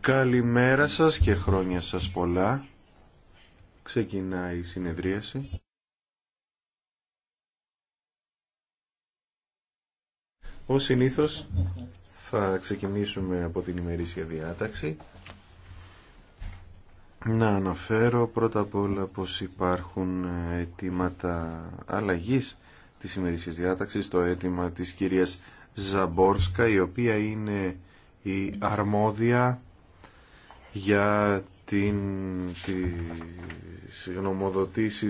Καλημέρα σας και χρόνια σας πολλά. Ξεκινάει η συνεδρίαση. Ο συνήθως θα ξεκινήσουμε από την ημερήσια διάταξη. Να αναφέρω πρώτα απ' όλα πως υπάρχουν αιτήματα αλλαγής Τη σημερινή διάταξη το αίτημα τη κυρία Ζαμπόρσκα η οποία είναι η αρμόδια για την, γνωμοδοτήσει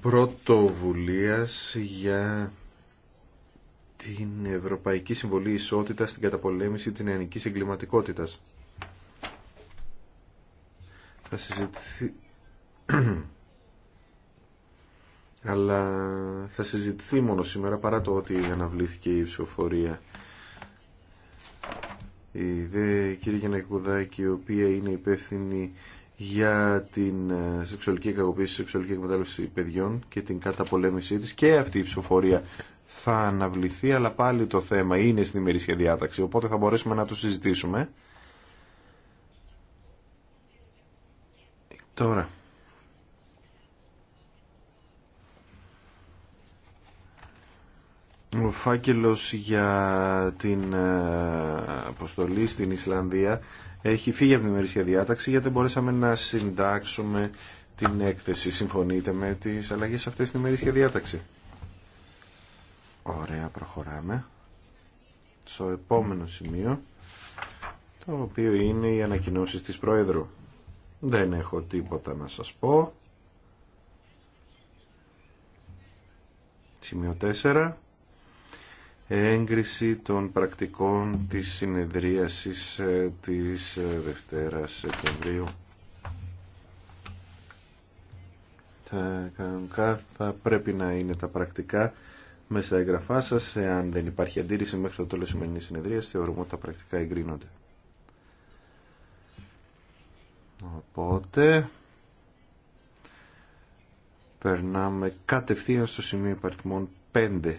πρωτοβουλία πρωτοβουλίας για την Ευρωπαϊκή Συμβολή Ισότητα στην καταπολέμηση της νεανικής εγκληματικότητας. Θα συζητηθεί αλλά θα συζητηθεί μόνο σήμερα παρά το ότι αναβλήθηκε η ψηφοφορία. Η δε κυρία Γιανακουδάκη, η οποία είναι υπεύθυνη για την ε, σεξουαλική κακοποίηση, σεξουαλική εκμετάλλευση παιδιών και την καταπολέμησή της και αυτή η ψηφοφορία θα αναβληθεί, αλλά πάλι το θέμα είναι στην ημερήσια διάταξη, οπότε θα μπορέσουμε να το συζητήσουμε. Τώρα, Ο φάκελος για την ε, αποστολή στην Ισλανδία έχει φύγει από την ημερήσια διάταξη γιατί δεν μπορέσαμε να συντάξουμε την έκθεση. Συμφωνείτε με τις αλλαγές αυτές στην ημερήσια διάταξη. Ωραία, προχωράμε στο επόμενο σημείο το οποίο είναι οι ανακοινώσεις της Πρόεδρου. Δεν έχω τίποτα να σας πω. Σημείο 4 έγκριση των πρακτικών της συνεδρίασης ε, της ε, Δευτέρας Σεπτεμβρίου. θα πρέπει να είναι τα πρακτικά μέσα στα εγγραφά σας. Εάν δεν υπάρχει αντίρρηση μέχρι το τέλος σημερινής συνεδρίας, θεωρούμε ότι τα πρακτικά εγκρίνονται. Οπότε... Περνάμε κατευθείαν στο σημείο υπαριθμών 5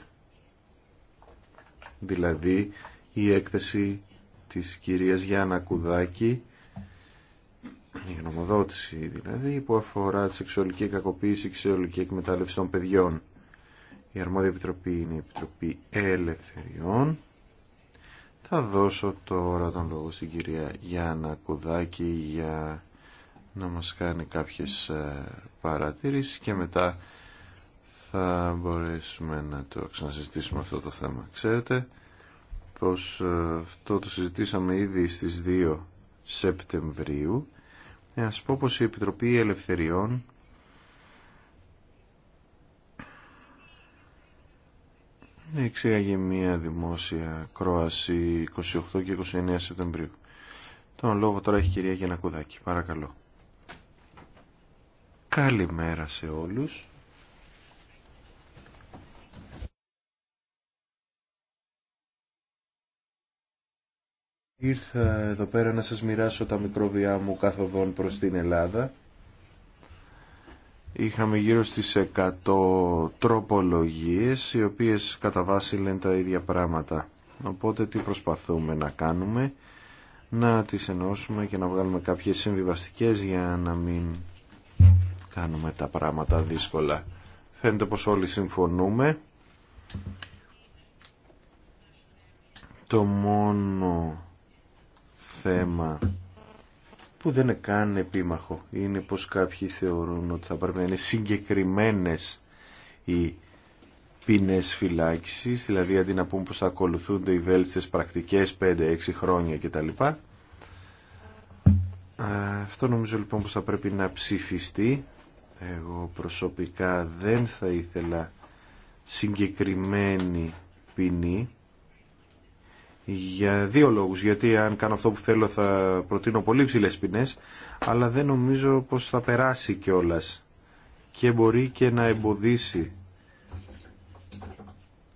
δηλαδή η έκθεση της κυρίας Γιάννα Κουδάκη η γνωμοδότηση δηλαδή που αφορά τη σεξουαλική κακοποίηση και σεξουαλική εκμετάλλευση των παιδιών. Η αρμόδια επιτροπή είναι η Επιτροπή Ελευθεριών. Θα δώσω τώρα τον λόγο στην κυρία Γιάννα Κουδάκη για να μας κάνει κάποιες ε, παρατηρήσεις και μετά θα μπορέσουμε να το ξανασυζητήσουμε αυτό το θέμα. Ξέρετε πως ε, αυτό το συζητήσαμε ήδη στις 2 Σεπτεμβρίου. Να ε, σας πω πως η Επιτροπή Ελευθεριών εξήγαγε μία δημόσια κρόαση 28 και 29 Σεπτεμβρίου. Τον λόγο τώρα έχει η κυρία Γιανακουδάκη. Παρακαλώ. Καλημέρα σε όλους. Ήρθα εδώ πέρα να σας μοιράσω τα μικρόβια μου καθοδόν προς την Ελλάδα. Είχαμε γύρω στις 100 τροπολογίες, οι οποίες κατά βάση λένε τα ίδια πράγματα. Οπότε τι προσπαθούμε να κάνουμε, να τις ενώσουμε και να βγάλουμε κάποιες συμβιβαστικές για να μην κάνουμε τα πράγματα δύσκολα. Φαίνεται πως όλοι συμφωνούμε. Το μόνο θέμα που δεν είναι καν επίμαχο. Είναι πως κάποιοι θεωρούν ότι θα πρέπει να είναι συγκεκριμένες οι ποινές φυλάκισης, δηλαδή αντί να πούμε πως θα ακολουθούνται οι βέλτιστες πρακτικές 5-6 χρόνια κτλ. Αυτό νομίζω λοιπόν πως θα πρέπει να ψηφιστεί. Εγώ προσωπικά δεν θα ήθελα συγκεκριμένη ποινή για δύο λόγους, γιατί αν κάνω αυτό που θέλω θα προτείνω πολύ ψηλέ ποινέ, αλλά δεν νομίζω πως θα περάσει κιόλα και μπορεί και να εμποδίσει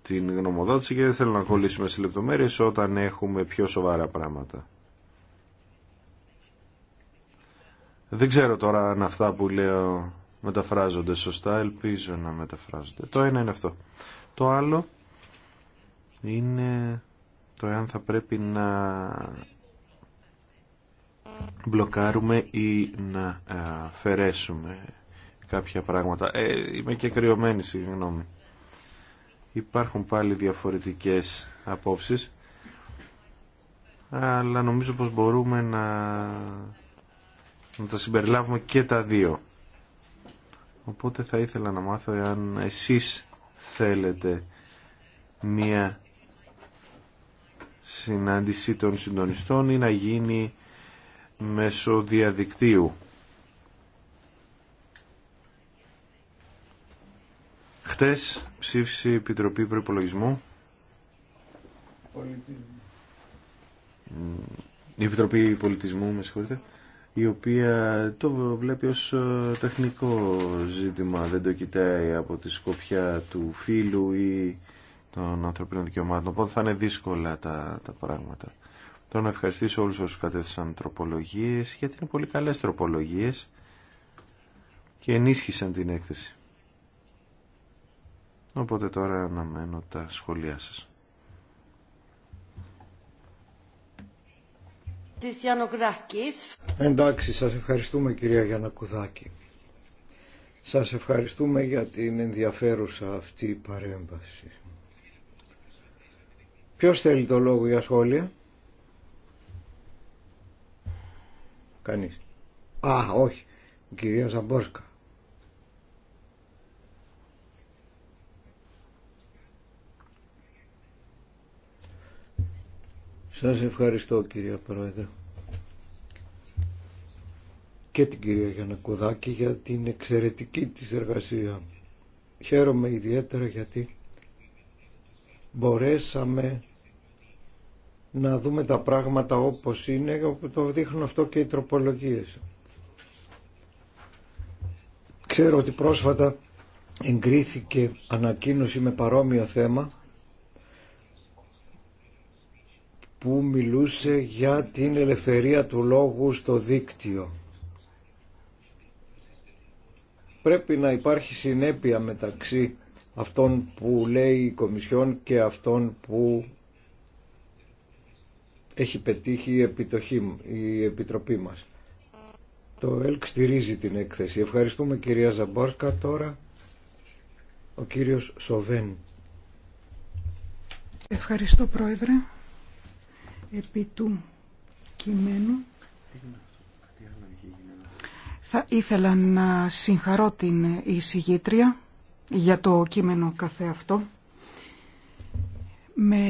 την γνωμοδότηση και δεν θέλω να κολλήσουμε σε λεπτομέρειες όταν έχουμε πιο σοβαρά πράγματα. Δεν ξέρω τώρα αν αυτά που λέω μεταφράζονται σωστά, ελπίζω να μεταφράζονται. Το ένα είναι αυτό. Το άλλο είναι το εάν θα πρέπει να μπλοκάρουμε ή να ε, αφαιρέσουμε κάποια πράγματα. Ε, είμαι και κρυωμένη, συγγνώμη. Υπάρχουν πάλι διαφορετικές απόψεις, αλλά νομίζω πως μπορούμε να, να τα συμπεριλάβουμε και τα δύο. Οπότε θα ήθελα να μάθω εάν εσείς θέλετε μία συνάντηση των συντονιστών ή να γίνει μέσω διαδικτύου. Χτες ψήφισε η Επιτροπή Προπολογισμού. Η Επιτροπή Πολιτισμού, με συγχωρείτε, η οποία το βλέπει ως ε, τεχνικό ζήτημα, δεν το κοιτάει από τη σκοπιά του φίλου ή των ανθρωπίνων δικαιωμάτων. Οπότε θα είναι δύσκολα τα, τα πράγματα. Θέλω να ευχαριστήσω όλους όσους κατέθεσαν τροπολογίες, γιατί είναι πολύ καλές τροπολογίες και ενίσχυσαν την έκθεση. Οπότε τώρα αναμένω τα σχόλιά σας. Εντάξει, σας ευχαριστούμε κυρία Γιανακουδάκη. Σας ευχαριστούμε για την ενδιαφέρουσα αυτή παρέμβαση. Ποιος θέλει το λόγο για σχόλια. Κανείς. Α, όχι. Η κυρία Ζαμπόρσκα. Σας ευχαριστώ κυρία Πρόεδρε και την κυρία Γιανακουδάκη για την εξαιρετική της εργασία. Χαίρομαι ιδιαίτερα γιατί μπορέσαμε να δούμε τα πράγματα όπως είναι, όπου το δείχνουν αυτό και οι τροπολογίες. Ξέρω ότι πρόσφατα εγκρίθηκε ανακοίνωση με παρόμοιο θέμα που μιλούσε για την ελευθερία του λόγου στο δίκτυο. Πρέπει να υπάρχει συνέπεια μεταξύ Αυτόν που λέει η Κομισιόν και αυτόν που έχει πετύχει η, επιτοχή, η Επιτροπή μας. Το ΕΛΚ στηρίζει την έκθεση. Ευχαριστούμε κυρία Ζαμπόρκα τώρα. Ο κύριος Σοβέν. Ευχαριστώ πρόεδρε. Επί του κειμένου θα ήθελα να συγχαρώ την εισηγήτρια για το κείμενο αυτό Με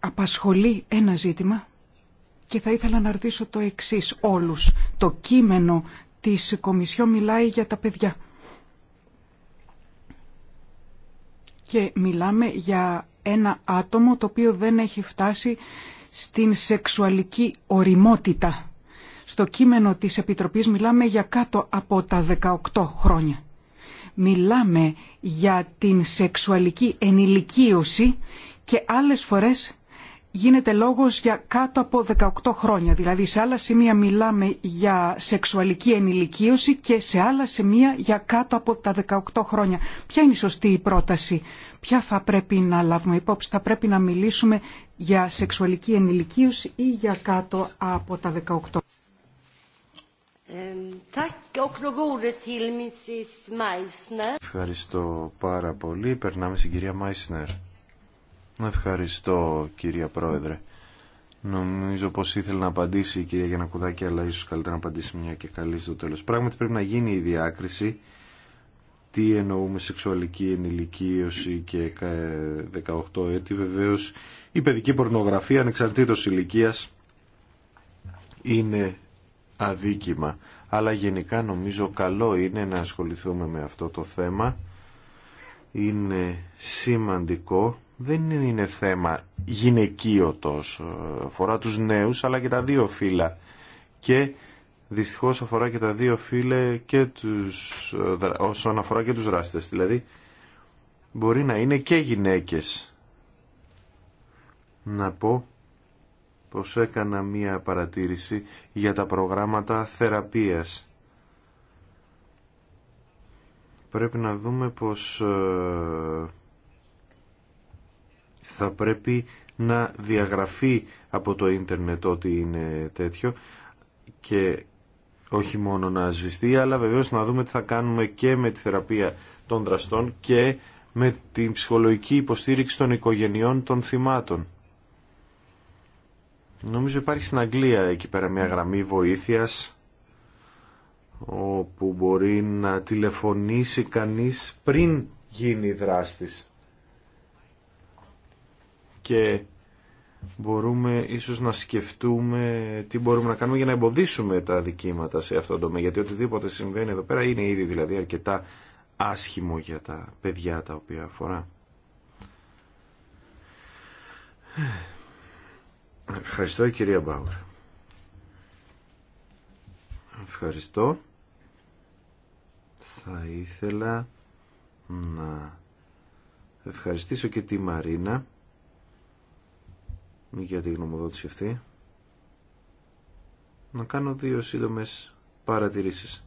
απασχολεί ένα ζήτημα και θα ήθελα να ρωτήσω το εξής όλους. Το κείμενο της Κομισιό μιλάει για τα παιδιά. Και μιλάμε για ένα άτομο το οποίο δεν έχει φτάσει στην σεξουαλική οριμότητα. Στο κείμενο της Επιτροπής μιλάμε για κάτω από τα 18 χρόνια μιλάμε για την σεξουαλική ενηλικίωση και άλλες φορές γίνεται λόγος για κάτω από 18 χρόνια. Δηλαδή σε άλλα σημεία μιλάμε για σεξουαλική ενηλικίωση και σε άλλα σημεία για κάτω από τα 18 χρόνια. Ποια είναι η σωστή η πρόταση, ποια θα πρέπει να λάβουμε υπόψη, θα πρέπει να μιλήσουμε για σεξουαλική ενηλικίωση ή για κάτω από τα 18. Ευχαριστώ πάρα πολύ. Περνάμε στην κυρία Μάισνερ. Ευχαριστώ κυρία Πρόεδρε. Νομίζω πως ήθελε να απαντήσει η κυρία Γιανακουδάκη, αλλά ίσως καλύτερα να απαντήσει μια και καλή στο τέλος. Πράγματι πρέπει να γίνει η διάκριση τι εννοούμε σεξουαλική ενηλικίωση και 18 έτη. Βεβαίως η παιδική πορνογραφία ανεξαρτήτως ηλικίας είναι αδίκημα. Αλλά γενικά νομίζω καλό είναι να ασχοληθούμε με αυτό το θέμα. Είναι σημαντικό. Δεν είναι θέμα γυναικείο τόσο. Αφορά τους νέους αλλά και τα δύο φύλλα. Και δυστυχώς αφορά και τα δύο φύλλα και τους, ε, όσον αφορά και τους δράστες. Δηλαδή μπορεί να είναι και γυναίκες. Να πω πως έκανα μία παρατήρηση για τα προγράμματα θεραπείας. Πρέπει να δούμε πως ε, θα πρέπει να διαγραφεί από το ίντερνετ ότι είναι τέτοιο και όχι μόνο να σβηστεί, αλλά βεβαίως να δούμε τι θα κάνουμε και με τη θεραπεία των δραστών και με την ψυχολογική υποστήριξη των οικογενειών των θυμάτων. Νομίζω υπάρχει στην Αγγλία εκεί πέρα μια γραμμή βοήθειας όπου μπορεί να τηλεφωνήσει κανείς πριν γίνει δράστης. Και μπορούμε ίσως να σκεφτούμε τι μπορούμε να κάνουμε για να εμποδίσουμε τα δικήματα σε αυτό το τομέα. Γιατί οτιδήποτε συμβαίνει εδώ πέρα είναι ήδη δηλαδή αρκετά άσχημο για τα παιδιά τα οποία αφορά. Ευχαριστώ κυρία Μπάουρ. Ευχαριστώ. Θα ήθελα να ευχαριστήσω και τη Μαρίνα για τη γνωμοδότηση αυτή. Να κάνω δύο σύντομες παρατηρήσεις.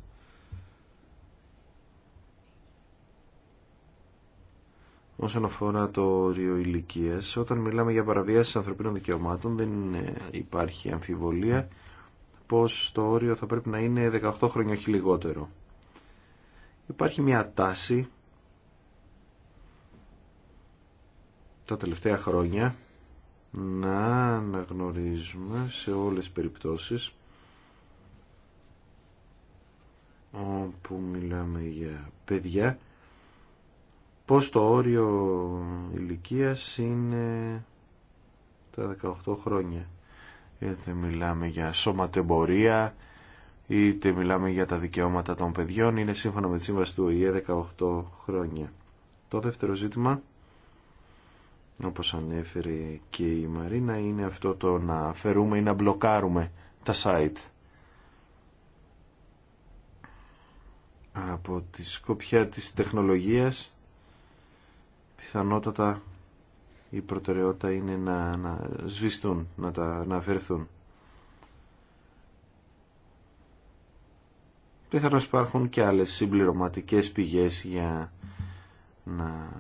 Όσον αφορά το όριο ηλικία, όταν μιλάμε για παραβίαση ανθρωπίνων δικαιωμάτων δεν υπάρχει αμφιβολία πως το όριο θα πρέπει να είναι 18 χρόνια όχι λιγότερο. Υπάρχει μια τάση τα τελευταία χρόνια να αναγνωρίζουμε σε όλες τις περιπτώσεις όπου μιλάμε για παιδιά πως το όριο ηλικίας είναι τα 18 χρόνια. Είτε μιλάμε για σωματεμπορία, είτε μιλάμε για τα δικαιώματα των παιδιών, είναι σύμφωνα με τη σύμβαση του ΟΗΕ 18 χρόνια. Το δεύτερο ζήτημα, όπως ανέφερε και η Μαρίνα, είναι αυτό το να αφαιρούμε ή να μπλοκάρουμε τα site. Από τη σκοπιά της τεχνολογίας πιθανότατα η προτεραιότητα είναι να, να σβηστούν, να, τα, να αφαιρεθούν. Πιθανώς υπάρχουν και άλλες συμπληρωματικές πηγές για να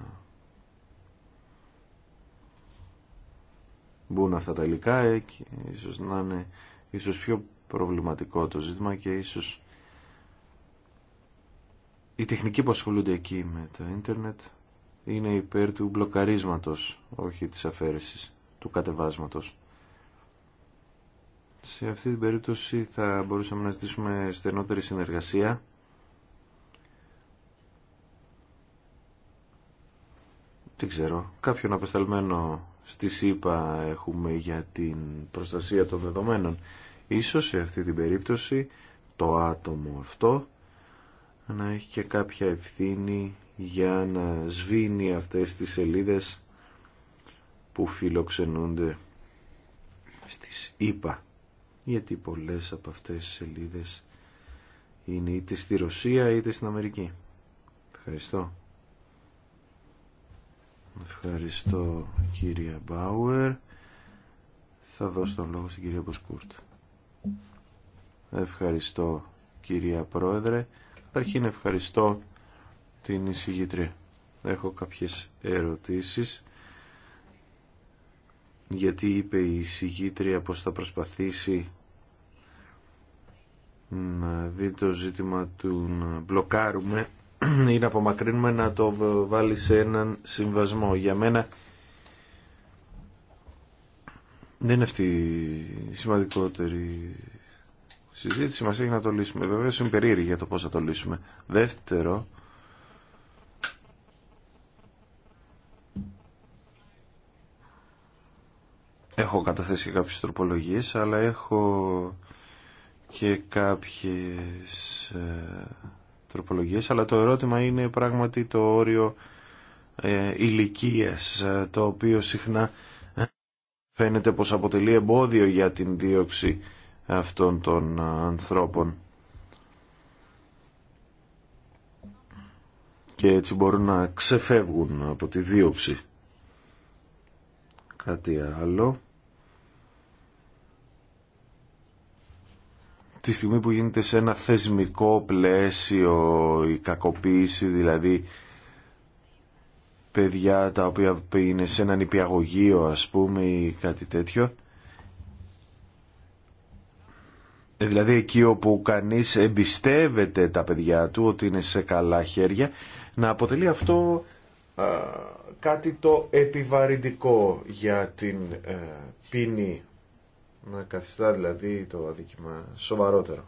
μπουν αυτά τα υλικά ε, και ίσως να είναι ίσως πιο προβληματικό το ζήτημα και ίσως η τεχνικοί που ασχολούνται εκεί με το ίντερνετ είναι υπέρ του μπλοκαρίσματος, όχι της αφαίρεσης, του κατεβάσματος. Σε αυτή την περίπτωση θα μπορούσαμε να ζητήσουμε στενότερη συνεργασία. Δεν ξέρω, κάποιον απεσταλμένο στη ΣΥΠΑ έχουμε για την προστασία των δεδομένων. Ίσως σε αυτή την περίπτωση το άτομο αυτό να έχει και κάποια ευθύνη για να σβήνει αυτές τις σελίδες που φιλοξενούνται στις ΙΠΑ γιατί πολλές από αυτές τις σελίδες είναι είτε στη Ρωσία είτε στην Αμερική ευχαριστώ ευχαριστώ κυρία Μπάουερ θα δώσω τον λόγο στην κυρία Μποσκούρτ ευχαριστώ κυρία Πρόεδρε καταρχήν ευχαριστώ την εισηγήτρια. Έχω κάποιες ερωτήσεις γιατί είπε η εισηγήτρια πως θα προσπαθήσει να δει το ζήτημα του να μπλοκάρουμε ή να απομακρύνουμε να το βάλει σε έναν συμβασμό. Για μένα δεν είναι αυτή η σημαντικότερη συζήτηση. Μας έχει να το λύσουμε. Βέβαια είμαι περίεργη για το πώς θα το λύσουμε. Δεύτερο, Έχω καταθέσει κάποιες τροπολογίες, αλλά έχω και κάποιες ε, τροπολογίες, αλλά το ερώτημα είναι πράγματι το όριο ε, ε το οποίο συχνά ε, φαίνεται πως αποτελεί εμπόδιο για την δίωξη αυτών των ανθρώπων. Και έτσι μπορούν να ξεφεύγουν από τη δίωξη. Κάτι άλλο. τη στιγμή που γίνεται σε ένα θεσμικό πλαίσιο η κακοποίηση, δηλαδή παιδιά τα οποία είναι σε έναν υπηαγωγείο ας πούμε ή κάτι τέτοιο, ε, δηλαδή εκεί όπου κανείς εμπιστεύεται τα παιδιά του ότι είναι σε καλά χέρια, να αποτελεί αυτό κάτι το επιβαρυντικό για την ε, πίνη να καθιστά δηλαδή το αδίκημα σοβαρότερο.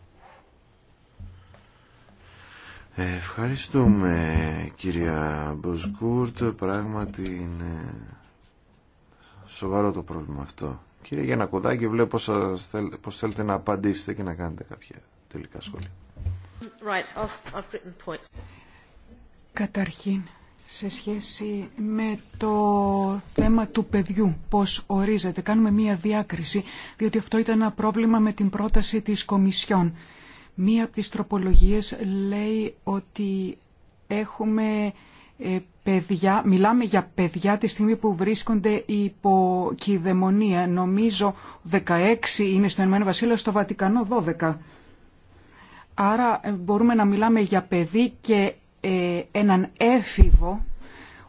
Ευχαριστούμε κυρία Μποσκούρτ, πράγματι είναι σοβαρό το πρόβλημα αυτό. Κύριε Κοντάκη, βλέπω πως, θέλ, πως θέλετε να απαντήσετε και να κάνετε κάποια τελικά σχόλια. Right, Καταρχήν, σε σχέση με το θέμα του παιδιού, πώς ορίζεται. Κάνουμε μία διάκριση, διότι αυτό ήταν ένα πρόβλημα με την πρόταση της Κομισιόν. Μία από τις τροπολογίες λέει ότι έχουμε ε, παιδιά, μιλάμε για παιδιά τη στιγμή που βρίσκονται υπό κυδαιμονία. Νομίζω 16 είναι στο Ενωμένο Βασίλειο, στο Βατικανό 12. Άρα ε, μπορούμε να μιλάμε για παιδί και ε, έναν έφηβο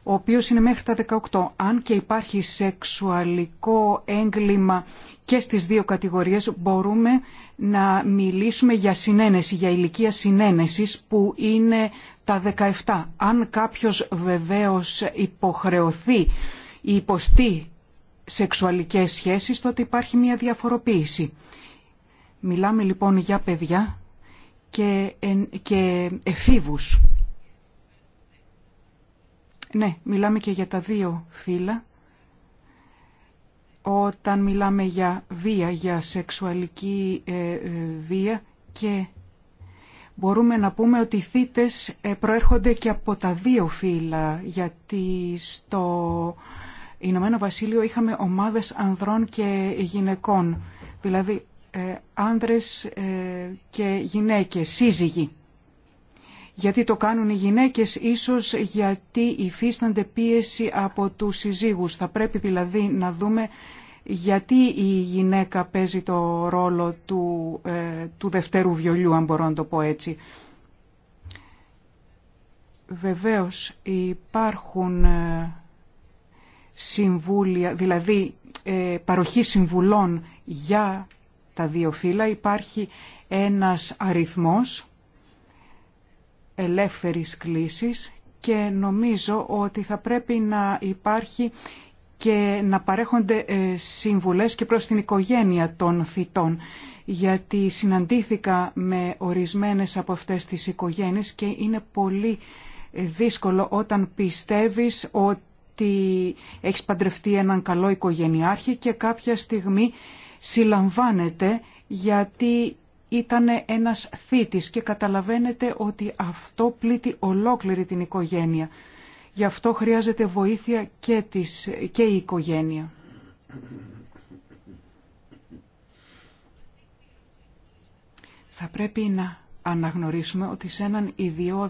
ο οποίος είναι μέχρι τα 18. Αν και υπάρχει σεξουαλικό έγκλημα και στις δύο κατηγορίες, μπορούμε να μιλήσουμε για συνένεση, για ηλικία συνένεσης που είναι τα 17. Αν κάποιος βεβαίως υποχρεωθεί ή υποστεί σεξουαλικές σχέσεις, τότε υπάρχει μια διαφοροποίηση. Μιλάμε λοιπόν για παιδιά και, και εφήβους ναι, μιλάμε και για τα δύο φύλλα. Όταν μιλάμε για βία, για σεξουαλική ε, ε, βία και μπορούμε να πούμε ότι οι θύτες ε, προέρχονται και από τα δύο φύλλα, γιατί στο Ηνωμένο Βασίλειο είχαμε ομάδες ανδρών και γυναικών, δηλαδή άνδρες και γυναίκες, σύζυγοι γιατί το κάνουν οι γυναίκες, ίσως γιατί υφίστανται πίεση από τους συζύγους. Θα πρέπει δηλαδή να δούμε γιατί η γυναίκα παίζει το ρόλο του, ε, του δευτέρου βιολιού, αν μπορώ να το πω έτσι. Βεβαίως υπάρχουν ε, συμβούλια, δηλαδή ε, παροχή συμβουλών για τα δύο φύλλα. Υπάρχει ένας αριθμός ελεύθερης κλίσης και νομίζω ότι θα πρέπει να υπάρχει και να παρέχονται ε, συμβουλές και προς την οικογένεια των θητών γιατί συναντήθηκα με ορισμένες από αυτές τις οικογένειες και είναι πολύ ε, δύσκολο όταν πιστεύεις ότι έχεις παντρευτεί έναν καλό οικογενειάρχη και κάποια στιγμή συλλαμβάνεται γιατί ήταν ένας θήτης και καταλαβαίνετε ότι αυτό πλήττει ολόκληρη την οικογένεια. Γι' αυτό χρειάζεται βοήθεια και, της, και η οικογένεια. Θα πρέπει να αναγνωρίσουμε ότι σε έναν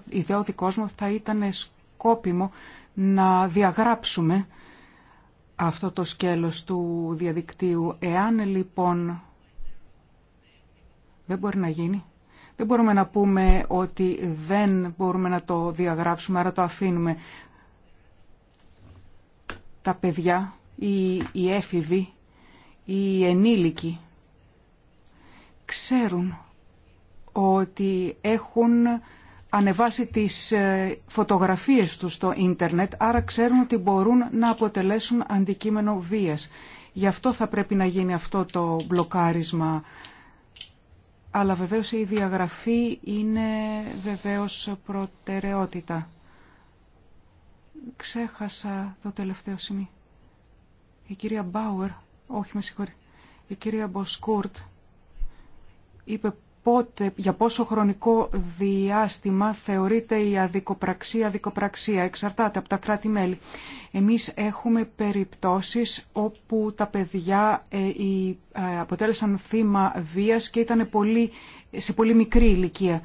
ιδεώδη κόσμο θα ήταν σκόπιμο να διαγράψουμε αυτό το σκέλος του διαδικτύου. Εάν λοιπόν δεν μπορεί να γίνει. Δεν μπορούμε να πούμε ότι δεν μπορούμε να το διαγράψουμε, άρα το αφήνουμε. Τα παιδιά, οι, οι έφηβοι, οι ενήλικοι ξέρουν ότι έχουν ανεβάσει τις ε, φωτογραφίες τους στο ίντερνετ, άρα ξέρουν ότι μπορούν να αποτελέσουν αντικείμενο βίας. Γι' αυτό θα πρέπει να γίνει αυτό το μπλοκάρισμα αλλά βεβαίως η διαγραφή είναι βεβαίως προτεραιότητα. Ξέχασα το τελευταίο σημείο. Η κυρία Μπάουερ, όχι με συγχωρεί, η κυρία Μποσκούρτ είπε για πόσο χρονικό διάστημα θεωρείται η αδικοπραξία αδικοπραξία. Εξαρτάται από τα κράτη-μέλη. Εμείς έχουμε περιπτώσεις όπου τα παιδιά ε, ε, αποτέλεσαν θύμα βίας και ήταν πολύ, σε πολύ μικρή ηλικία.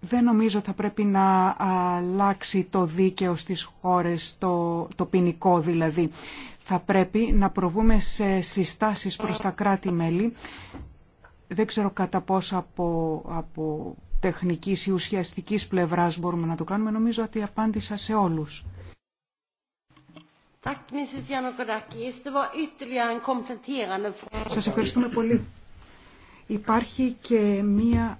Δεν νομίζω θα πρέπει να αλλάξει το δίκαιο στις χώρες, το, το ποινικό δηλαδή θα πρέπει να προβούμε σε συστάσεις προς τα κράτη-μέλη. Δεν ξέρω κατά πόσο από, από τεχνικής ή ουσιαστικής πλευράς μπορούμε να το κάνουμε. Νομίζω ότι απάντησα σε όλους. Σας ευχαριστούμε πολύ. Υπάρχει και μία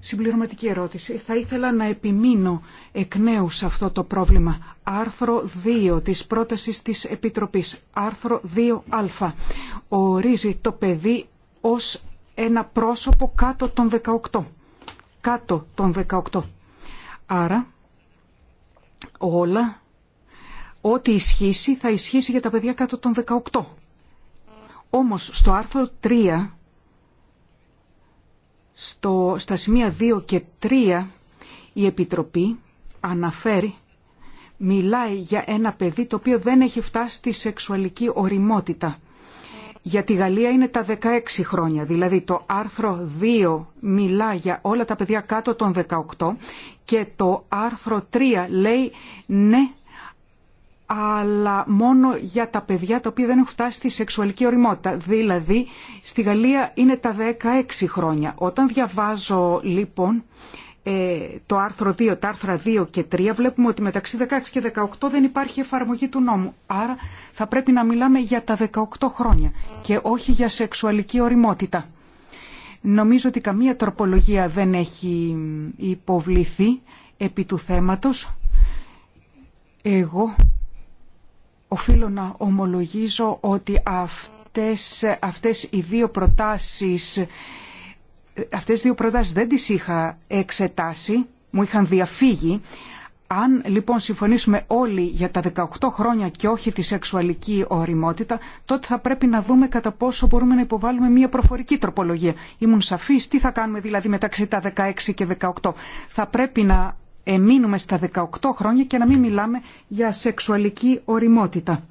Συμπληρωματική ερώτηση. Θα ήθελα να επιμείνω εκ νέου σε αυτό το πρόβλημα. Άρθρο 2 της πρότασης της Επιτροπής. Άρθρο 2α. Ορίζει το παιδί ως ένα πρόσωπο κάτω των 18. Κάτω των 18. Άρα όλα, ό,τι ισχύσει θα ισχύσει για τα παιδιά κάτω των 18. Όμως στο άρθρο 3 στο, στα σημεία 2 και 3 η Επιτροπή αναφέρει, μιλάει για ένα παιδί το οποίο δεν έχει φτάσει στη σεξουαλική οριμότητα. Για τη Γαλλία είναι τα 16 χρόνια, δηλαδή το άρθρο 2 μιλά για όλα τα παιδιά κάτω των 18 και το άρθρο 3 λέει ναι αλλά μόνο για τα παιδιά τα οποία δεν έχουν φτάσει στη σεξουαλική οριμότητα. Δηλαδή, στη Γαλλία είναι τα 16 χρόνια. Όταν διαβάζω λοιπόν ε, το άρθρο 2, τα άρθρα 2 και 3, βλέπουμε ότι μεταξύ 16 και 18 δεν υπάρχει εφαρμογή του νόμου. Άρα θα πρέπει να μιλάμε για τα 18 χρόνια και όχι για σεξουαλική οριμότητα. Νομίζω ότι καμία τροπολογία δεν έχει υποβληθεί επί του θέματος. Εγώ οφείλω να ομολογίζω ότι αυτές, οι δύο προτάσεις αυτές δύο προτάσεις δεν τις είχα εξετάσει, μου είχαν διαφύγει. Αν λοιπόν συμφωνήσουμε όλοι για τα 18 χρόνια και όχι τη σεξουαλική οριμότητα, τότε θα πρέπει να δούμε κατά πόσο μπορούμε να υποβάλουμε μια προφορική τροπολογία. Ήμουν σαφής, τι θα κάνουμε δηλαδή μεταξύ τα 16 και 18. Θα πρέπει να εμείνουμε στα 18 χρόνια και να μην μιλάμε για σεξουαλική οριμότητα.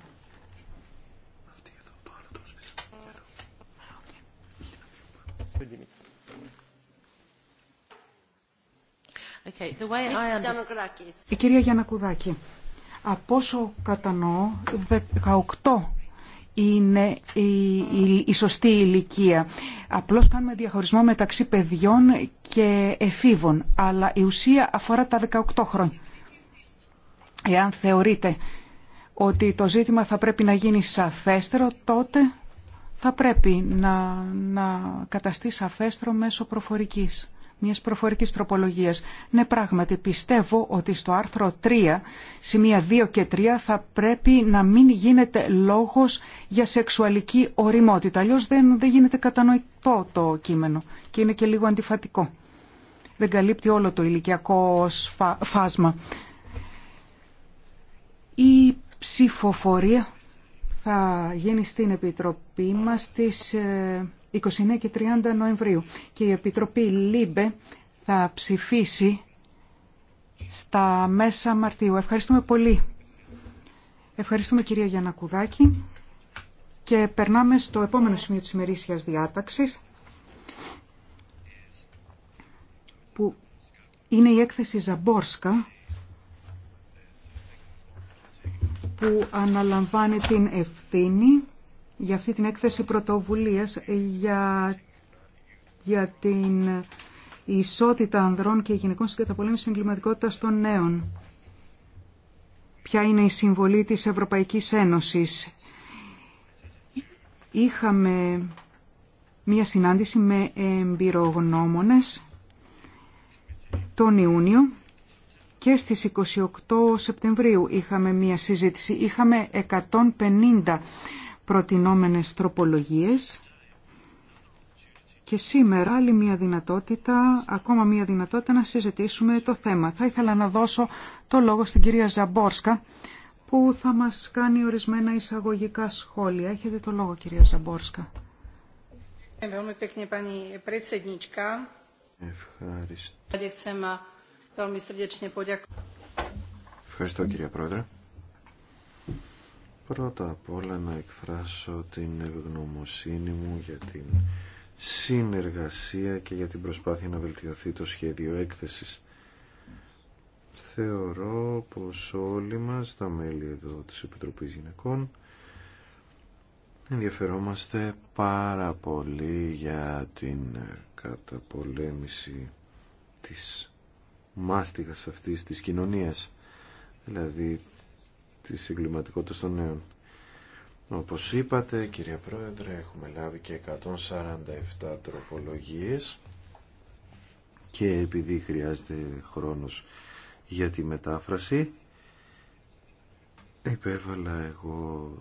Η κυρία Γιανακουδάκη, από όσο κατανοώ, 18 είναι η, η, σωστή ηλικία. Απλώς κάνουμε διαχωρισμό μεταξύ παιδιών και εφήβων, αλλά η ουσία αφορά τα 18 χρόνια. Εάν θεωρείτε ότι το ζήτημα θα πρέπει να γίνει σαφέστερο, τότε θα πρέπει να, να καταστεί σαφέστερο μέσω προφορικής Μία προφορική τροπολογία. Ναι, πράγματι, πιστεύω ότι στο άρθρο 3, σημεία 2 και 3, θα πρέπει να μην γίνεται λόγος για σεξουαλική οριμότητα. Αλλιώ δεν, δεν γίνεται κατανοητό το κείμενο και είναι και λίγο αντιφατικό. Δεν καλύπτει όλο το ηλικιακό φάσμα. Η ψηφοφορία θα γίνει στην Επιτροπή μας της 29 και 30 Νοεμβρίου και η Επιτροπή ΛΥΜΠΕ θα ψηφίσει στα μέσα Μαρτίου. Ευχαριστούμε πολύ. Ευχαριστούμε κυρία Γιανακουδάκη και περνάμε στο επόμενο σημείο της ημερήσιας διάταξης που είναι η έκθεση Ζαμπόρσκα που αναλαμβάνει την ευθύνη για αυτή την έκθεση πρωτοβουλίας για, για την ισότητα ανδρών και γυναικών στην καταπολέμηση εγκληματικότητας των νέων. Ποια είναι η συμβολή της Ευρωπαϊκής Ένωσης. Είχαμε μία συνάντηση με εμπειρογνώμονες τον Ιούνιο και στις 28 Σεπτεμβρίου είχαμε μία συζήτηση. Είχαμε 150 προτινόμενες τροπολογίες και σήμερα άλλη μια δυνατότητα, ακόμα μια δυνατότητα να συζητήσουμε το θέμα. Θα ήθελα να δώσω το λόγο στην κυρία Ζαμπόρσκα που θα μας κάνει ορισμένα εισαγωγικά σχόλια. Έχετε το λόγο κυρία Ζαμπόρσκα. Ευχαριστώ. Ευχαριστώ κυρία Πρόεδρε. Πρώτα απ' όλα να εκφράσω την ευγνωμοσύνη μου για την συνεργασία και για την προσπάθεια να βελτιωθεί το σχέδιο έκθεσης. Θεωρώ πως όλοι μας, τα μέλη εδώ της Επιτροπής Γυναικών, ενδιαφερόμαστε πάρα πολύ για την καταπολέμηση της μάστιγας αυτής της κοινωνίας. Δηλαδή της εγκληματικότητας των νέων. Όπως είπατε, κυρία Πρόεδρε, έχουμε λάβει και 147 τροπολογίες και επειδή χρειάζεται χρόνος για τη μετάφραση, υπέβαλα εγώ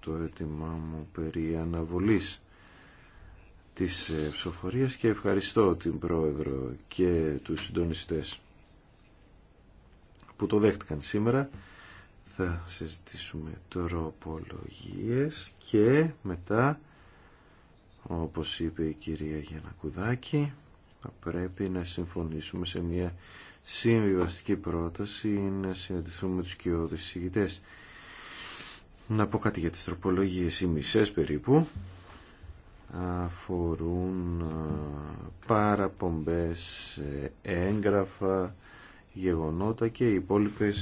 το αίτημά μου περί αναβολής της ε, ψηφοφορίας και ευχαριστώ την Πρόεδρο και τους συντονιστές που το δέχτηκαν σήμερα θα συζητήσουμε τροπολογίες και μετά, όπως είπε η κυρία Γιανακουδάκη, θα πρέπει να συμφωνήσουμε σε μια συμβιβαστική πρόταση να συναντηθούμε με τους κοιόδης συγητές. Να πω κάτι για τις τροπολογίες, οι μισές περίπου αφορούν παραπομπές, έγγραφα, γεγονότα και οι υπόλοιπε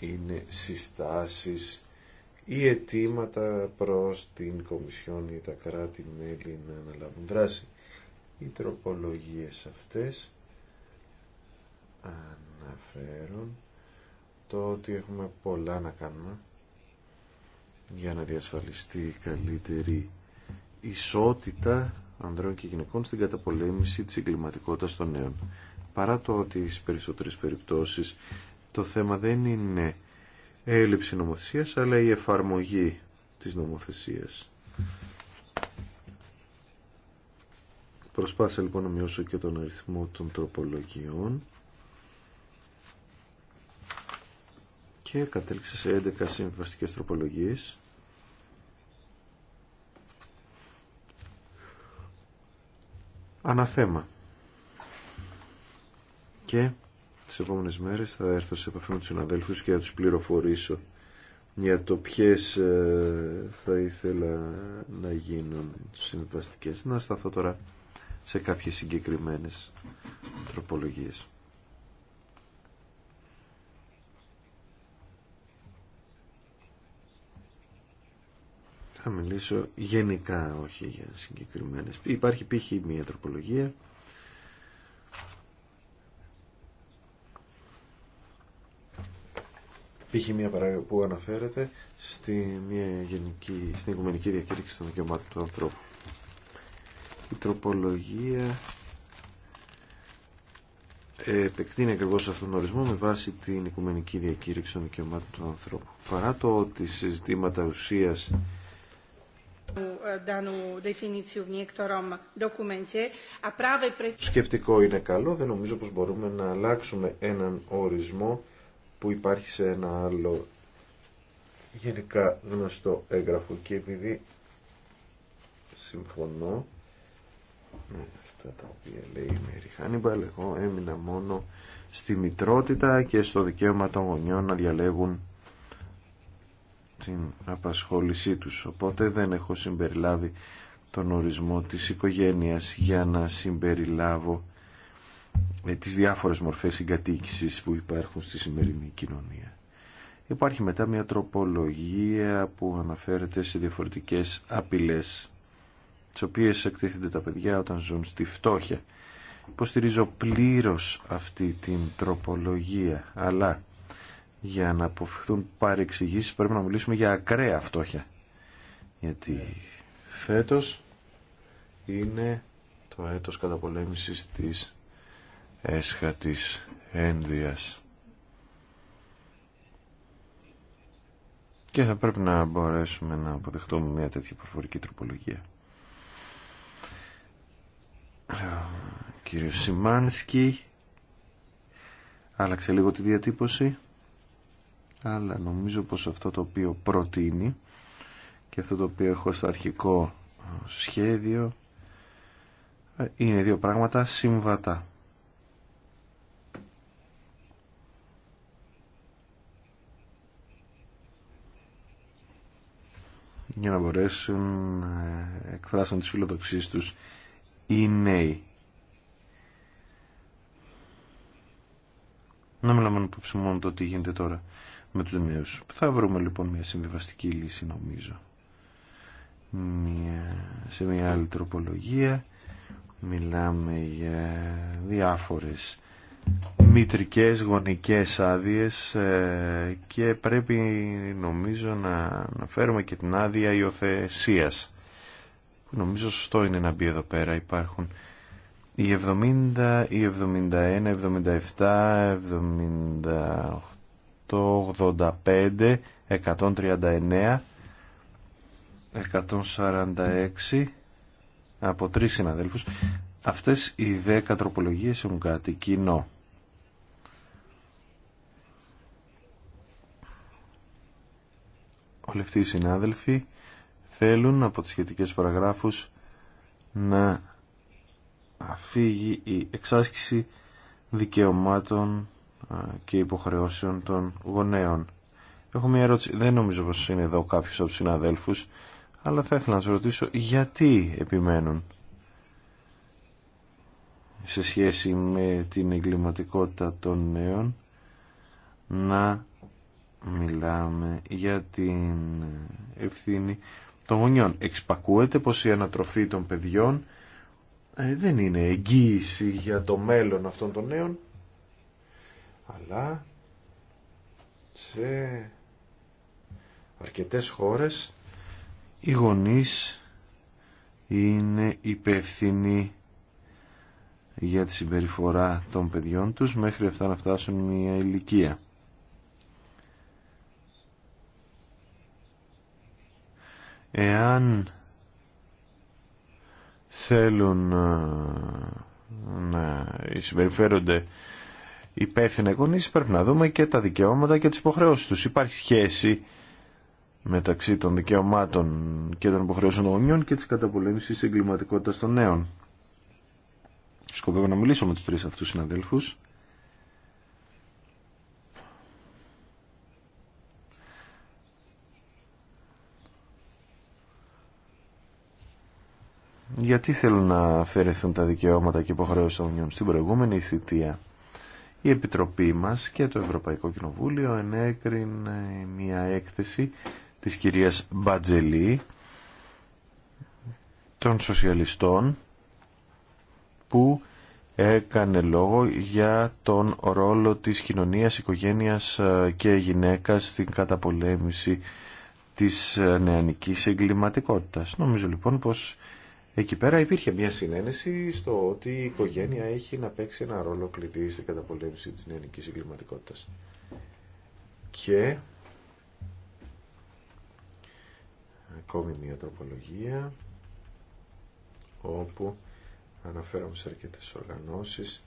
είναι συστάσεις ή αιτήματα προς την Κομισιόν ή τα κράτη-μέλη να αναλάβουν δράση. Οι τροπολογίες αυτές αναφέρουν το ότι έχουμε πολλά να κάνουμε για να διασφαλιστεί η καλύτερη ισότητα ανδρών και γυναικών στην καταπολέμηση της εγκληματικότητας των νέων παρά το ότι στις περισσότερες περιπτώσεις το θέμα δεν είναι έλλειψη νομοθεσίας αλλά η εφαρμογή της νομοθεσίας. Προσπάθησα λοιπόν να μειώσω και τον αριθμό των τροπολογιών και κατέληξα σε 11 συμβαστικές τροπολογίες. Αναθέμα και τι επόμενες μέρες θα έρθω σε επαφή με του συναδέλφου και θα του πληροφορήσω για το ποιες ε, θα ήθελα να γίνουν συμβαστικέ. Να σταθώ τώρα σε κάποιες συγκεκριμένες τροπολογίες. Θα μιλήσω γενικά, όχι για συγκεκριμένες. Υπάρχει π.χ. μια τροπολογία Υπήρχε μία που αναφέρεται στη μια γενική, στην Οικουμενική Διακήρυξη των Δικαιωμάτων του Ανθρώπου. Η τροπολογία επεκτείνει ακριβώ αυτόν τον ορισμό με βάση την Οικουμενική Διακήρυξη των Δικαιωμάτων του Ανθρώπου. Παρά το ότι σε συζητήματα ουσία σκεπτικό είναι καλό, δεν νομίζω πως μπορούμε να αλλάξουμε έναν ορισμό που υπάρχει σε ένα άλλο γενικά γνωστό έγγραφο και επειδή συμφωνώ με αυτά τα οποία λέει η Μέρη Χάνιμπαλ εγώ έμεινα μόνο στη μητρότητα και στο δικαίωμα των γονιών να διαλέγουν την απασχόλησή τους οπότε δεν έχω συμπεριλάβει τον ορισμό της οικογένειας για να συμπεριλάβω τις διάφορες μορφές συγκατοίκησης που υπάρχουν στη σημερινή κοινωνία. Υπάρχει μετά μια τροπολογία που αναφέρεται σε διαφορετικές απειλές τις οποίες εκτίθενται τα παιδιά όταν ζουν στη φτώχεια. Υποστηρίζω πλήρως αυτή την τροπολογία, αλλά για να αποφευθούν παρεξηγήσεις πρέπει να μιλήσουμε για ακραία φτώχεια. Γιατί φέτος είναι το έτος καταπολέμησης της έσχα της ένδυας. Και θα πρέπει να μπορέσουμε να αποδεχτούμε μια τέτοια προφορική τροπολογία. Κύριο Σιμάνσκι άλλαξε λίγο τη διατύπωση αλλά νομίζω πως αυτό το οποίο προτείνει και αυτό το οποίο έχω στο αρχικό σχέδιο ε, είναι δύο πράγματα συμβατά. για να μπορέσουν να εκφράσουν τις φιλοδοξίες τους οι νέοι. Να μιλάμε λαμβάνω μόνο το τι γίνεται τώρα με τους νέους. Θα βρούμε λοιπόν μια συμβιβαστική λύση νομίζω. Μια... Σε μια άλλη τροπολογία μιλάμε για διάφορες μητρικές γονικές άδειες ε, και πρέπει νομίζω να φέρουμε και την άδεια υιοθεσία. Νομίζω σωστό είναι να μπει εδώ πέρα. Υπάρχουν οι 70, οι 71, 77, 78, 85, 139, 146 από τρεις συναδέλφους Αυτές οι δέκα τροπολογίες έχουν κάτι κοινό. Όλοι αυτοί οι συνάδελφοι θέλουν από τις σχετικές παραγράφους να αφήγει η εξάσκηση δικαιωμάτων και υποχρεώσεων των γονέων. Έχω μια ερώτηση. Δεν νομίζω πως είναι εδώ κάποιος από τους συναδέλφους, αλλά θα ήθελα να σας ρωτήσω γιατί επιμένουν σε σχέση με την εγκληματικότητα των νέων να μιλάμε για την ευθύνη των γονιών. Εξπακούεται πως η ανατροφή των παιδιών ε, δεν είναι εγγύηση για το μέλλον αυτών των νέων αλλά σε αρκετές χώρες οι γονείς είναι υπεύθυνοι για τη συμπεριφορά των παιδιών τους μέχρι αυτά να φτάσουν μια ηλικία. Εάν θέλουν ε, να συμπεριφέρονται υπεύθυνα γονείς πρέπει να δούμε και τα δικαιώματα και τις υποχρεώσεις τους. Υπάρχει σχέση μεταξύ των δικαιωμάτων και των υποχρεώσεων των γονιών και της καταπολέμησης εγκληματικότητας των νέων. Σκοπεύω να μιλήσω με τους τρεις αυτούς συναδέλφους. Γιατί θέλουν να αφαιρεθούν τα δικαιώματα και υποχρεώσεις των στην προηγούμενη θητεία. Η Επιτροπή μας και το Ευρωπαϊκό Κοινοβούλιο ενέκρινε μια έκθεση της κυρίας Μπατζελή των σοσιαλιστών που έκανε λόγο για τον ρόλο της κοινωνίας, οικογένειας ε, και γυναίκας στην καταπολέμηση της ε, νεανικής εγκληματικότητας. Νομίζω λοιπόν πως εκεί πέρα υπήρχε μια συνένεση στο ότι η οικογένεια έχει να παίξει ένα ρόλο κλειδί στην καταπολέμηση της νεανικής εγκληματικότητας. Και ακόμη μια τροπολογία όπου Αναφέρομαι σε αρκετές οργανώσεις,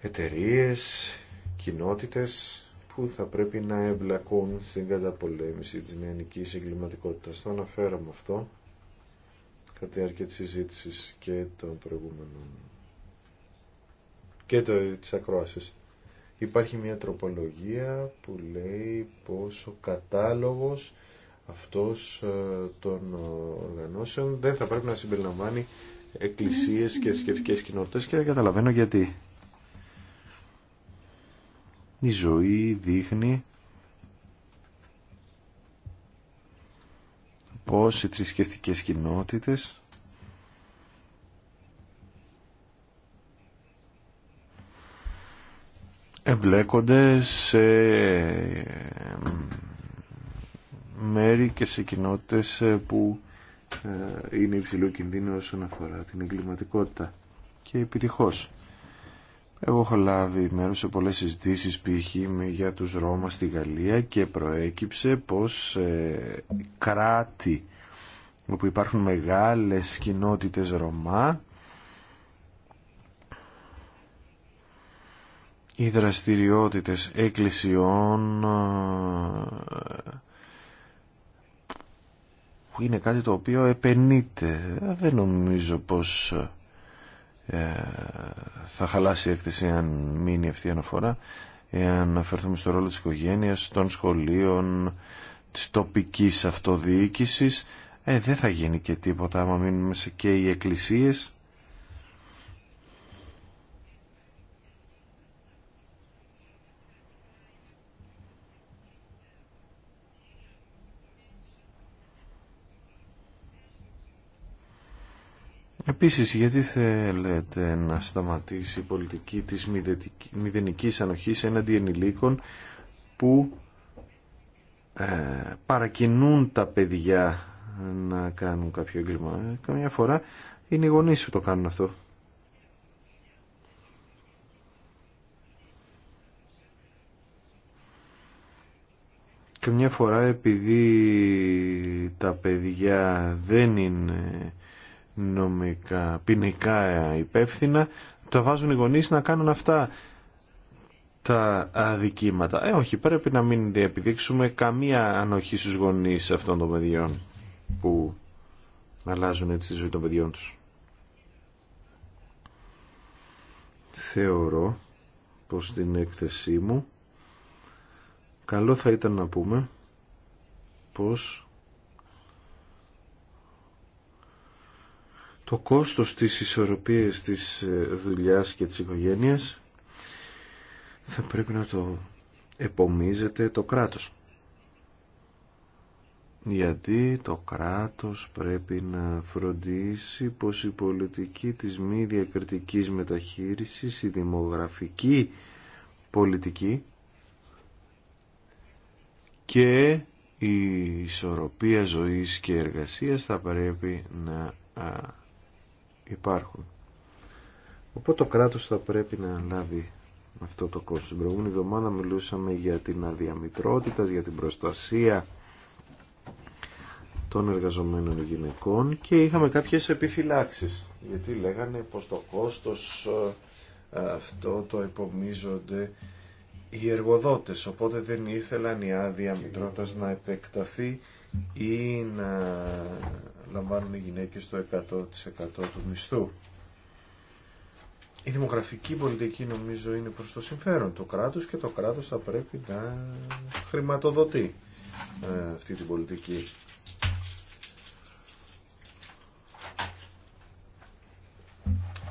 εταιρείες, κοινότητες που θα πρέπει να εμπλακούν στην καταπολέμηση της νεανικής εγκληματικότητας. Το αναφέραμε αυτό κατά τη διάρκεια και των προηγούμενων και το, της ακρόασης. Υπάρχει μια τροπολογία που λέει πως ο κατάλογος αυτός ε, των οργανώσεων δεν θα πρέπει να συμπεριλαμβάνει εκκλησίες και θρησκευτικές κοινότητες και καταλαβαίνω γιατί. Η ζωή δείχνει πως οι θρησκευτικές κοινότητες εμπλέκονται σε μέρη και σε κοινότητες που ε, είναι υψηλού κινδύνου όσον αφορά την εγκληματικότητα και επιτυχώς. Εγώ έχω λάβει μέρος σε πολλές συζητήσεις π.χ. για τους Ρώμα στη Γαλλία και προέκυψε πως ε, κράτη όπου υπάρχουν μεγάλες κοινότητες Ρωμά οι δραστηριότητες εκκλησιών ε, που είναι κάτι το οποίο επενείται. Δεν νομίζω πως ε, θα χαλάσει η έκθεση αν μείνει αυτή η αναφορά εάν αφαιρθούμε στο ρόλο της οικογένειας, των σχολείων, της τοπικής αυτοδιοίκησης. Ε, δεν θα γίνει και τίποτα άμα μείνουμε σε και οι εκκλησίες Επίσης, γιατί θέλετε να σταματήσει η πολιτική της μηδενικής ανοχής έναντι ενηλίκων που ε, παρακινούν τα παιδιά να κάνουν κάποιο έγκλημα. Ε, καμιά φορά είναι οι γονείς που το κάνουν αυτό. Καμιά φορά επειδή τα παιδιά δεν είναι νομικά, ποινικά υπεύθυνα, τα βάζουν οι γονείς να κάνουν αυτά τα αδικήματα. Ε, όχι, πρέπει να μην διαπηδείξουμε καμία ανοχή στους γονείς αυτών των παιδιών που αλλάζουν έτσι τη ζωή των παιδιών τους. Θεωρώ πως την έκθεσή μου καλό θα ήταν να πούμε πως το κόστος της ισορροπίας της ε, δουλειάς και της οικογένειας θα πρέπει να το επομίζεται το κράτος. Γιατί το κράτος πρέπει να φροντίσει πως η πολιτική της μη διακριτικής μεταχείρισης, η δημογραφική πολιτική και η ισορροπία ζωής και εργασίας θα πρέπει να υπάρχουν. Οπότε το κράτος θα πρέπει να λάβει αυτό το κόστος. Την προηγούμενη εβδομάδα μιλούσαμε για την αδιαμητρότητα, για την προστασία των εργαζομένων γυναικών και είχαμε κάποιες επιφυλάξεις γιατί λέγανε πως το κόστος ε, αυτό το επομίζονται οι εργοδότες οπότε δεν ήθελαν η άδεια να επεκταθεί ή να λαμβάνουν οι γυναίκες το 100% του μισθού. Η δημογραφική πολιτική νομίζω είναι προς το συμφέρον του κράτους και το κράτος θα πρέπει να χρηματοδοτεί ε, αυτή την πολιτική.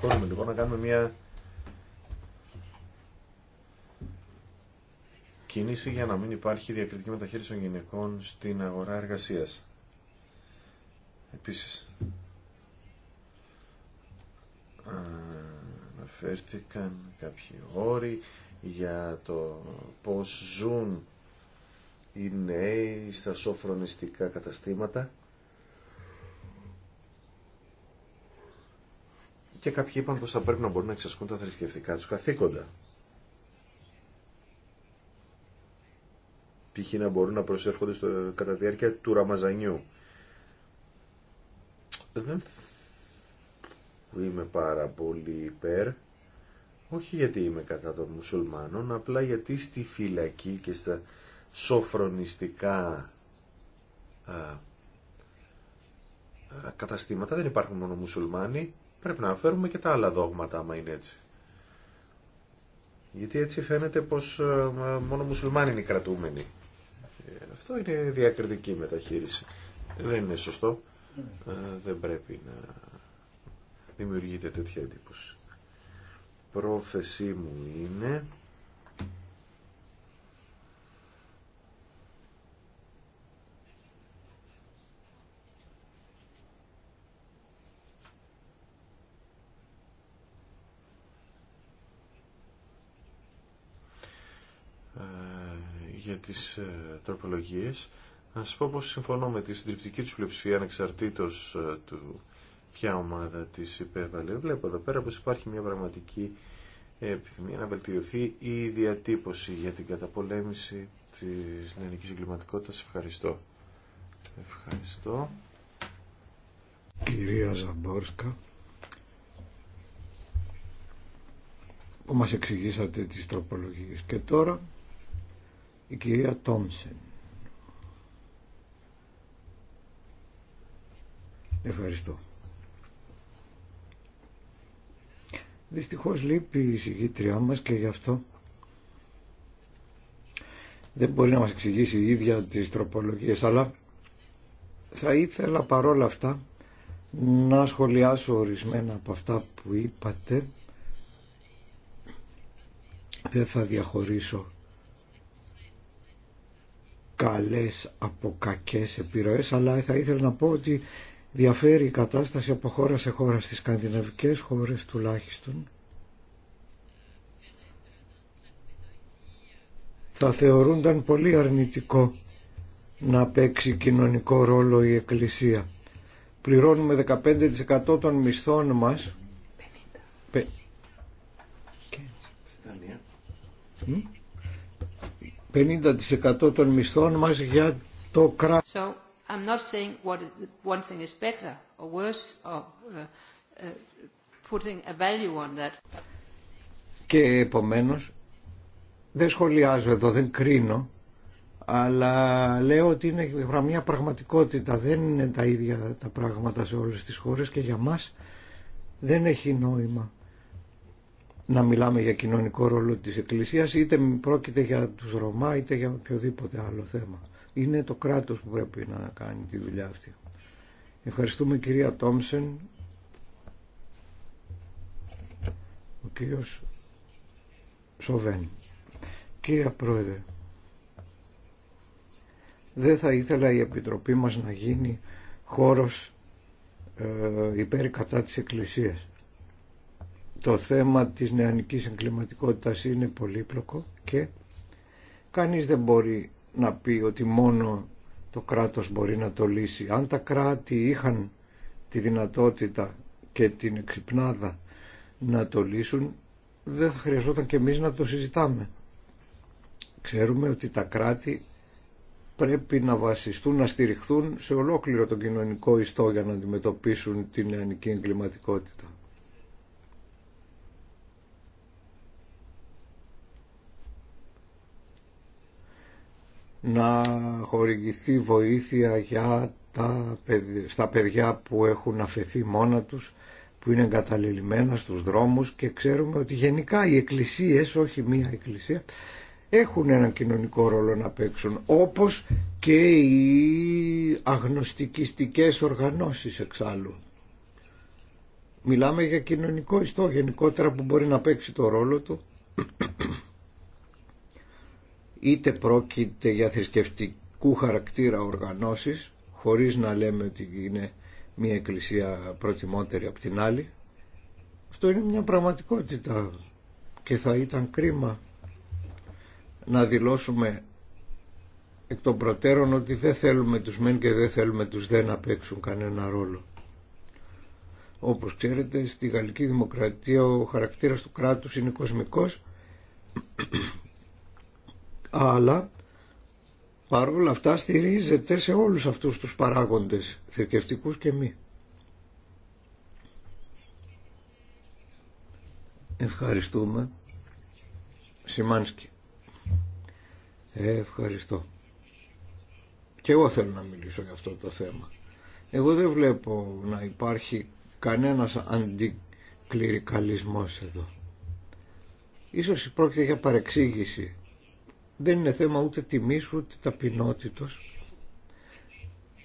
Μπορούμε λοιπόν να κάνουμε μια κίνηση για να μην υπάρχει διακριτική μεταχείριση των γυναικών στην αγορά εργασίας. Επίσης, αναφέρθηκαν κάποιοι όροι για το πώς ζουν οι νέοι στα σοφρονιστικά καταστήματα και κάποιοι είπαν πως θα πρέπει να μπορούν να εξασκούν τα θρησκευτικά τους καθήκοντα. π.χ. να μπορούν να προσεύχονται στο, κατά τη διάρκεια του Ραμαζανιού. Δεν είμαι πάρα πολύ υπέρ, όχι γιατί είμαι κατά των μουσουλμάνων, απλά γιατί στη φυλακή και στα σοφρονιστικά α, καταστήματα δεν υπάρχουν μόνο μουσουλμάνοι, πρέπει να αφαίρουμε και τα άλλα δόγματα άμα είναι έτσι. Γιατί έτσι φαίνεται πως μόνο μουσουλμάνοι είναι οι κρατούμενοι. Αυτό είναι διακριτική μεταχείριση. Δεν είναι σωστό. Ε, δεν πρέπει να δημιουργείται τέτοια εντύπωση. Πρόθεσή μου είναι για τις ε, τροπολογίες. Να σας πω πως συμφωνώ με τη συντριπτική του πλειοψηφία ανεξαρτήτως ε, του ποια ομάδα της υπέβαλε. Βλέπω εδώ πέρα πως υπάρχει μια πραγματική επιθυμία να βελτιωθεί η διατύπωση για την καταπολέμηση της νεανικής εγκληματικότητας. Ευχαριστώ. Ευχαριστώ. Κυρία Ζαμπόρσκα, που μας εξηγήσατε τις τροπολογίες. Και τώρα η κυρία Τόμσεν. Ευχαριστώ. Δυστυχώς λείπει η συγγήτριά μας και γι' αυτό δεν μπορεί να μας εξηγήσει η ίδια τις τροπολογίες, αλλά θα ήθελα παρόλα αυτά να σχολιάσω ορισμένα από αυτά που είπατε. Δεν θα διαχωρίσω καλές από κακές επιρροές αλλά θα ήθελα να πω ότι διαφέρει η κατάσταση από χώρα σε χώρα στις σκανδιναβικές χώρες τουλάχιστον θα θεωρούνταν πολύ αρνητικό να παίξει κοινωνικό ρόλο η Εκκλησία. Πληρώνουμε 15% των μισθών μας. 50. 50% των μισθών μας για το κράτος. I'm not saying what one is better or worse or uh, uh, putting a value on that. Και επομένως δεν σχολιάζω εδώ, δεν κρίνω, αλλά λέω ότι είναι μια πραγματικότητα, δεν είναι τα ίδια τα πράγματα σε όλες τις χώρες και για μας δεν έχει νόημα να μιλάμε για κοινωνικό ρόλο της Εκκλησίας είτε πρόκειται για τους Ρωμά είτε για οποιοδήποτε άλλο θέμα. Είναι το κράτος που πρέπει να κάνει τη δουλειά αυτή. Ευχαριστούμε κυρία Τόμσεν. Ο κύριος Σοβέν. Κύριε Πρόεδρε, δεν θα ήθελα η Επιτροπή μας να γίνει χώρος ε, υπέρ κατά της Εκκλησίας το θέμα της νεανικής εγκληματικότητας είναι πολύπλοκο και κανείς δεν μπορεί να πει ότι μόνο το κράτος μπορεί να το λύσει. Αν τα κράτη είχαν τη δυνατότητα και την εξυπνάδα να το λύσουν, δεν θα χρειαζόταν και εμείς να το συζητάμε. Ξέρουμε ότι τα κράτη πρέπει να βασιστούν, να στηριχθούν σε ολόκληρο τον κοινωνικό ιστό για να αντιμετωπίσουν την νεανική εγκληματικότητα. να χορηγηθεί βοήθεια για τα παιδιά, στα παιδιά που έχουν αφαιθεί μόνα τους, που είναι εγκαταλελειμμένα στους δρόμους και ξέρουμε ότι γενικά οι εκκλησίες, όχι μία εκκλησία, έχουν έναν κοινωνικό ρόλο να παίξουν, όπως και οι αγνωστικιστικές οργανώσεις εξάλλου. Μιλάμε για κοινωνικό ιστό γενικότερα που μπορεί να παίξει το ρόλο του είτε πρόκειται για θρησκευτικού χαρακτήρα οργανώσεις χωρίς να λέμε ότι είναι μια εκκλησία προτιμότερη από την άλλη αυτό είναι μια πραγματικότητα και θα ήταν κρίμα να δηλώσουμε εκ των προτέρων ότι δεν θέλουμε τους μεν και δεν θέλουμε τους δεν να παίξουν κανένα ρόλο. Όπως ξέρετε στη Γαλλική Δημοκρατία ο χαρακτήρας του κράτους είναι κοσμικός αλλά παρόλα αυτά στηρίζεται σε όλους αυτούς τους παράγοντες, θρησκευτικούς και μη. Ευχαριστούμε. Σιμάνσκι. ευχαριστώ. Και εγώ θέλω να μιλήσω για αυτό το θέμα. Εγώ δεν βλέπω να υπάρχει κανένας αντικληρικαλισμός εδώ. Ίσως πρόκειται για παρεξήγηση δεν είναι θέμα ούτε τιμής ούτε ταπεινότητος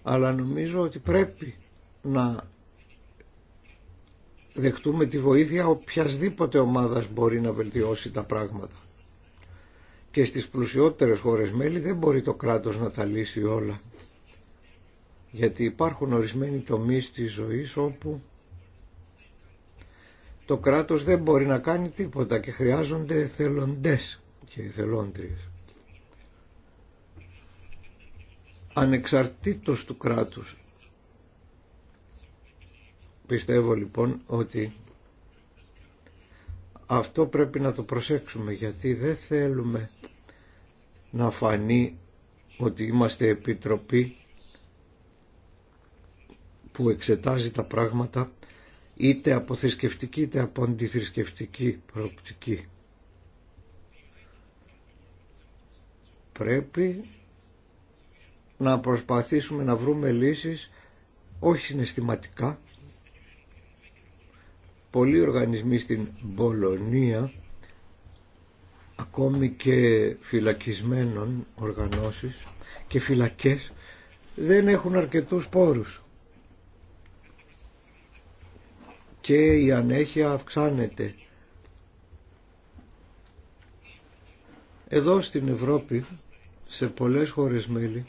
αλλά νομίζω ότι πρέπει να δεχτούμε τη βοήθεια οποιασδήποτε ομάδας μπορεί να βελτιώσει τα πράγματα. Και στις πλουσιότερες χώρες μέλη δεν μπορεί το κράτος να τα λύσει όλα. Γιατί υπάρχουν ορισμένοι τομείς της ζωής όπου το κράτος δεν μπορεί να κάνει τίποτα και χρειάζονται θελοντές και εθελόντριες. ανεξαρτήτως του κράτους. Πιστεύω λοιπόν ότι αυτό πρέπει να το προσέξουμε γιατί δεν θέλουμε να φανεί ότι είμαστε επιτροπή που εξετάζει τα πράγματα είτε από θρησκευτική είτε από αντιθρησκευτική προοπτική. Πρέπει να προσπαθήσουμε να βρούμε λύσεις όχι συναισθηματικά. Πολλοί οργανισμοί στην Πολωνία ακόμη και φυλακισμένων οργανώσεις και φυλακές δεν έχουν αρκετούς πόρους και η ανέχεια αυξάνεται. Εδώ στην Ευρώπη σε πολλές χώρες μέλη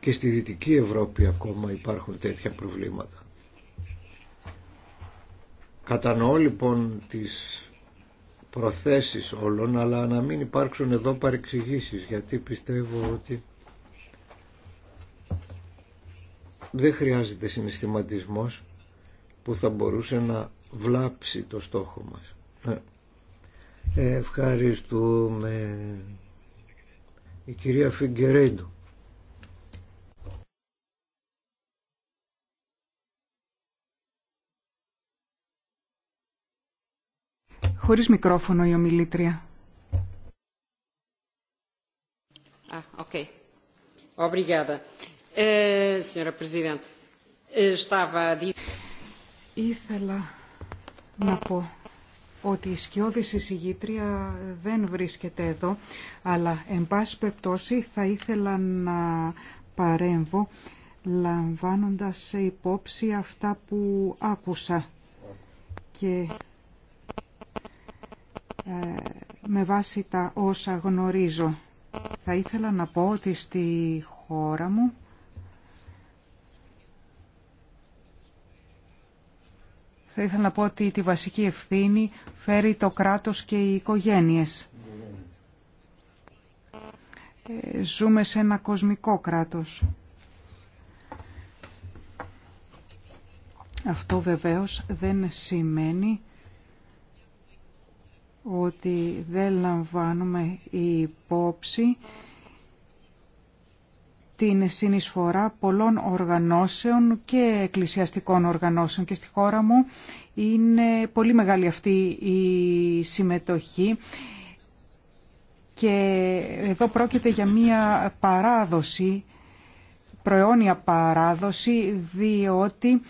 και στη Δυτική Ευρώπη ακόμα υπάρχουν τέτοια προβλήματα. Κατανοώ λοιπόν τις προθέσεις όλων αλλά να μην υπάρξουν εδώ παρεξηγήσεις γιατί πιστεύω ότι δεν χρειάζεται συναισθηματισμός που θα μπορούσε να βλάψει το στόχο μας. Ναι. Ε, ευχαριστούμε η κυρία Φιγκερέντου. Χωρίς μικρόφωνο η ομιλήτρια. Ε, ε, ήθελα να πω ότι η σκιώδης εισηγήτρια δεν βρίσκεται εδώ, αλλά εν πάση περιπτώσει θα ήθελα να παρέμβω λαμβάνοντας σε υπόψη αυτά που άκουσα και ε, με βάση τα όσα γνωρίζω. Θα ήθελα να πω ότι στη χώρα μου θα ήθελα να πω ότι τη βασική ευθύνη φέρει το κράτος και οι οικογένειες. Ε, ζούμε σε ένα κοσμικό κράτος. Αυτό βεβαίως δεν σημαίνει ότι δεν λαμβάνουμε υπόψη την συνεισφορά πολλών οργανώσεων και εκκλησιαστικών οργανώσεων και στη χώρα μου είναι πολύ μεγάλη αυτή η συμμετοχή και εδώ πρόκειται για μία παράδοση, προαιώνια παράδοση, διότι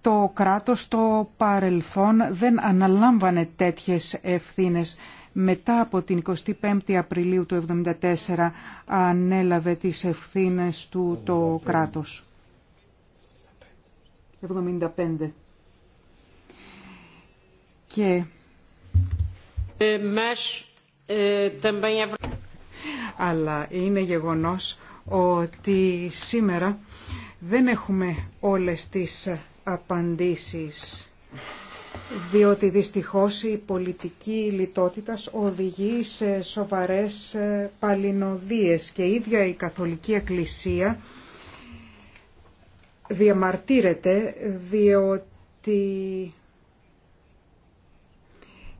το κράτος στο παρελθόν δεν αναλάμβανε τέτοιες ευθύνες. Μετά από την 25η Απριλίου του 1974 ανέλαβε τις ευθύνες του το κράτος. 75. Και... Αλλά είναι γεγονός ότι σήμερα δεν έχουμε όλες τις απαντήσεις διότι δυστυχώς η πολιτική λιτότητας οδηγεί σε σοβαρές ε, παλινοδίες και η ίδια η Καθολική Εκκλησία διαμαρτύρεται διότι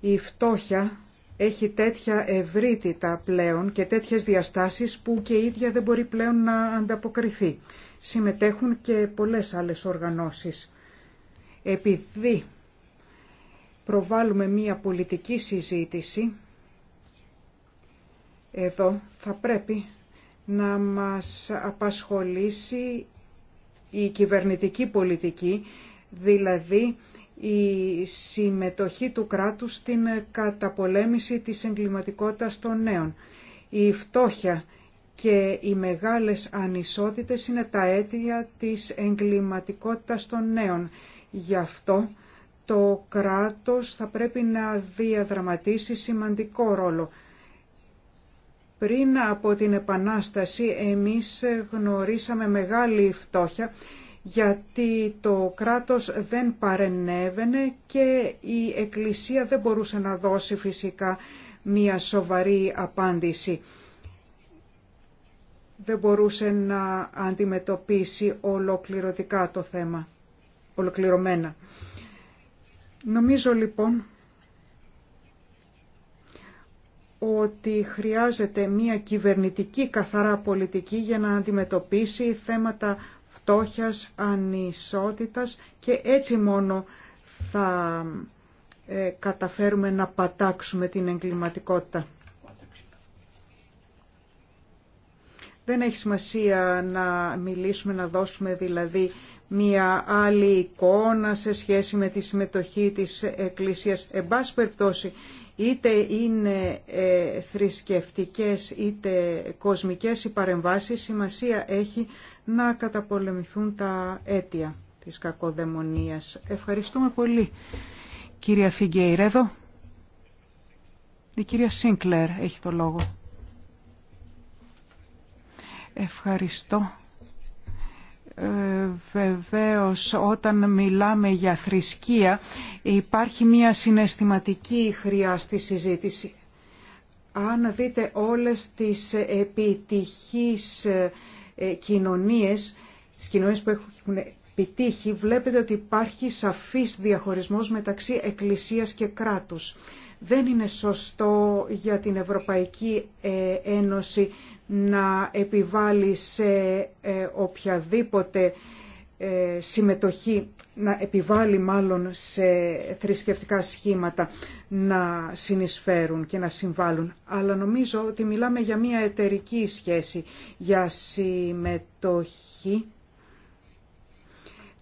η φτώχεια έχει τέτοια ευρύτητα πλέον και τέτοιες διαστάσεις που και η ίδια δεν μπορεί πλέον να ανταποκριθεί. Συμμετέχουν και πολλές άλλες οργανώσεις. Επειδή προβάλλουμε μία πολιτική συζήτηση, εδώ θα πρέπει να μας απασχολήσει η κυβερνητική πολιτική, δηλαδή η συμμετοχή του κράτους στην καταπολέμηση της εγκληματικότητας των νέων. Η φτώχεια και οι μεγάλες ανισότητες είναι τα αίτια της εγκληματικότητας των νέων Γι' αυτό το κράτος θα πρέπει να διαδραματίσει σημαντικό ρόλο. Πριν από την Επανάσταση εμείς γνωρίσαμε μεγάλη φτώχεια γιατί το κράτος δεν παρενέβαινε και η Εκκλησία δεν μπορούσε να δώσει φυσικά μία σοβαρή απάντηση. Δεν μπορούσε να αντιμετωπίσει ολοκληρωτικά το θέμα ολοκληρωμένα. Νομίζω λοιπόν ότι χρειάζεται μια κυβερνητική καθαρά πολιτική για να αντιμετωπίσει θέματα φτώχειας, ανισότητας και έτσι μόνο θα ε, καταφέρουμε να πατάξουμε την εγκληματικότητα. Δεν έχει σημασία να μιλήσουμε, να δώσουμε δηλαδή μία άλλη εικόνα σε σχέση με τη συμμετοχή της Εκκλησίας. Εν πάση περιπτώσει, είτε είναι ε, θρησκευτικές είτε κοσμικές οι παρεμβάσεις, σημασία έχει να καταπολεμηθούν τα αίτια της κακοδαιμονίας. Ευχαριστούμε πολύ. Κυρία Φιγκέιρεδο, η κυρία Σίνκλερ έχει το λόγο. Ευχαριστώ ε, βεβαίως όταν μιλάμε για θρησκεία υπάρχει μια συναισθηματική χρειά στη συζήτηση. Αν δείτε όλες τις επιτυχείς ε, ε, κοινωνίες, τις κοινωνίες που έχουν επιτύχει, βλέπετε ότι υπάρχει σαφής διαχωρισμός μεταξύ εκκλησίας και κράτους. Δεν είναι σωστό για την Ευρωπαϊκή Ένωση να επιβάλλει σε ε, οποιαδήποτε ε, συμμετοχή, να επιβάλλει μάλλον σε θρησκευτικά σχήματα να συνεισφέρουν και να συμβάλλουν. Αλλά νομίζω ότι μιλάμε για μια εταιρική σχέση, για συμμετοχή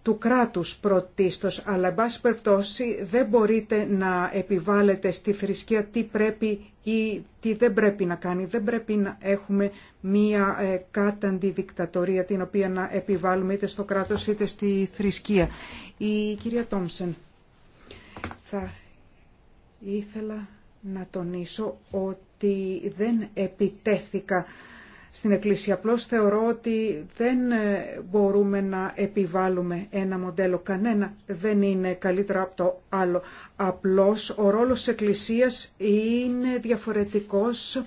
του κράτους πρωτίστως, αλλά εν πάση περιπτώσει δεν μπορείτε να επιβάλλετε στη θρησκεία τι πρέπει ή τι δεν πρέπει να κάνει. Δεν πρέπει να έχουμε μία ε, κάταντη δικτατορία την οποία να επιβάλλουμε είτε στο κράτος είτε στη θρησκεία. Η κυρία Τόμσεν, θα ήθελα να τονίσω ότι δεν επιτέθηκα στην Εκκλησία. Απλώ θεωρώ ότι δεν ε, μπορούμε να επιβάλλουμε ένα μοντέλο. Κανένα δεν είναι καλύτερο από το άλλο. Απλώς ο ρόλος της Εκκλησίας είναι διαφορετικός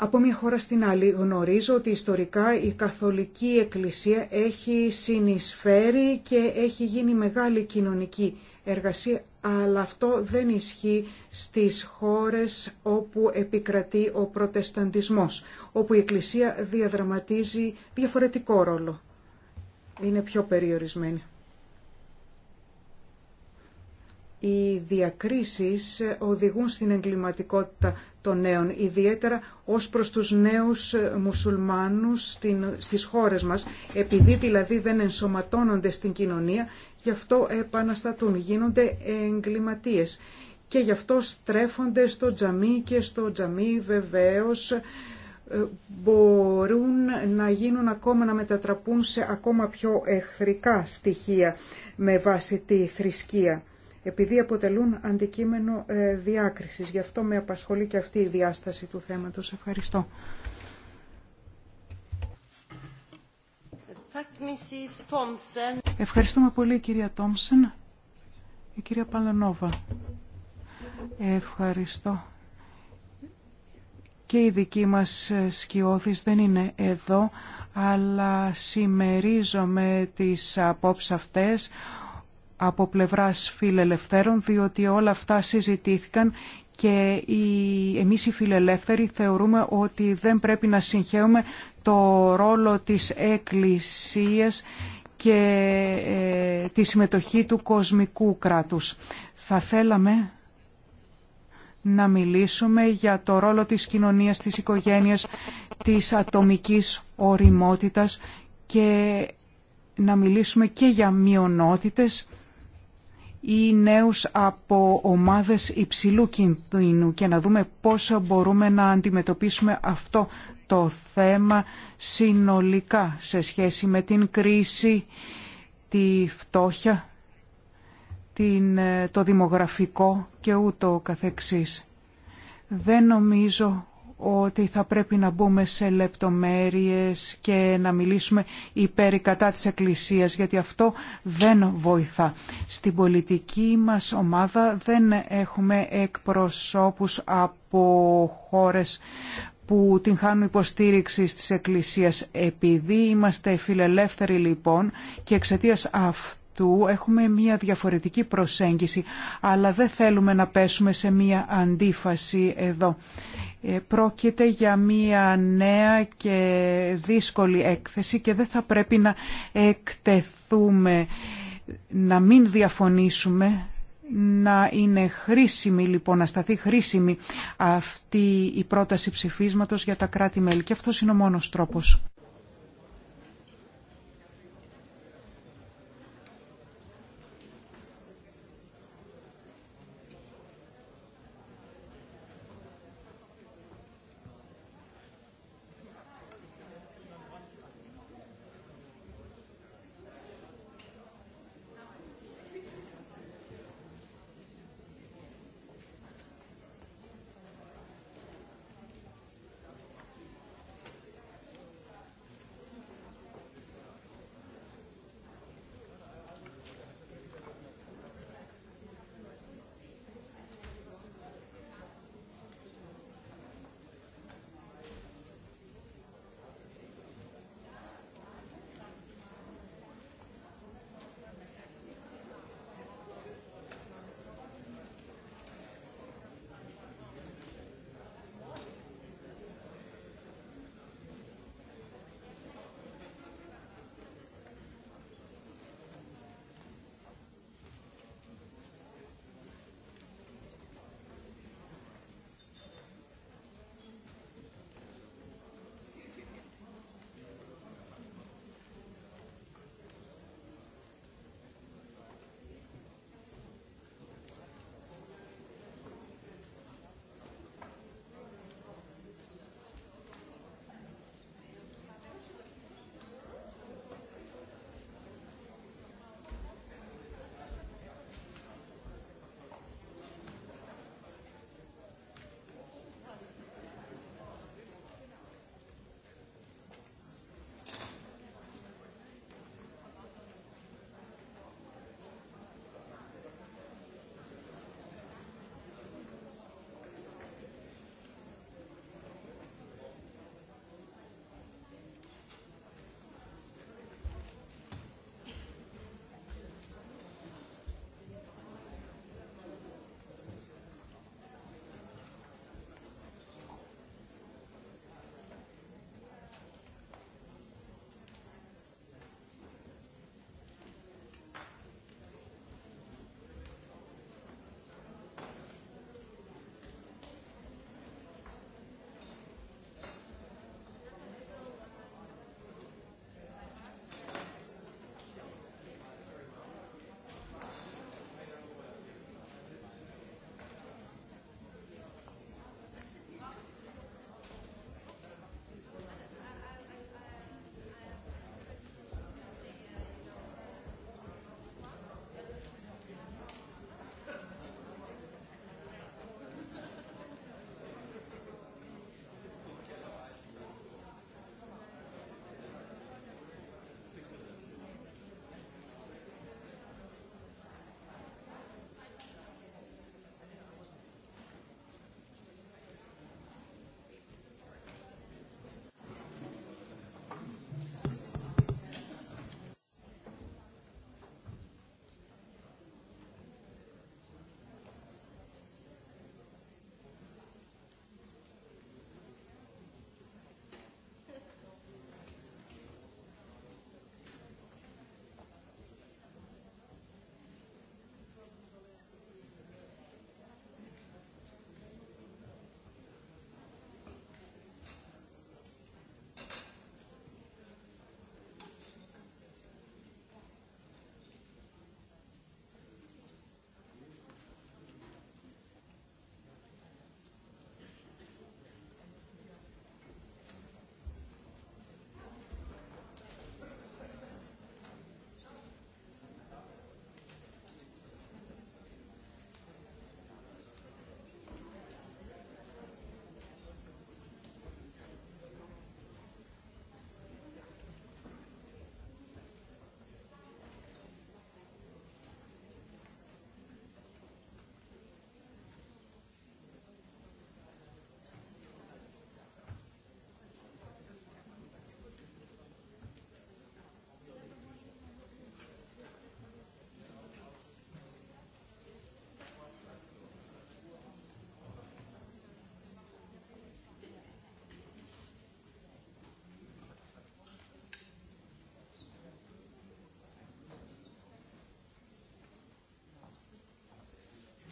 από μια χώρα στην άλλη. Γνωρίζω ότι ιστορικά η Καθολική Εκκλησία έχει συνεισφέρει και έχει γίνει μεγάλη κοινωνική εργασία, αλλά αυτό δεν ισχύει στις χώρες όπου επικρατεί ο προτεσταντισμός, όπου η Εκκλησία διαδραματίζει διαφορετικό ρόλο. Είναι πιο περιορισμένη οι διακρίσεις οδηγούν στην εγκληματικότητα των νέων, ιδιαίτερα ως προς τους νέους μουσουλμάνους στις χώρες μας, επειδή δηλαδή δεν ενσωματώνονται στην κοινωνία, γι' αυτό επαναστατούν, γίνονται εγκληματίες. Και γι' αυτό στρέφονται στο τζαμί και στο τζαμί βεβαίως ε, μπορούν να γίνουν ακόμα, να μετατραπούν σε ακόμα πιο εχθρικά στοιχεία με βάση τη θρησκεία επειδή αποτελούν αντικείμενο ε, διάκρισης. Γι' αυτό με απασχολεί και αυτή η διάσταση του θέματος. Ευχαριστώ. Ευχαριστούμε πολύ κυρία Τόμσεν και κυρία Παλανόβα. Ευχαριστώ. Και η δική μας ε, σκιώθης δεν είναι εδώ, αλλά συμμερίζομαι τις απόψεις αυτές από πλευράς φιλελευθέρων, διότι όλα αυτά συζητήθηκαν και οι, εμείς οι φιλελεύθεροι θεωρούμε ότι δεν πρέπει να συγχαίουμε το ρόλο της Εκκλησίας και ε, τη συμμετοχή του κοσμικού κράτους. Θα θέλαμε να μιλήσουμε για το ρόλο της κοινωνίας, της οικογένειας, της ατομικής οριμότητας και να μιλήσουμε και για μειονότητες ή νέους από ομάδες υψηλού κινδύνου και να δούμε πώς μπορούμε να αντιμετωπίσουμε αυτό το θέμα συνολικά σε σχέση με την κρίση, τη φτώχεια, την, ε, το δημογραφικό και ούτω καθεξής. Δεν νομίζω ότι θα πρέπει να μπούμε σε λεπτομέρειες και να μιλήσουμε υπέρ κατά της Εκκλησίας, γιατί αυτό δεν βοηθά. Στην πολιτική μας ομάδα δεν έχουμε εκπροσώπους από χώρες που την χάνουν υποστήριξη της Εκκλησίας. Επειδή είμαστε φιλελεύθεροι λοιπόν και εξαιτία αυτού έχουμε μία διαφορετική προσέγγιση, αλλά δεν θέλουμε να πέσουμε σε μία αντίφαση εδώ. Ε, πρόκειται για μία νέα και δύσκολη έκθεση και δεν θα πρέπει να εκτεθούμε, να μην διαφωνήσουμε, να είναι χρήσιμη λοιπόν, να σταθεί χρήσιμη αυτή η πρόταση ψηφίσματος για τα κράτη-μέλη. Και αυτός είναι ο μόνος τρόπος.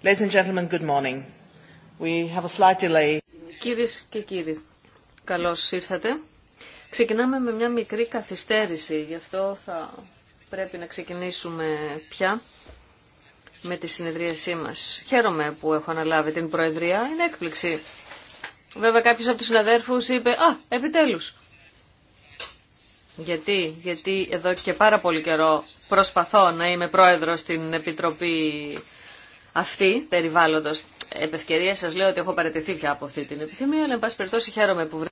Ladies και κύριοι, καλώς ήρθατε. Ξεκινάμε με μια μικρή καθυστέρηση, γι' αυτό θα πρέπει να ξεκινήσουμε πια με τη συνεδρίασή μας. Χαίρομαι που έχω αναλάβει την Προεδρία, είναι έκπληξη. Βέβαια κάποιος από τους συναδέρφους είπε «Α, επιτέλους». Γιατί, γιατί εδώ και πάρα πολύ καιρό προσπαθώ να είμαι πρόεδρος στην Επιτροπή αυτή περιβάλλοντος. Επευκαιρία σας λέω ότι έχω παραιτηθεί πια από αυτή την επιθυμία, αλλά εν πάση περιπτώσει χαίρομαι που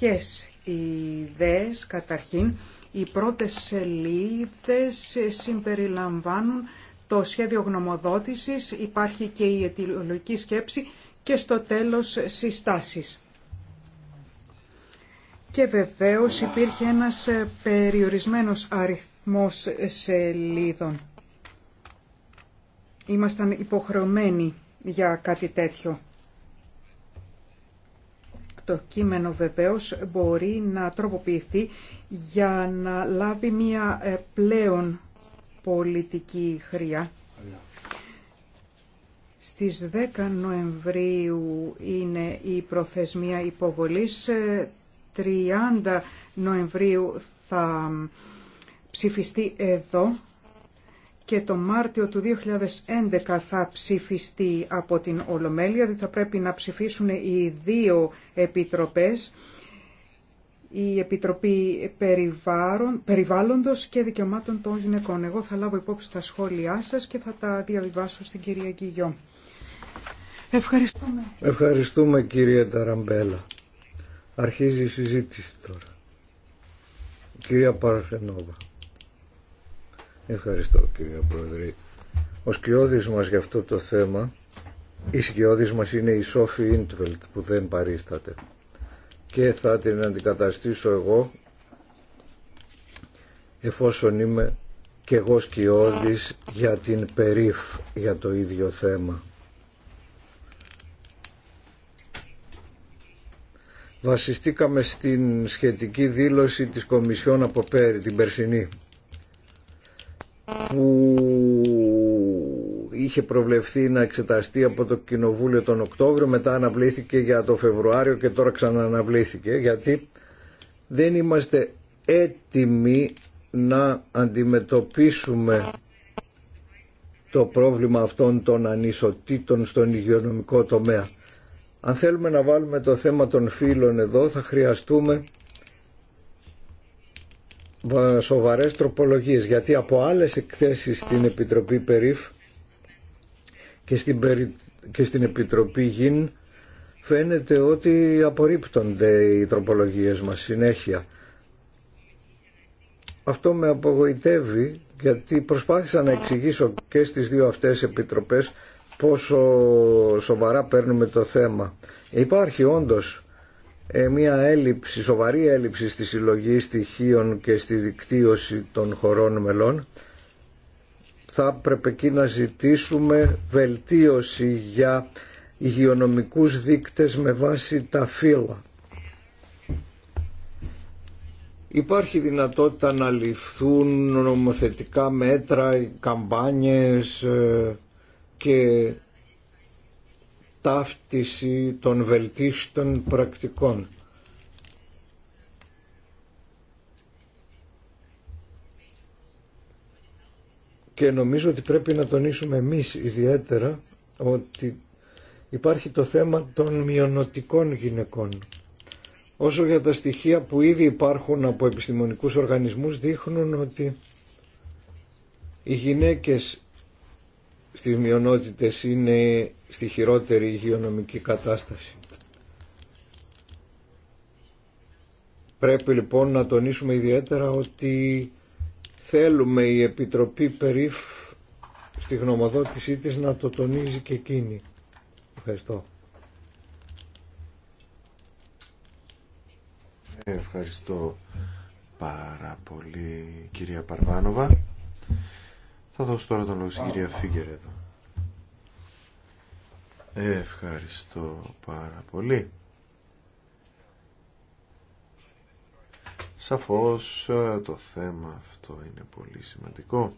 βασικές ιδέες. Καταρχήν, οι πρώτες σελίδες συμπεριλαμβάνουν το σχέδιο γνωμοδότησης, υπάρχει και η αιτιολογική σκέψη και στο τέλος συστάσεις. Και βεβαίως υπήρχε ένας περιορισμένος αριθμός σελίδων. Ήμασταν υποχρεωμένοι για κάτι τέτοιο. Το κείμενο βεβαίως μπορεί να τροποποιηθεί για να λάβει μία ε, πλέον πολιτική χρειά. Στις 10 Νοεμβρίου είναι η προθεσμία υποβολής. 30 ε, Νοεμβρίου θα ψηφιστεί εδώ και το Μάρτιο του 2011 θα ψηφιστεί από την Ολομέλεια, δηλαδή θα πρέπει να ψηφίσουν οι δύο επιτροπές, η Επιτροπή Περιβάλλοντος και Δικαιωμάτων των Γυναικών. Εγώ θα λάβω υπόψη τα σχόλιά σας και θα τα διαβιβάσω στην κυρία Κιγιό. Ευχαριστούμε. Ευχαριστούμε κυρία Ταραμπέλα. Αρχίζει η συζήτηση τώρα. Κυρία Παραφενόβα. Ευχαριστώ κύριε Πρόεδρε. Ο σκιώδης μας για αυτό το θέμα, η σκιώδης μας είναι η Σόφη Ιντβελτ που δεν παρίσταται και θα την αντικαταστήσω εγώ εφόσον είμαι και εγώ σκιώδης για την περίφ για το ίδιο θέμα. Βασιστήκαμε στην σχετική δήλωση της Κομισιόν από πέρι, την περσινή, που είχε προβλεφθεί να εξεταστεί από το Κοινοβούλιο τον Οκτώβριο, μετά αναβλήθηκε για το Φεβρουάριο και τώρα ξανααναβλήθηκε γιατί δεν είμαστε έτοιμοι να αντιμετωπίσουμε το πρόβλημα αυτών των ανισοτήτων στον υγειονομικό τομέα. Αν θέλουμε να βάλουμε το θέμα των φύλων εδώ θα χρειαστούμε σοβαρές τροπολογίες γιατί από άλλες εκθέσεις στην Επιτροπή Περίφ και στην, περι... και στην Επιτροπή Γιν φαίνεται ότι απορρίπτονται οι τροπολογίες μας συνέχεια. Αυτό με απογοητεύει γιατί προσπάθησα να εξηγήσω και στις δύο αυτές επιτροπές πόσο σοβαρά παίρνουμε το θέμα. Υπάρχει όντως ε, μια έλλειψη, σοβαρή έλλειψη στη συλλογή στοιχείων και στη δικτύωση των χωρών μελών θα έπρεπε εκεί να ζητήσουμε βελτίωση για υγειονομικούς δείκτες με βάση τα φύλλα. Υπάρχει δυνατότητα να ληφθούν νομοθετικά μέτρα, καμπάνιες ε, και ταύτιση των βελτίστων πρακτικών. Και νομίζω ότι πρέπει να τονίσουμε εμείς ιδιαίτερα ότι υπάρχει το θέμα των μειονοτικών γυναικών. Όσο για τα στοιχεία που ήδη υπάρχουν από επιστημονικούς οργανισμούς δείχνουν ότι οι γυναίκες στις μειονότητες είναι στη χειρότερη υγειονομική κατάσταση. Πρέπει λοιπόν να τονίσουμε ιδιαίτερα ότι θέλουμε η Επιτροπή Περίφ στη γνωμοδότησή της να το τονίζει και εκείνη. Ευχαριστώ. Ευχαριστώ πάρα πολύ κυρία Παρβάνοβα. Θα δώσω τώρα τον λόγο στην κυρία Φίγκερ εδώ. Ευχαριστώ πάρα πολύ. Σαφώς ε, το θέμα αυτό είναι πολύ σημαντικό.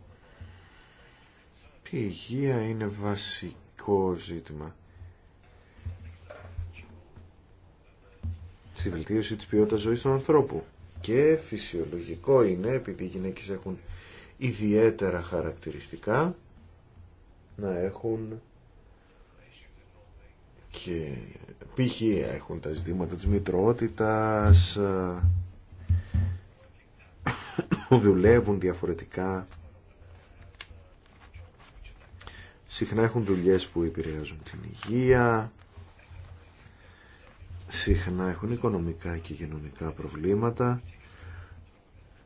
Η υγεία είναι βασικό ζήτημα. Στη βελτίωση της ποιότητας ζωής των ανθρώπων. Και φυσιολογικό είναι, επειδή οι γυναίκες έχουν ιδιαίτερα χαρακτηριστικά να έχουν και π.χ. έχουν τα ζητήματα της μητρότητας ε, δουλεύουν διαφορετικά συχνά έχουν δουλειές που επηρεάζουν την υγεία συχνά έχουν οικονομικά και κοινωνικά προβλήματα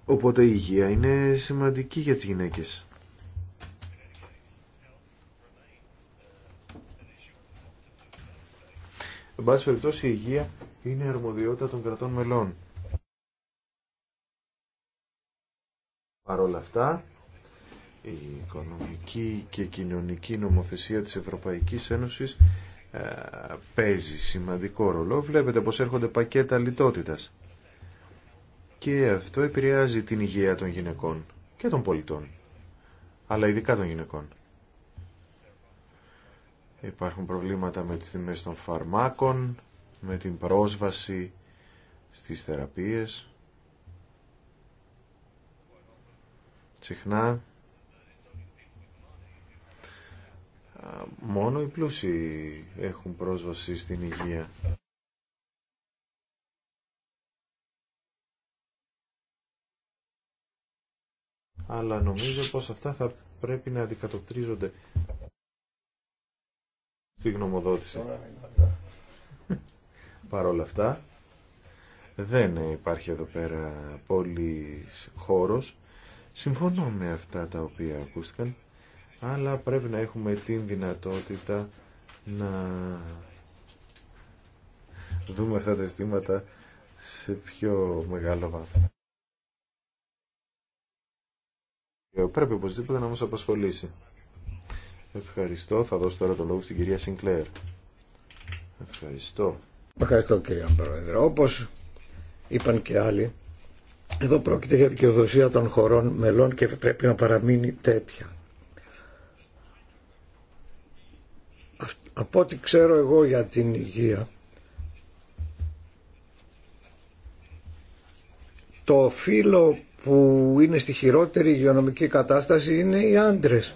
Οπότε η υγεία είναι σημαντική για τις γυναίκες. Εν πάση περιπτώσει η υγεία είναι αρμοδιότητα των κρατών μελών. Παρ' όλα αυτά, η οικονομική και κοινωνική νομοθεσία της Ευρωπαϊκής Ένωσης ε, παίζει σημαντικό ρολό. Βλέπετε πως έρχονται πακέτα λιτότητας και αυτό επηρεάζει την υγεία των γυναικών και των πολιτών, αλλά ειδικά των γυναικών. Υπάρχουν προβλήματα με τις τιμές των φαρμάκων, με την πρόσβαση στις θεραπείες. Συχνά μόνο οι πλούσιοι έχουν πρόσβαση στην υγεία. αλλά νομίζω πως αυτά θα πρέπει να αντικατοπτρίζονται στη γνωμοδότηση. Παρ' όλα αυτά, δεν υπάρχει εδώ πέρα πολύ χώρος. Συμφωνώ με αυτά τα οποία ακούστηκαν, αλλά πρέπει να έχουμε την δυνατότητα να δούμε αυτά τα αισθήματα σε πιο μεγάλο βάθο. Ε, πρέπει οπωσδήποτε να μας απασχολήσει. Ευχαριστώ. Θα δώσω τώρα το λόγο στην κυρία Σινκλέρ. Ευχαριστώ. Ευχαριστώ κυρία Πρόεδρε. Όπως είπαν και άλλοι, εδώ πρόκειται για δικαιοδοσία των χωρών μελών και πρέπει να παραμείνει τέτοια. Από ό,τι ξέρω εγώ για την υγεία, το φύλλο που είναι στη χειρότερη υγειονομική κατάσταση είναι οι άντρες.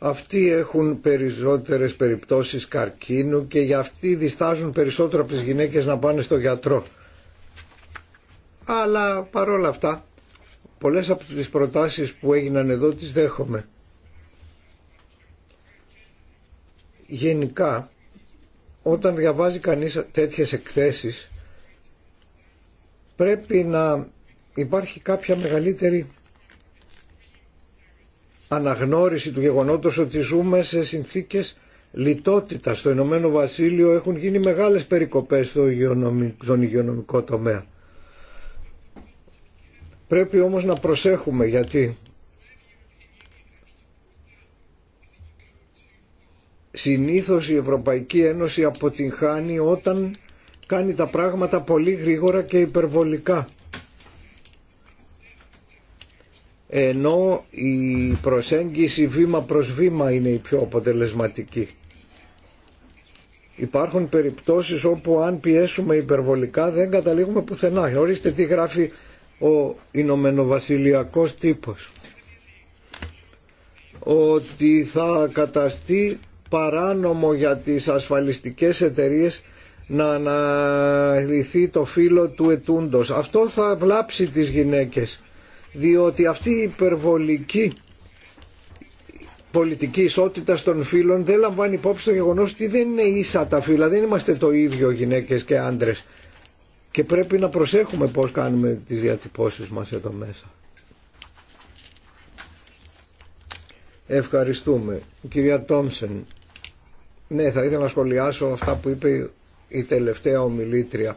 Αυτοί έχουν περισσότερες περιπτώσεις καρκίνου και για αυτοί διστάζουν περισσότερο από τις γυναίκες να πάνε στο γιατρό. Αλλά παρόλα αυτά, πολλές από τις προτάσεις που έγιναν εδώ τις δέχομαι. Γενικά, όταν διαβάζει κανείς τέτοιες εκθέσεις, πρέπει να υπάρχει κάποια μεγαλύτερη αναγνώριση του γεγονότος ότι ζούμε σε συνθήκες λιτότητα στο Ηνωμένο Βασίλειο έχουν γίνει μεγάλες περικοπές στο υγειονομικό, στον υγειονομικό τομέα. Πρέπει όμως να προσέχουμε γιατί συνήθως η Ευρωπαϊκή Ένωση αποτυγχάνει όταν κάνει τα πράγματα πολύ γρήγορα και υπερβολικά ενώ η προσέγγιση βήμα προς βήμα είναι η πιο αποτελεσματική. Υπάρχουν περιπτώσεις όπου αν πιέσουμε υπερβολικά δεν καταλήγουμε πουθενά. Ορίστε τι γράφει ο Βασιλιακός τύπος. Ότι θα καταστεί παράνομο για τις ασφαλιστικές εταιρείες να αναλυθεί το φύλλο του ετούντος. Αυτό θα βλάψει τις γυναίκες διότι αυτή η υπερβολική πολιτική ισότητα των φύλων δεν λαμβάνει υπόψη το γεγονό ότι δεν είναι ίσα τα φύλλα, δεν είμαστε το ίδιο γυναίκες και άντρε. και πρέπει να προσέχουμε πώς κάνουμε τις διατυπώσει μας εδώ μέσα. Ευχαριστούμε. Κυρία Τόμσεν, ναι θα ήθελα να σχολιάσω αυτά που είπε η τελευταία ομιλήτρια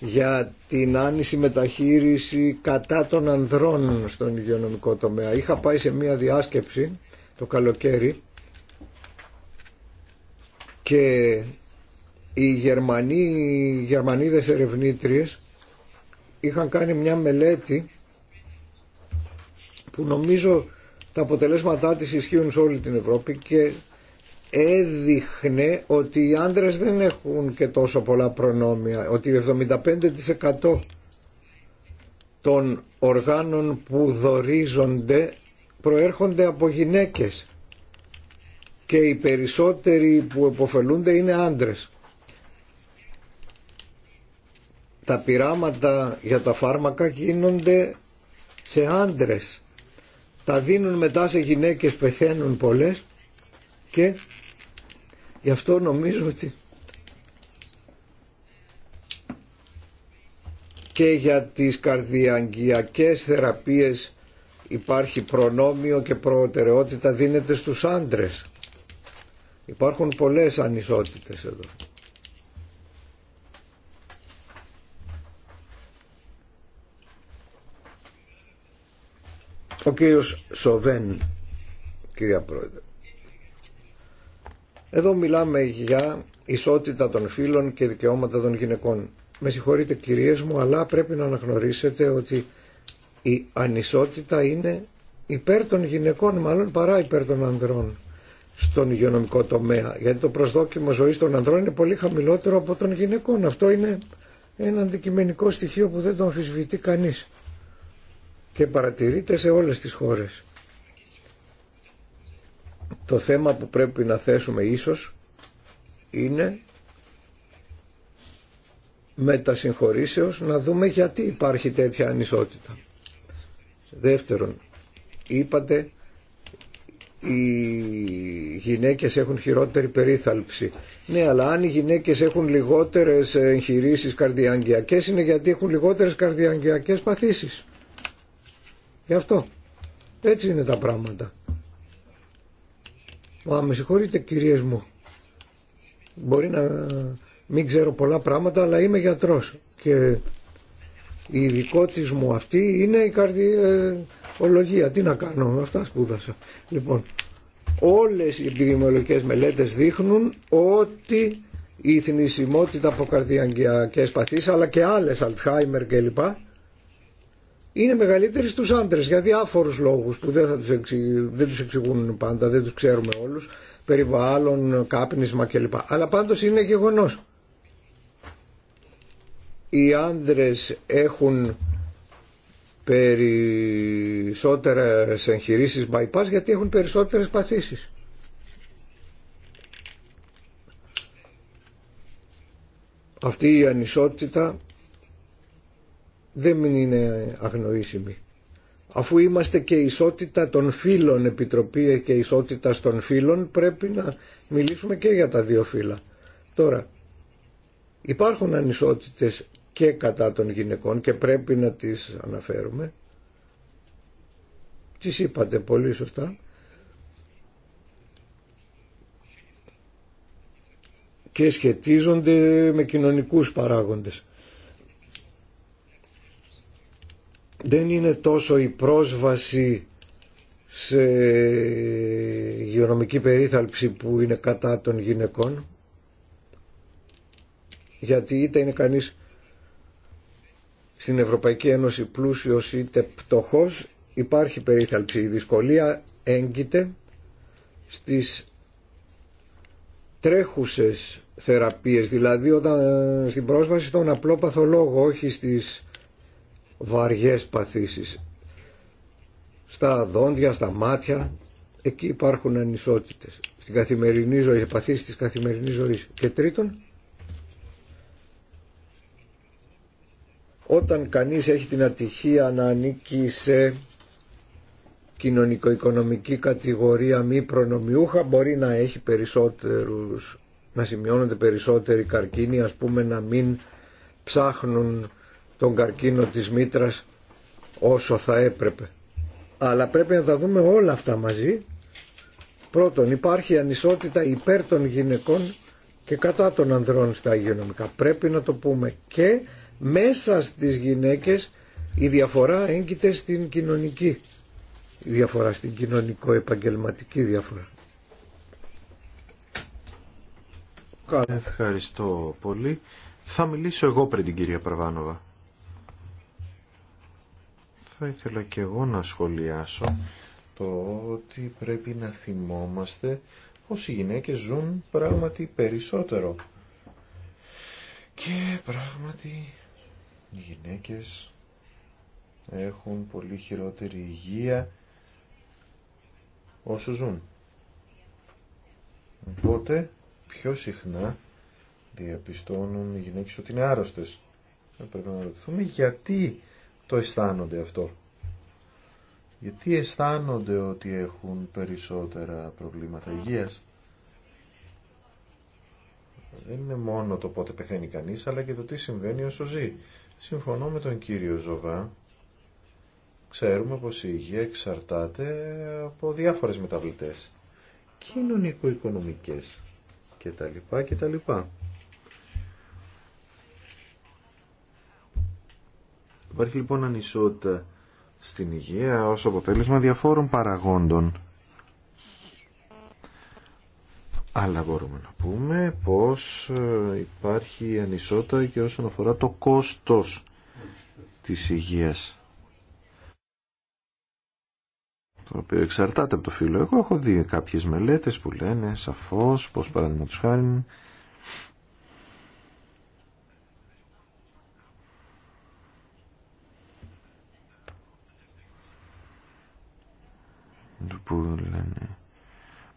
για την άνηση μεταχείριση κατά των ανδρών στον υγειονομικό τομέα. Είχα πάει σε μία διάσκεψη το καλοκαίρι και οι Γερμανοί, οι Γερμανίδες ερευνήτριες είχαν κάνει μια μελέτη που νομίζω τα αποτελέσματά της ισχύουν σε όλη την Ευρώπη και έδειχνε ότι οι άντρες δεν έχουν και τόσο πολλά προνόμια, ότι 75% των οργάνων που δορίζονται προέρχονται από γυναίκες και οι περισσότεροι που εποφελούνται είναι άντρες. Τα πειράματα για τα φάρμακα γίνονται σε άντρες. Τα δίνουν μετά σε γυναίκες, πεθαίνουν πολλές και Γι' αυτό νομίζω ότι και για τις καρδιαγγειακές θεραπείες υπάρχει προνόμιο και προτεραιότητα δίνεται στους άντρες. Υπάρχουν πολλές ανισότητες εδώ. Ο κύριος Σοβέν, κυρία Πρόεδρε. Εδώ μιλάμε για ισότητα των φίλων και δικαιώματα των γυναικών. Με συγχωρείτε κυρίες μου, αλλά πρέπει να αναγνωρίσετε ότι η ανισότητα είναι υπέρ των γυναικών, μάλλον παρά υπέρ των ανδρών στον υγειονομικό τομέα. Γιατί το προσδόκιμο ζωής των ανδρών είναι πολύ χαμηλότερο από των γυναικών. Αυτό είναι ένα αντικειμενικό στοιχείο που δεν το αμφισβητεί κανείς και παρατηρείται σε όλες τις χώρες. Το θέμα που πρέπει να θέσουμε ίσως είναι με τα συγχωρήσεως να δούμε γιατί υπάρχει τέτοια ανισότητα. Δεύτερον, είπατε οι γυναίκες έχουν χειρότερη περίθαλψη. Ναι, αλλά αν οι γυναίκες έχουν λιγότερες εγχειρήσεις καρδιαγγειακές είναι γιατί έχουν λιγότερες καρδιαγγειακές παθήσεις. Γι' αυτό. Έτσι είναι τα πράγματα. Μα με συγχωρείτε κυρίες μου. Μπορεί να μην ξέρω πολλά πράγματα αλλά είμαι γιατρός και η ειδικότητα μου αυτή είναι η καρδιολογία. Ε, Τι να κάνω, αυτά σπούδασα. Λοιπόν, όλες οι επιδημιολογικές μελέτες δείχνουν ότι η θνησιμότητα από καρδιαγκιακές παθήσεις αλλά και άλλες, Αλτσχάιμερ κλπ είναι μεγαλύτερη στους άντρες για διάφορους λόγους που δεν, θα τους, εξηγούν, τους εξηγούν πάντα, δεν τους ξέρουμε όλους, περιβάλλον, κάπνισμα κλπ. Αλλά πάντως είναι γεγονός. Οι άντρες έχουν περισσότερες εγχειρήσεις bypass γιατί έχουν περισσότερες παθήσεις. Αυτή η ανισότητα δεν είναι αγνοήσιμη. Αφού είμαστε και ισότητα των φύλων, επιτροπή και ισότητα των φύλων, πρέπει να μιλήσουμε και για τα δύο φύλλα. Τώρα, υπάρχουν ανισότητες και κατά των γυναικών και πρέπει να τις αναφέρουμε. Τις είπατε πολύ σωστά. Και σχετίζονται με κοινωνικούς παράγοντες. δεν είναι τόσο η πρόσβαση σε υγειονομική περίθαλψη που είναι κατά των γυναικών γιατί είτε είναι κανείς στην Ευρωπαϊκή Ένωση πλούσιος είτε πτωχός υπάρχει περίθαλψη η δυσκολία έγκυται στις τρέχουσες θεραπείες δηλαδή όταν, στην πρόσβαση στον απλό παθολόγο όχι στις βαριές παθήσεις στα δόντια, στα μάτια εκεί υπάρχουν ανισότητες στην καθημερινή ζωή, παθήσεις της καθημερινής ζωής και τρίτον όταν κανείς έχει την ατυχία να ανήκει σε κοινωνικο-οικονομική κατηγορία μη προνομιούχα μπορεί να έχει περισσότερους να σημειώνονται περισσότεροι καρκίνοι ας πούμε να μην ψάχνουν τον καρκίνο της μήτρας όσο θα έπρεπε. Αλλά πρέπει να τα δούμε όλα αυτά μαζί. Πρώτον, υπάρχει ανισότητα υπέρ των γυναικών και κατά των ανδρών στα υγειονομικά. Πρέπει να το πούμε και μέσα στις γυναίκες η διαφορά έγκυται στην κοινωνική διαφορά, στην κοινωνικο-επαγγελματική διαφορά. Ευχαριστώ πολύ. Θα μιλήσω εγώ πριν την κυρία Παρβάνοβα θα ήθελα και εγώ να σχολιάσω το ότι πρέπει να θυμόμαστε πως οι γυναίκες ζουν πράγματι περισσότερο. Και πράγματι οι γυναίκες έχουν πολύ χειρότερη υγεία όσο ζουν. Οπότε πιο συχνά διαπιστώνουν οι γυναίκες ότι είναι άρρωστες. Πρέπει να ρωτηθούμε γιατί το αισθάνονται αυτό. Γιατί αισθάνονται ότι έχουν περισσότερα προβλήματα υγείας. Δεν είναι μόνο το πότε πεθαίνει κανείς, αλλά και το τι συμβαίνει όσο ζει. Συμφωνώ με τον κύριο Ζωβά. Ξέρουμε πως η υγεία εξαρτάται από διάφορες μεταβλητές. Κοινωνικο-οικονομικές τα κτλ. Υπάρχει λοιπόν ανισότητα στην υγεία ως αποτέλεσμα διαφόρων παραγόντων. Αλλά μπορούμε να πούμε πως ε, υπάρχει ανισότητα και όσον αφορά το κόστος της υγείας. Το οποίο εξαρτάται από το φύλλο. Εγώ έχω δει κάποιες μελέτες που λένε σαφώς πως παραδείγματος χάρη που λένε.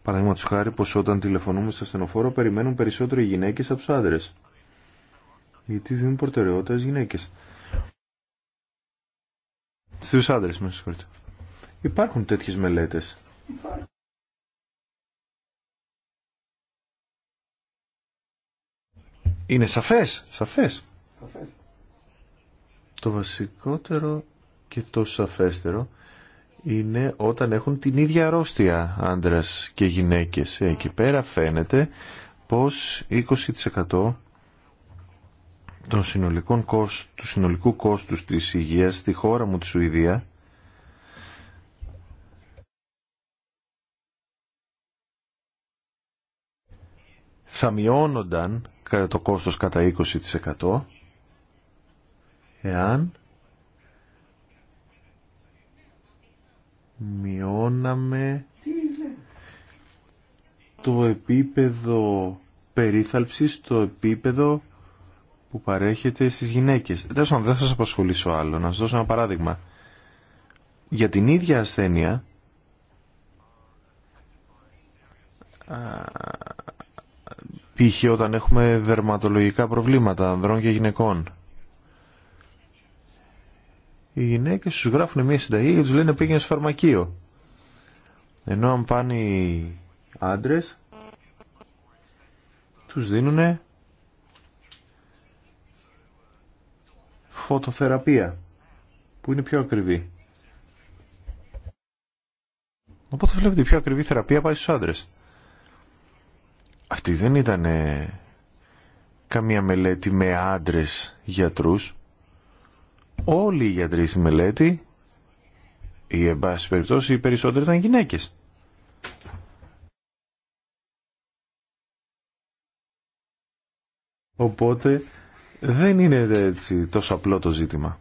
Παραδείγματο χάρη πως όταν τηλεφωνούμε στο ασθενοφόρο περιμένουν περισσότερο οι γυναίκες από του άντρε. Γιατί δίνουν προτεραιότητα στι γυναίκες. Στους άντρε με συγχωρείτε. Υπάρχουν τέτοιες μελέτες. Είναι σαφές, σαφές. σαφές. Το βασικότερο και το σαφέστερο είναι όταν έχουν την ίδια αρρώστια άντρας και γυναίκες. Εκεί πέρα φαίνεται πως 20% των του συνολικού κόστους της υγείας στη χώρα μου τη Σουηδία θα μειώνονταν το κόστος κατά 20% εάν μειώναμε το επίπεδο περίθαλψης, το επίπεδο που παρέχεται στις γυναίκες. Δεν θα σας απασχολήσω άλλο, να σας δώσω ένα παράδειγμα. Για την ίδια ασθένεια, π.χ. όταν έχουμε δερματολογικά προβλήματα ανδρών και γυναικών, οι γυναίκε του γράφουν μια συνταγή και του λένε πήγαινε στο φαρμακείο. Ενώ αν πάνε οι άντρες, τους δίνουν φωτοθεραπεία, που είναι πιο ακριβή. Οπότε βλέπετε η πιο ακριβή θεραπεία πάει στους άντρες. Αυτή δεν ήταν καμία μελέτη με άντρες γιατρούς όλοι οι γιατροί στη μελέτη ή εν πάση περιπτώσει οι περισσότεροι ήταν γυναίκες. Οπότε δεν είναι έτσι τόσο απλό το ζήτημα.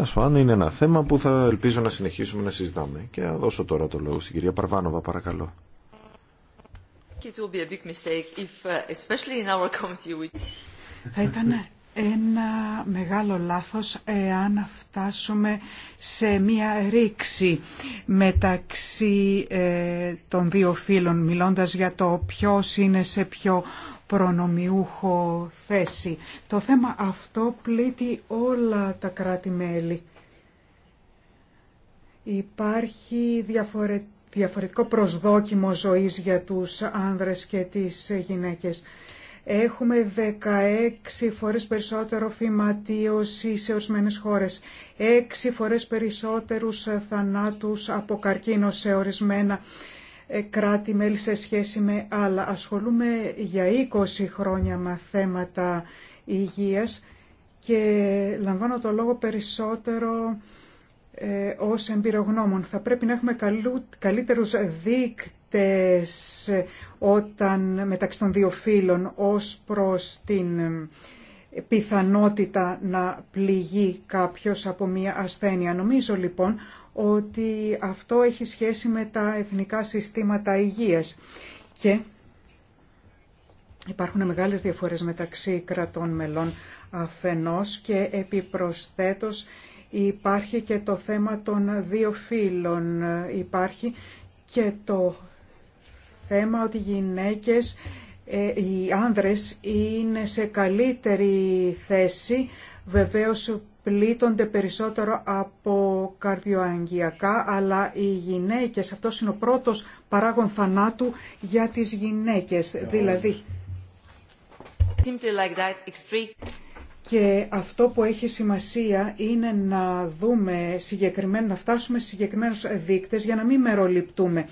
Ας πάνω είναι ένα θέμα που θα ελπίζω να συνεχίσουμε να συζητάμε. Και θα δώσω τώρα το λόγο στην κυρία Παρβάνοβα παρακαλώ. Uh, θα ήταν ένα μεγάλο λάθος εάν φτάσουμε σε μία ρήξη μεταξύ ε, των δύο φίλων, μιλώντας για το ποιος είναι σε πιο προνομιούχο θέση. Το θέμα αυτό πλήττει όλα τα κράτη-μέλη. Υπάρχει διαφορετικό προσδόκιμο ζωής για τους άνδρες και τις γυναίκες. Έχουμε 16 φορές περισσότερο φυματίωση σε ορισμένε χώρες, 6 φορές περισσότερους θανάτους από καρκίνο σε ορισμένα ε, κράτη-μέλη σε σχέση με άλλα. Ασχολούμαι για 20 χρόνια με θέματα υγείας και λαμβάνω το λόγο περισσότερο ε, ως εμπειρογνώμων. Θα πρέπει να έχουμε καλύτερους δείκτες όταν, μεταξύ των δύο φίλων ως προς την ε, πιθανότητα να πληγεί κάποιος από μία ασθένεια. Νομίζω λοιπόν ότι αυτό έχει σχέση με τα εθνικά συστήματα υγείας και υπάρχουν μεγάλες διαφορές μεταξύ κρατών μελών αφενός και επιπροσθέτως υπάρχει και το θέμα των δύο φύλων, υπάρχει και το θέμα ότι οι γυναίκες, ε, οι άνδρες είναι σε καλύτερη θέση, βεβαίως πλήττονται περισσότερο από καρδιοαγγειακά, αλλά οι γυναίκες, αυτό είναι ο πρώτος παράγον θανάτου για τις γυναίκες, δηλαδή. και αυτό που έχει σημασία είναι να δούμε συγκεκριμένα, να φτάσουμε σε συγκεκριμένους δείκτες για να μην μεροληπτούμε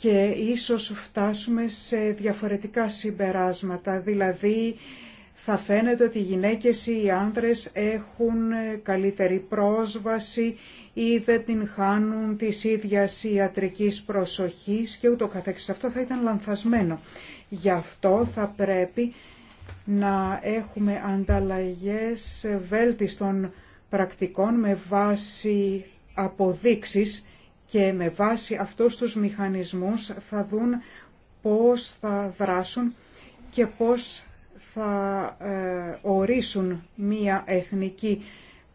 και ίσως φτάσουμε σε διαφορετικά συμπεράσματα, δηλαδή θα φαίνεται ότι οι γυναίκες ή οι άνδρες έχουν καλύτερη πρόσβαση ή δεν την χάνουν της ίδιας ιατρικής προσοχής και ούτω καθεξής. Αυτό θα ήταν λανθασμένο. Γι' αυτό θα πρέπει να έχουμε ανταλλαγές βέλτιστων πρακτικών με βάση αποδείξεις και με βάση αυτούς τους μηχανισμούς θα δουν πώς θα δράσουν και πώς θα ε, ορίσουν μία εθνική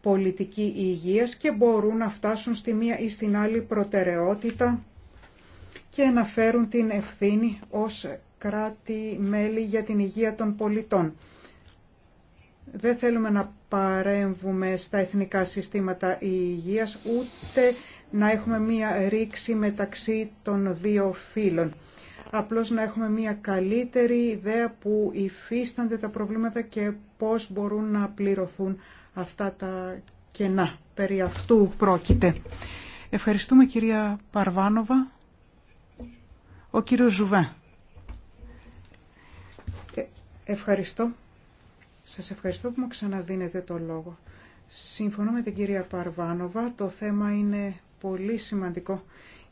πολιτική υγείας και μπορούν να φτάσουν στη μία ή στην άλλη προτεραιότητα και να φέρουν την ευθύνη ως κράτη-μέλη για την υγεία των πολιτών. Δεν θέλουμε να παρέμβουμε στα εθνικά συστήματα υγείας, ούτε να έχουμε μία ρήξη μεταξύ των δύο φύλων. Απλώς να έχουμε μία καλύτερη ιδέα που υφίστανται τα προβλήματα και πώς μπορούν να πληρωθούν αυτά τα κενά. Περί αυτού πρόκειται. Ευχαριστούμε κυρία Παρβάνοβα. Ο κύριος Ζουβέ. Ε, ευχαριστώ. Σας ευχαριστώ που μου ξαναδίνετε το λόγο. Συμφωνώ με την κυρία Παρβάνοβα, το θέμα είναι πολύ σημαντικό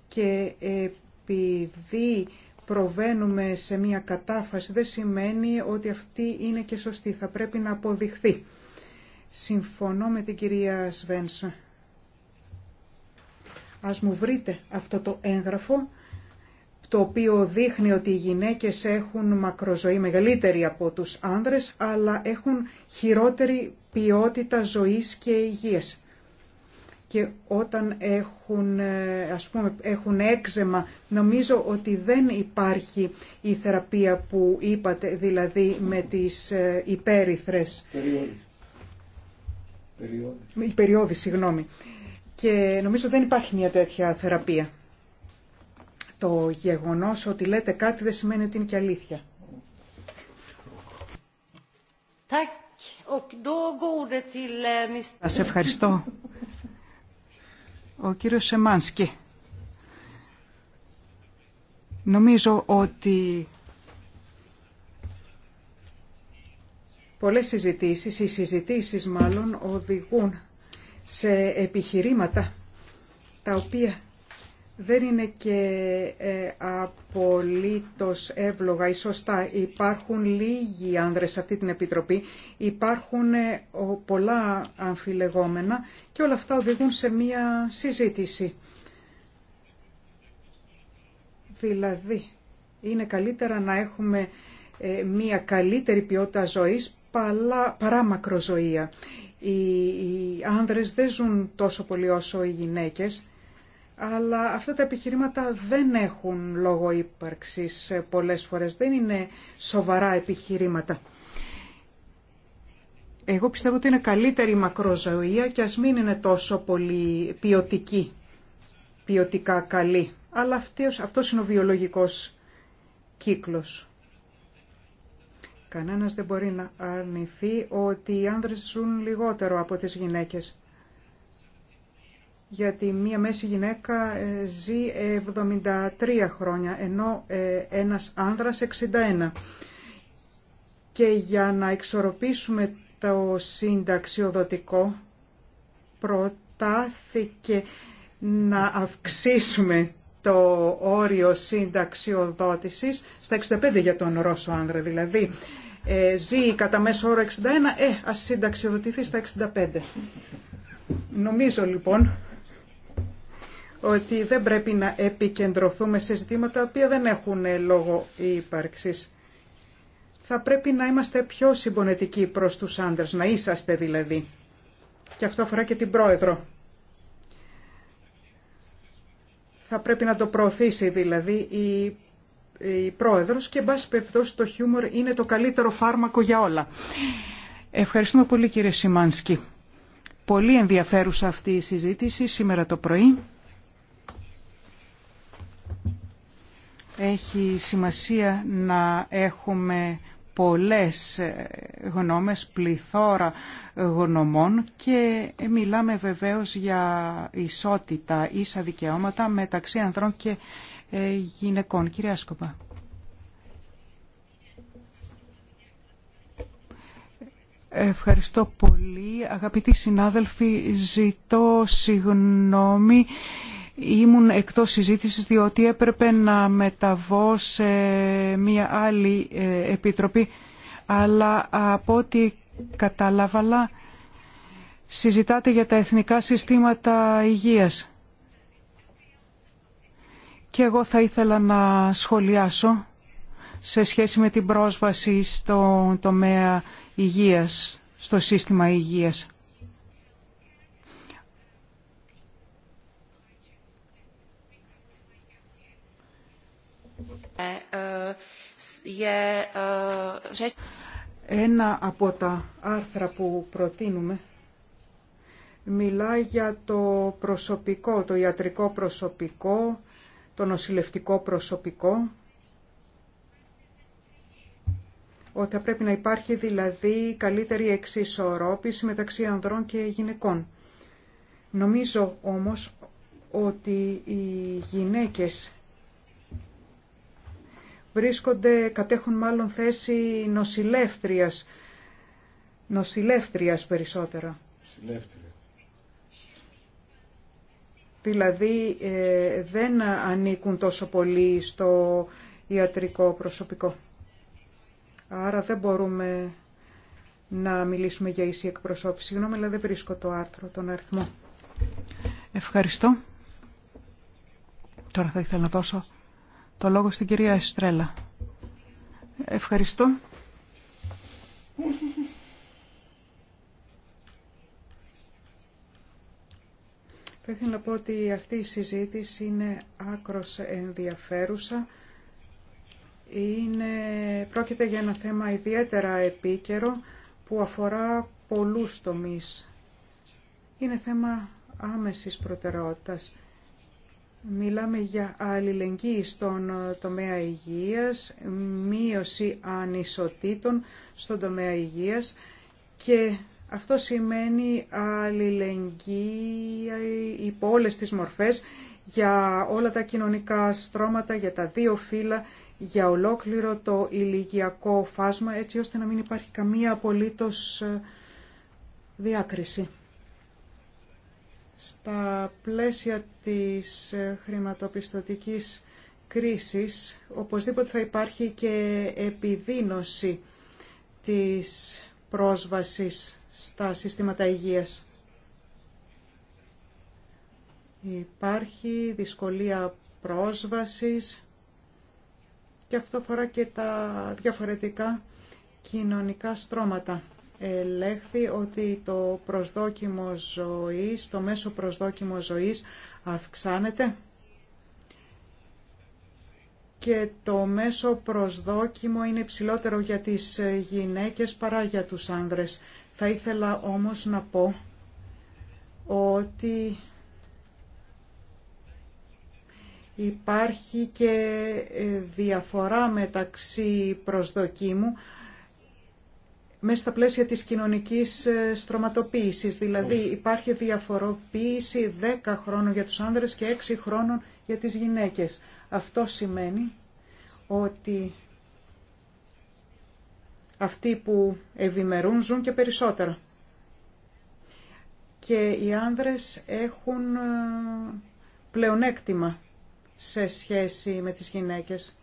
και επειδή προβαίνουμε σε μια κατάφαση δεν σημαίνει ότι αυτή είναι και σωστή, θα πρέπει να αποδειχθεί. Συμφωνώ με την κυρία Σβένσα. Ας μου βρείτε αυτό το έγγραφο το οποίο δείχνει ότι οι γυναίκες έχουν μακροζωή μεγαλύτερη από τους άνδρες, αλλά έχουν χειρότερη ποιότητα ζωής και υγείας και όταν έχουν, ε, ας πούμε, έχουν έξεμα, νομίζω ότι δεν υπάρχει η θεραπεία που είπατε, δηλαδή με τις ε, υπέρυθρες. Περιόδη. Η συγγνώμη. Και νομίζω δεν υπάρχει μια τέτοια θεραπεία. Το γεγονός ότι λέτε κάτι δεν σημαίνει ότι είναι και αλήθεια. Eh, Σας ευχαριστώ. Ο κύριος Σεμάνσκι. Νομίζω ότι πολλές συζητήσεις, οι συζητήσεις μάλλον οδηγούν σε επιχειρήματα τα οποία δεν είναι και ε, απολύτως εύλογα ή σωστά. Υπάρχουν λίγοι άνδρες σε αυτή την Επιτροπή, υπάρχουν ε, πολλά αμφιλεγόμενα και όλα αυτά οδηγούν σε μία συζήτηση. Δηλαδή, είναι καλύτερα να έχουμε ε, μία καλύτερη ποιότητα ζωής παρά μακροζωία. Οι άνδρες δεν ζουν τόσο πολύ όσο οι γυναίκες αλλά αυτά τα επιχειρήματα δεν έχουν λόγο ύπαρξης πολλές φορές, δεν είναι σοβαρά επιχειρήματα. Εγώ πιστεύω ότι είναι καλύτερη η μακροζωία και ας μην είναι τόσο πολύ ποιοτική, ποιοτικά καλή. Αλλά αυτός, αυτός είναι ο βιολογικός κύκλος. Κανένας δεν μπορεί να αρνηθεί ότι οι άνδρες ζουν λιγότερο από τις γυναίκες γιατί μία μέση γυναίκα ε, ζει 73 ε, χρόνια, ενώ ε, ένας άνδρας 61. Και για να εξορροπήσουμε το συνταξιοδοτικό, προτάθηκε να αυξήσουμε το όριο συνταξιοδότησης στα 65 για τον Ρώσο άνδρα. Δηλαδή, ζει κατά μέσο όρο 61, ε, ας συνταξιοδοτηθεί στα 65. Νομίζω λοιπόν ότι δεν πρέπει να επικεντρωθούμε σε ζητήματα τα οποία δεν έχουν λόγο ύπαρξης. Θα πρέπει να είμαστε πιο συμπονετικοί προς τους άντρες, να είσαστε δηλαδή. Και αυτό αφορά και την πρόεδρο. Θα πρέπει να το προωθήσει δηλαδή η η πρόεδρος και μπας το χιούμορ είναι το καλύτερο φάρμακο για όλα. Ευχαριστούμε πολύ κύριε Σιμάνσκι. Πολύ ενδιαφέρουσα αυτή η συζήτηση σήμερα το πρωί. Έχει σημασία να έχουμε πολλές γνώμες, πληθώρα γνωμών και μιλάμε βεβαίως για ισότητα, ίσα δικαιώματα μεταξύ ανδρών και ε, γυναικών. Κυρία Σκοπά. Ευχαριστώ πολύ. Αγαπητοί συνάδελφοι, ζητώ συγγνώμη Ήμουν εκτός συζήτησης διότι έπρεπε να μεταβώ σε μία άλλη ε, επιτροπή. Αλλά από ό,τι καταλάβαλα συζητάτε για τα εθνικά συστήματα υγείας. Και εγώ θα ήθελα να σχολιάσω σε σχέση με την πρόσβαση στον τομέα υγείας, στο σύστημα υγείας. Ε, ε, Ένα από τα άρθρα που προτείνουμε μιλάει για το προσωπικό, το ιατρικό προσωπικό, το νοσηλευτικό προσωπικό, ότι θα πρέπει να υπάρχει δηλαδή καλύτερη εξισορρόπηση μεταξύ ανδρών και γυναικών. Νομίζω όμως ότι οι γυναίκες βρίσκονται, κατέχουν μάλλον θέση νοσηλεύτριας, νοσηλεύτριας περισσότερα. Νοσηλεύτρια. Δηλαδή ε, δεν ανήκουν τόσο πολύ στο ιατρικό προσωπικό. Άρα δεν μπορούμε να μιλήσουμε για ίση εκπροσώπηση. Συγγνώμη, αλλά δεν βρίσκω το άρθρο, τον αριθμό. Ευχαριστώ. Τώρα θα ήθελα να δώσω το λόγο στην κυρία Εστρέλα. Ευχαριστώ. Θα ήθελα να πω ότι αυτή η συζήτηση είναι άκρος ενδιαφέρουσα. Είναι, πρόκειται για ένα θέμα ιδιαίτερα επίκαιρο που αφορά πολλούς τομείς. Είναι θέμα άμεσης προτεραιότητας. Μιλάμε για αλληλεγγύη στον ε, τομέα υγείας, μείωση ανισοτήτων στον τομέα υγείας και αυτό σημαίνει αλληλεγγύη υπό όλες τις μορφές για όλα τα κοινωνικά στρώματα, για τα δύο φύλλα, για ολόκληρο το ηλικιακό φάσμα, έτσι ώστε να μην υπάρχει καμία απολύτως ε, διάκριση. Στα πλαίσια της ε, χρηματοπιστωτικής κρίσης, οπωσδήποτε θα υπάρχει και επιδίνωση της πρόσβασης στα συστήματα υγείας. Υπάρχει δυσκολία πρόσβασης και αυτό αφορά και τα διαφορετικά κοινωνικά στρώματα ελέγχθη ότι το προσδόκιμο ζωής, το μέσο προσδόκιμο ζωής αυξάνεται και το μέσο προσδόκιμο είναι υψηλότερο για τις γυναίκες παρά για τους άνδρες. Θα ήθελα όμως να πω ότι υπάρχει και ε, διαφορά μεταξύ προσδοκίμου μέσα στα πλαίσια της κοινωνικής ε, στρωματοποίησης. Δηλαδή υπάρχει διαφοροποίηση 10 χρόνων για τους άνδρες και 6 χρόνων για τις γυναίκες. Αυτό σημαίνει ότι αυτοί που ευημερούν ζουν και περισσότερα. Και οι άνδρες έχουν ε, πλεονέκτημα σε σχέση με τις γυναίκες.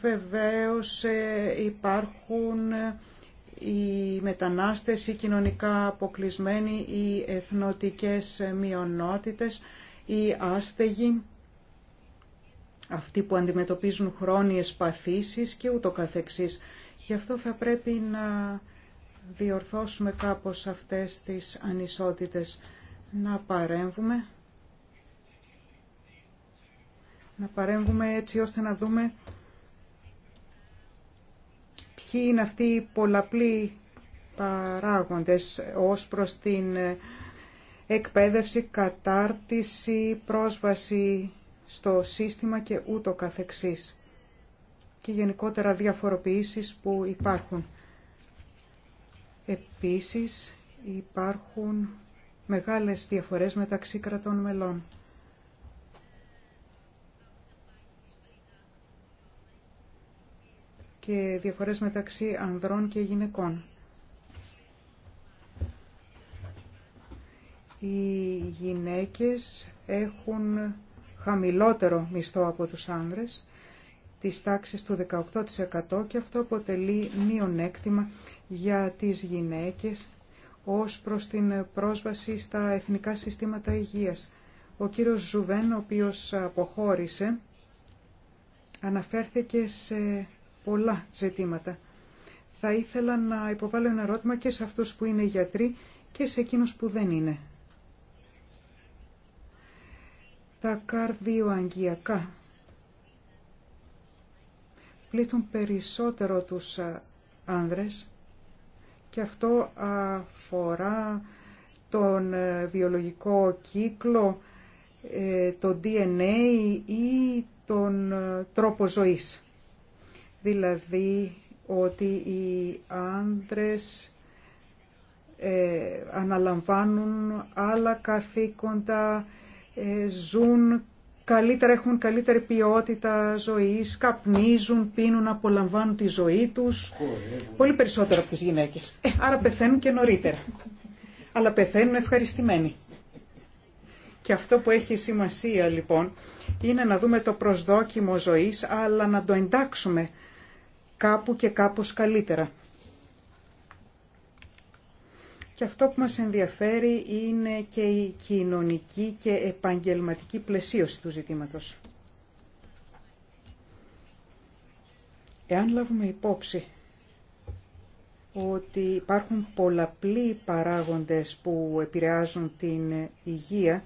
Βεβαίως ε, υπάρχουν οι μετανάστες, οι κοινωνικά αποκλεισμένοι, οι εθνοτικές μειονότητες, οι άστεγοι, αυτοί που αντιμετωπίζουν χρόνιες παθήσεις και ούτω καθεξής. Γι' αυτό θα πρέπει να διορθώσουμε κάπως αυτές τις ανισότητες, να παρέμβουμε, να παρέμβουμε έτσι ώστε να δούμε ποιοι είναι αυτοί οι πολλαπλοί παράγοντες ως προς την εκπαίδευση, κατάρτιση, πρόσβαση στο σύστημα και ούτω καθεξής και γενικότερα διαφοροποιήσεις που υπάρχουν. Επίσης υπάρχουν μεγάλες διαφορές μεταξύ κρατών μελών. και διαφορές μεταξύ ανδρών και γυναικών. Οι γυναίκες έχουν χαμηλότερο μισθό από τους άνδρες, της τάξης του 18% και αυτό αποτελεί μειονέκτημα για τις γυναίκες ως προς την πρόσβαση στα εθνικά συστήματα υγείας. Ο κύριος Ζουβέν, ο οποίος αποχώρησε, αναφέρθηκε σε πολλά ζητήματα. Θα ήθελα να υποβάλω ένα ερώτημα και σε αυτούς που είναι γιατροί και σε εκείνους που δεν είναι. Τα καρδιοαγγειακά πλήττουν περισσότερο τους άνδρες και αυτό αφορά τον ε, βιολογικό κύκλο, ε, το DNA ή τον ε, τρόπο ζωής δηλαδή ότι οι άντρες ε, αναλαμβάνουν άλλα καθήκοντα, ε, ζουν καλύτερα, έχουν καλύτερη ποιότητα ζωής, καπνίζουν, πίνουν, απολαμβάνουν τη ζωή τους. Πολύ περισσότερο από τις γυναίκες. Ε, άρα πεθαίνουν και νωρίτερα. Αλλά πεθαίνουν ευχαριστημένοι. Και αυτό που έχει σημασία λοιπόν είναι να δούμε το προσδόκιμο ζωής αλλά να το εντάξουμε κάπου και κάπως καλύτερα. Και αυτό που μας ενδιαφέρει είναι και η κοινωνική και επαγγελματική πλαισίωση του ζητήματος. Εάν λάβουμε υπόψη ότι υπάρχουν πολλαπλοί παράγοντες που επηρεάζουν την υγεία,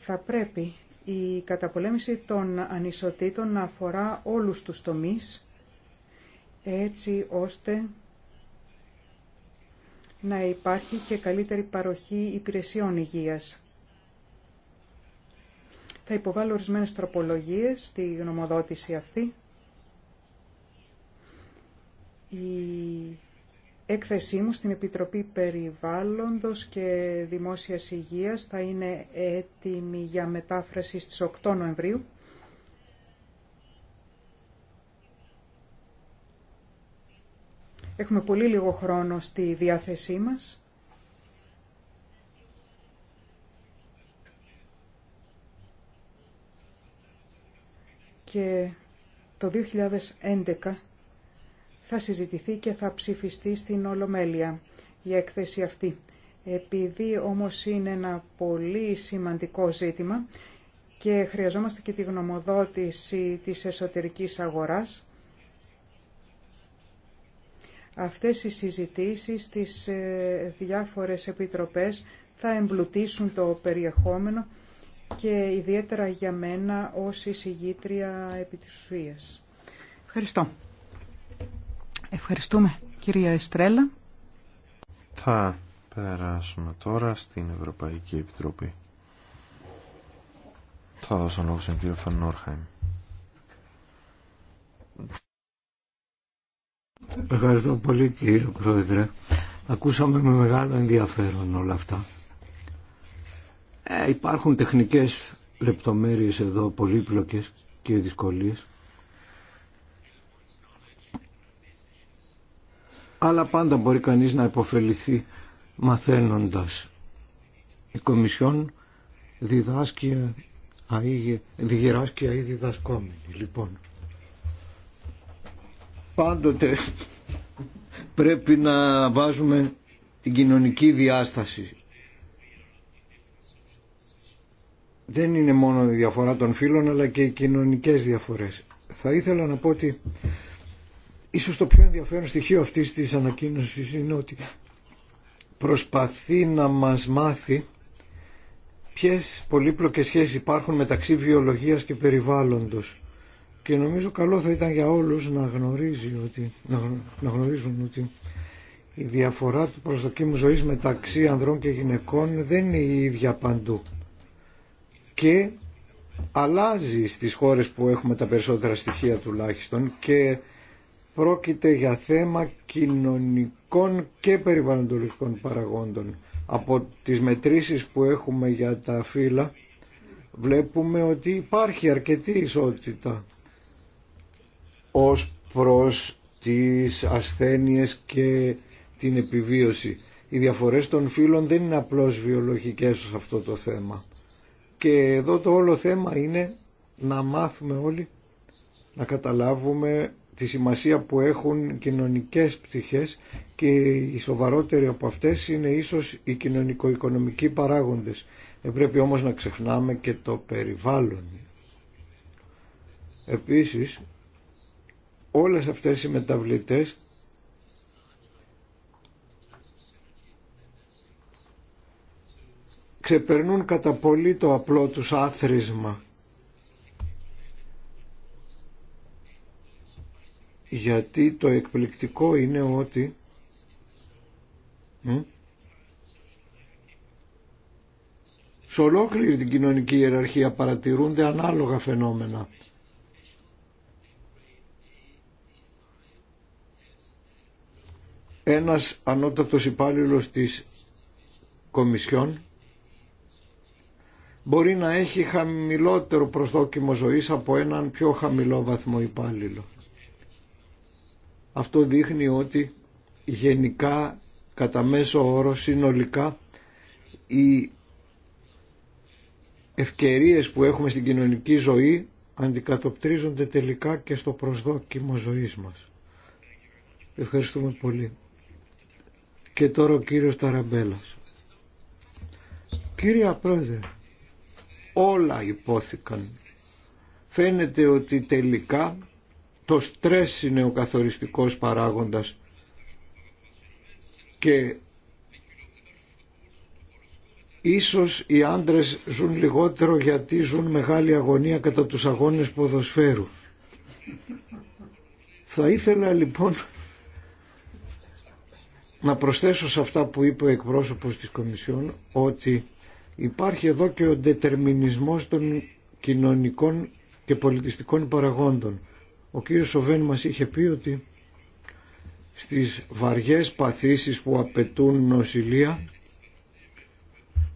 θα πρέπει η καταπολέμηση των ανισοτήτων αφορά όλους τους τομείς, έτσι ώστε να υπάρχει και καλύτερη παροχή υπηρεσιών υγείας. Θα υποβάλω ορισμένε τροπολογίες στη γνωμοδότηση αυτή έκθεσή μου στην Επιτροπή Περιβάλλοντος και Δημόσιας Υγείας θα είναι έτοιμη για μετάφραση στις 8 Νοεμβρίου. Έχουμε πολύ λίγο χρόνο στη διάθεσή μας. Και το 2011 θα συζητηθεί και θα ψηφιστεί στην Ολομέλεια η έκθεση αυτή. Επειδή όμως είναι ένα πολύ σημαντικό ζήτημα και χρειαζόμαστε και τη γνωμοδότηση της εσωτερικής αγοράς, αυτές οι συζητήσεις στις ε, διάφορες επιτροπές θα εμπλουτίσουν το περιεχόμενο και ιδιαίτερα για μένα ως εισηγήτρια επί της Ευχαριστώ. Ευχαριστούμε κυρία Εστρέλα. Θα περάσουμε τώρα στην Ευρωπαϊκή Επιτροπή. Θα δώσω λόγο στον κύριο Φανόρχαιμ. Ευχαριστώ πολύ κύριε Πρόεδρε. Ακούσαμε με μεγάλο ενδιαφέρον όλα αυτά. Ε, υπάρχουν τεχνικές λεπτομέρειες εδώ, πολύπλοκες και δυσκολίες. αλλά πάντα μπορεί κανείς να υποφεληθεί μαθαίνοντας. Η Κομισιόν διδάσκει αίγε, διγεράσκει αίγε διδασκόμενη. Λοιπόν, πάντοτε πρέπει να βάζουμε την κοινωνική διάσταση. Δεν είναι μόνο η διαφορά των φίλων αλλά και οι κοινωνικές διαφορές. Θα ήθελα να πω ότι Ίσως το πιο ενδιαφέρον στοιχείο αυτής της ανακοίνωσης είναι ότι προσπαθεί να μας μάθει ποιες πολύπλοκες σχέσεις υπάρχουν μεταξύ βιολογίας και περιβάλλοντος. Και νομίζω καλό θα ήταν για όλους να, γνωρίζει ότι, να, γνωρίζουν ότι η διαφορά του προσδοκίμου ζωής μεταξύ ανδρών και γυναικών δεν είναι η ίδια παντού. Και αλλάζει στις χώρες που έχουμε τα περισσότερα στοιχεία τουλάχιστον και πρόκειται για θέμα κοινωνικών και περιβαλλοντολογικών παραγόντων. Από τις μετρήσεις που έχουμε για τα φύλλα βλέπουμε ότι υπάρχει αρκετή ισότητα ως προς τις ασθένειες και την επιβίωση. Οι διαφορές των φύλων δεν είναι απλώς βιολογικές σε αυτό το θέμα. Και εδώ το όλο θέμα είναι να μάθουμε όλοι να καταλάβουμε τη σημασία που έχουν κοινωνικές πτυχές και οι σοβαρότεροι από αυτές είναι ίσως οι κοινωνικο-οικονομικοί παράγοντες. Δεν πρέπει όμως να ξεχνάμε και το περιβάλλον. Επίσης, όλες αυτές οι μεταβλητές ξεπερνούν κατά πολύ το απλό τους άθροισμα γιατί το εκπληκτικό είναι ότι σε ολόκληρη την κοινωνική ιεραρχία παρατηρούνται ανάλογα φαινόμενα. Ένας ανώτατος υπάλληλος της Κομισιόν μπορεί να έχει χαμηλότερο προσδόκιμο ζωής από έναν πιο χαμηλό βαθμό υπάλληλο. Αυτό δείχνει ότι γενικά κατά μέσο όρο συνολικά οι ευκαιρίες που έχουμε στην κοινωνική ζωή αντικατοπτρίζονται τελικά και στο προσδόκιμο ζωής μας. Ευχαριστούμε πολύ. Και τώρα ο κύριος Ταραμπέλας. Κύριε Πρόεδρε, όλα υπόθηκαν. Φαίνεται ότι τελικά το στρες είναι ο καθοριστικός παράγοντας και ίσως οι άντρες ζουν λιγότερο γιατί ζουν μεγάλη αγωνία κατά τους αγώνες ποδοσφαίρου. Θα ήθελα λοιπόν να προσθέσω σε αυτά που είπε ο εκπρόσωπος της Κομισιόν ότι υπάρχει εδώ και ο δετερμινισμός των κοινωνικών και πολιτιστικών παραγόντων. Ο κύριος Σοβέν μας είχε πει ότι στις βαριές παθήσεις που απαιτούν νοσηλεία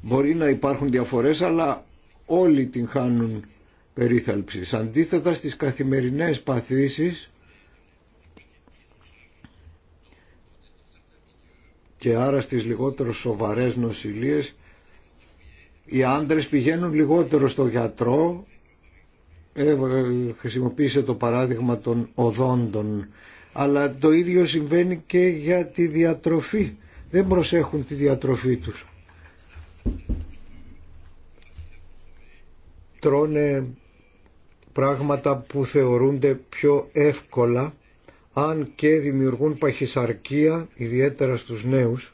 μπορεί να υπάρχουν διαφορές αλλά όλοι την χάνουν περίθαλψης. Αντίθετα στις καθημερινές παθήσεις και άρα στις λιγότερο σοβαρές νοσηλίες οι άντρες πηγαίνουν λιγότερο στο γιατρό ε, χρησιμοποίησε το παράδειγμα των οδόντων αλλά το ίδιο συμβαίνει και για τη διατροφή δεν προσέχουν τη διατροφή τους τρώνε πράγματα που θεωρούνται πιο εύκολα αν και δημιουργούν παχυσαρκία ιδιαίτερα στους νέους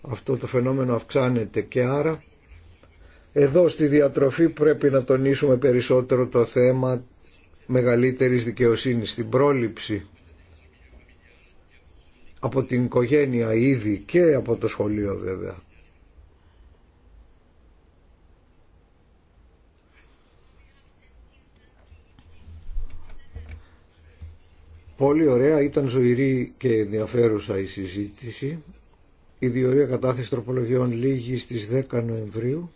αυτό το φαινόμενο αυξάνεται και άρα εδώ στη διατροφή πρέπει να τονίσουμε περισσότερο το θέμα μεγαλύτερης δικαιοσύνης στην πρόληψη από την οικογένεια ήδη και από το σχολείο βέβαια. Πολύ ωραία, ήταν ζωηρή και ενδιαφέρουσα η συζήτηση. Η διορία κατάθεση τροπολογιών λίγη στις 10 Νοεμβρίου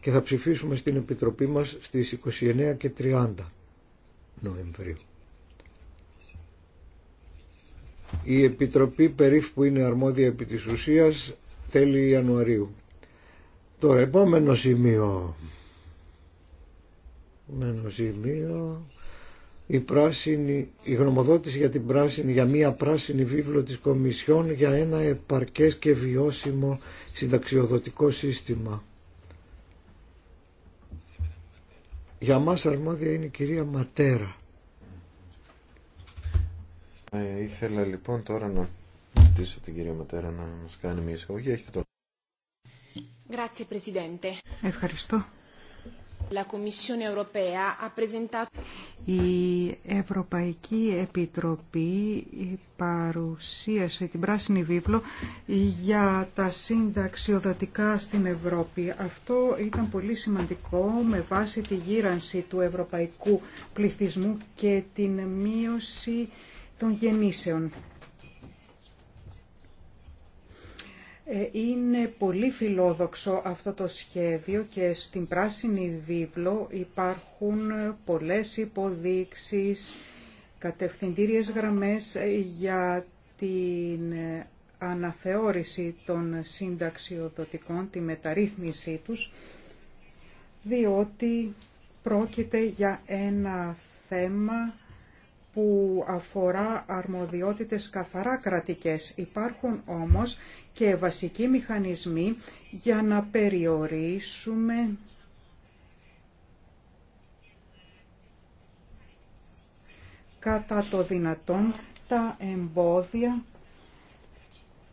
και θα ψηφίσουμε στην Επιτροπή μας στις 29 και 30 Νοεμβρίου. Η Επιτροπή περίφου που είναι αρμόδια επί της ουσίας τέλη Ιανουαρίου. Τώρα επόμενο σημείο. Επόμενο σημείο. Η, πράσινη, η γνωμοδότηση για, την πράσινη, για μία πράσινη βίβλο της Κομισιόν για ένα επαρκές και βιώσιμο συνταξιοδοτικό σύστημα. Για μας αρμόδια είναι η κυρία Ματέρα. Ε, ήθελα λοιπόν τώρα να ζητήσω την κυρία Ματέρα να μας κάνει μια εισαγωγή. Έχετε το... Ευχαριστώ. Η Ευρωπαϊκή Επιτροπή παρουσίασε την πράσινη βίβλο για τα συνταξιοδοτικά στην Ευρώπη. Αυτό ήταν πολύ σημαντικό με βάση τη γύρανση του ευρωπαϊκού πληθυσμού και την μείωση των γεννήσεων. Ε, είναι πολύ φιλόδοξο αυτό το σχέδιο και στην Πράσινη Βίβλο υπάρχουν πολλές υποδείξεις, κατευθυντήριες γραμμές για την αναθεώρηση των συνταξιοδοτικών, τη μεταρρύθμισή τους, διότι πρόκειται για ένα θέμα που αφορά αρμοδιότητες καθαρά κρατικές. Υπάρχουν όμως και βασικοί μηχανισμοί για να περιορίσουμε κατά το δυνατόν τα εμπόδια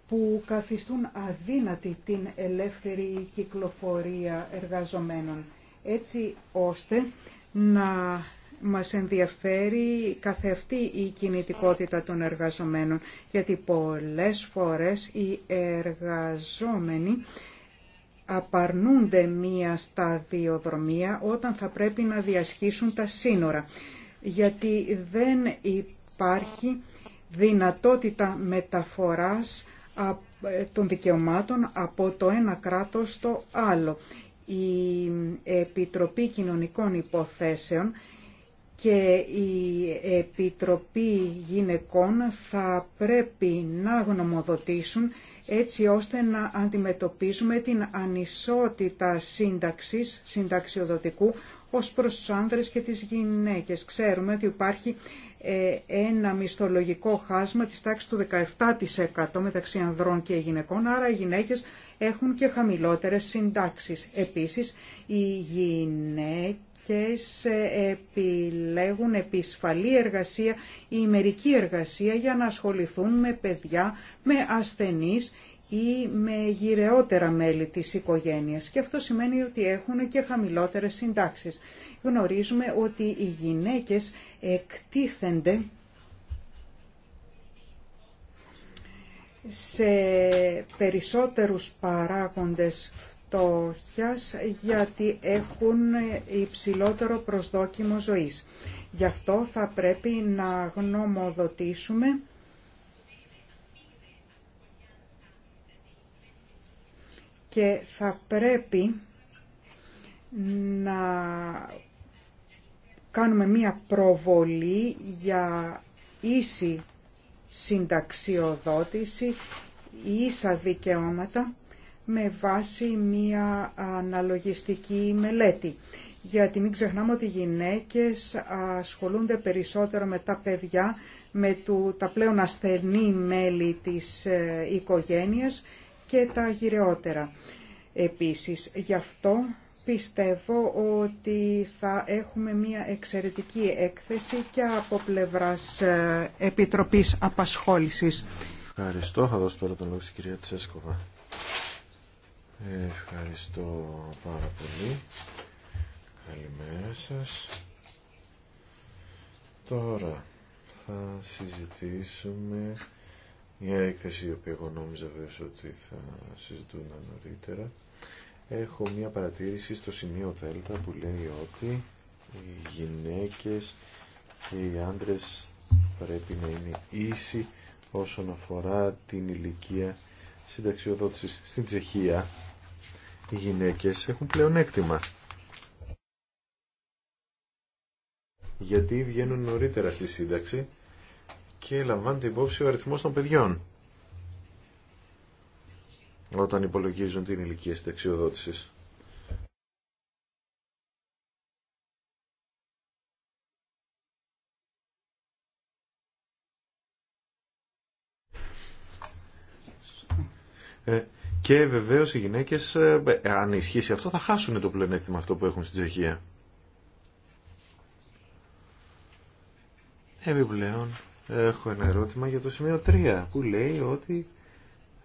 που καθιστούν αδύνατη την ελεύθερη κυκλοφορία εργαζομένων, έτσι ώστε να μας ενδιαφέρει καθε η κινητικότητα των εργαζομένων, γιατί πολλές φορές οι εργαζόμενοι απαρνούνται μία σταδιοδρομία όταν θα πρέπει να διασχίσουν τα σύνορα, γιατί δεν υπάρχει δυνατότητα μεταφοράς ε, των δικαιωμάτων από το ένα κράτος στο άλλο. Η Επιτροπή Κοινωνικών Υποθέσεων και η Επιτροπή Γυναικών θα πρέπει να γνωμοδοτήσουν έτσι ώστε να αντιμετωπίζουμε την ανισότητα σύνταξης, συνταξιοδοτικού, ως προς τους άνδρες και τις γυναίκες. Ξέρουμε ότι υπάρχει ε, ένα μισθολογικό χάσμα της τάξης του 17% μεταξύ ανδρών και γυναικών, άρα οι γυναίκες έχουν και χαμηλότερες συντάξεις. Επίσης, οι γυναίκες γυναίκες επιλέγουν επισφαλή εργασία ή μερική εργασία για να ασχοληθούν με παιδιά, με ασθενείς ή με γυρεότερα μέλη της οικογένειας και αυτό σημαίνει ότι έχουν και χαμηλότερες συντάξεις. Γνωρίζουμε ότι οι γυναίκες εκτίθενται σε περισσότερους παράγοντες φτώχειας γιατί έχουν υψηλότερο προσδόκιμο ζωής. Γι' αυτό θα πρέπει να γνωμοδοτήσουμε και θα πρέπει να κάνουμε μία προβολή για ίση συνταξιοδότηση, ίσα δικαιώματα με βάση μία αναλογιστική μελέτη. Γιατί μην ξεχνάμε ότι οι γυναίκες ασχολούνται περισσότερο με τα παιδιά, με του, τα πλέον ασθενή μέλη της ε, οικογένειας και τα γυρεότερα. Επίσης, γι' αυτό πιστεύω ότι θα έχουμε μία εξαιρετική έκθεση και από πλευράς ε, Επιτροπής Απασχόλησης. Ευχαριστώ. Θα δώσω τώρα τον λόγο στην κυρία Τσέσκοβα. Ευχαριστώ πάρα πολύ. Καλημέρα σας. Τώρα θα συζητήσουμε μια έκθεση η οποία εγώ νόμιζα βέβαια ότι θα συζητούν νωρίτερα. Έχω μια παρατήρηση στο σημείο Δέλτα που λέει ότι οι γυναίκες και οι άντρες πρέπει να είναι ίσοι όσον αφορά την ηλικία συνταξιοδότησης στην Τσεχία οι γυναίκες έχουν πλεονέκτημα. Γιατί βγαίνουν νωρίτερα στη σύνταξη και λαμβάνεται υπόψη ο αριθμός των παιδιών όταν υπολογίζουν την ηλικία συνταξιοδότησης. Ε, και βεβαίω οι γυναίκες, ε, ε, αν ισχύσει αυτό, θα χάσουν το πλεονέκτημα αυτό που έχουν στην Τσεχία. Επιπλέον, έχω ένα ερώτημα για το σημείο 3, που λέει ότι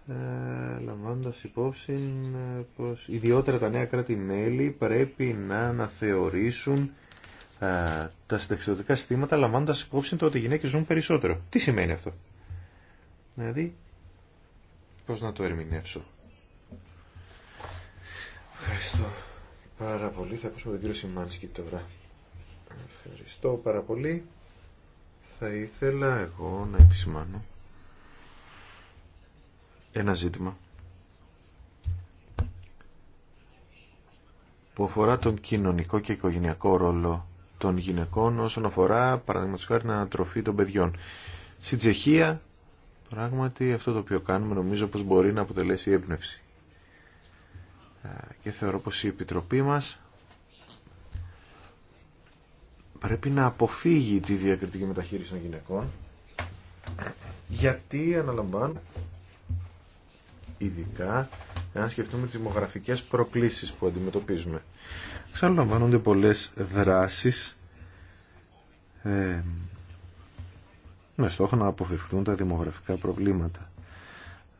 ε, υπόψη ε, πω ιδιότερα τα νέα κράτη-μέλη πρέπει να αναθεωρήσουν ε, τα συνταξιδοτικά συστήματα λαμβάνοντα υπόψη το ότι οι γυναίκε ζουν περισσότερο. Τι σημαίνει αυτό. Δηλαδή, πώ να το ερμηνεύσω. Ευχαριστώ πάρα πολύ. Θα ακούσουμε τον κύριο Σιμάνσκι τώρα. Ευχαριστώ πάρα πολύ. Θα ήθελα εγώ να επισημάνω ένα ζήτημα που αφορά τον κοινωνικό και οικογενειακό ρόλο των γυναικών όσον αφορά παραδείγματος χάρη την ανατροφή των παιδιών. Στην Τσεχία πράγματι αυτό το οποίο κάνουμε νομίζω πως μπορεί να αποτελέσει έμπνευση. Ε, και θεωρώ πως η Επιτροπή μας πρέπει να αποφύγει τη διακριτική μεταχείριση των γυναικών γιατί αναλαμβάνω ειδικά αν σκεφτούμε τις δημογραφικές προκλήσεις που αντιμετωπίζουμε. Ξαναλαμβάνονται λαμβάνονται πολλές δράσεις ε, με στόχο να αποφευχθούν τα δημογραφικά προβλήματα.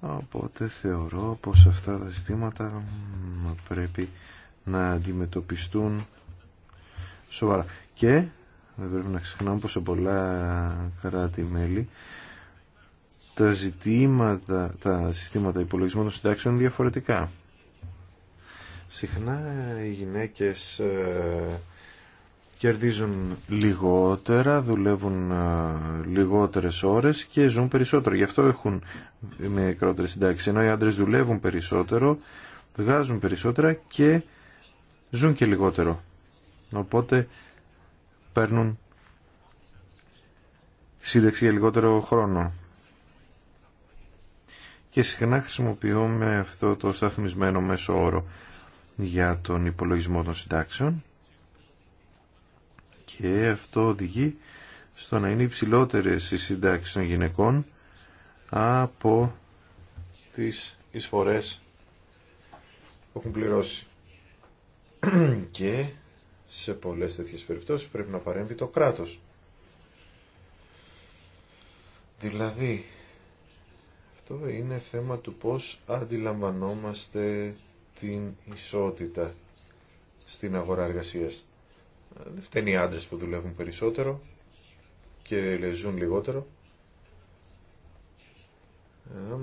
Οπότε θεωρώ πως αυτά τα ζητήματα πρέπει να αντιμετωπιστούν σοβαρά. Και δεν πρέπει να ξεχνάμε πως σε πολλά κράτη-μέλη τα ζητήματα, τα συστήματα υπολογισμού των συντάξεων είναι διαφορετικά. Συχνά οι γυναίκες ε, κερδίζουν λιγότερα, δουλεύουν λιγότερες ώρες και ζουν περισσότερο. Γι' αυτό έχουν μικρότερη συντάξη. Ενώ οι άντρες δουλεύουν περισσότερο, βγάζουν περισσότερα και ζουν και λιγότερο. Οπότε παίρνουν σύνταξη για λιγότερο χρόνο. Και συχνά χρησιμοποιούμε αυτό το σταθμισμένο μέσο όρο για τον υπολογισμό των συντάξεων και αυτό οδηγεί στο να είναι υψηλότερε οι συντάξει των γυναικών από τις εισφορέ που έχουν πληρώσει. και σε πολλές τέτοιε περιπτώσεις πρέπει να παρέμβει το κράτος. Δηλαδή, αυτό είναι θέμα του πώς αντιλαμβανόμαστε την ισότητα στην αγορά εργασίας. Δεν φταίνει οι άντρες που δουλεύουν περισσότερο και ζουν λιγότερο.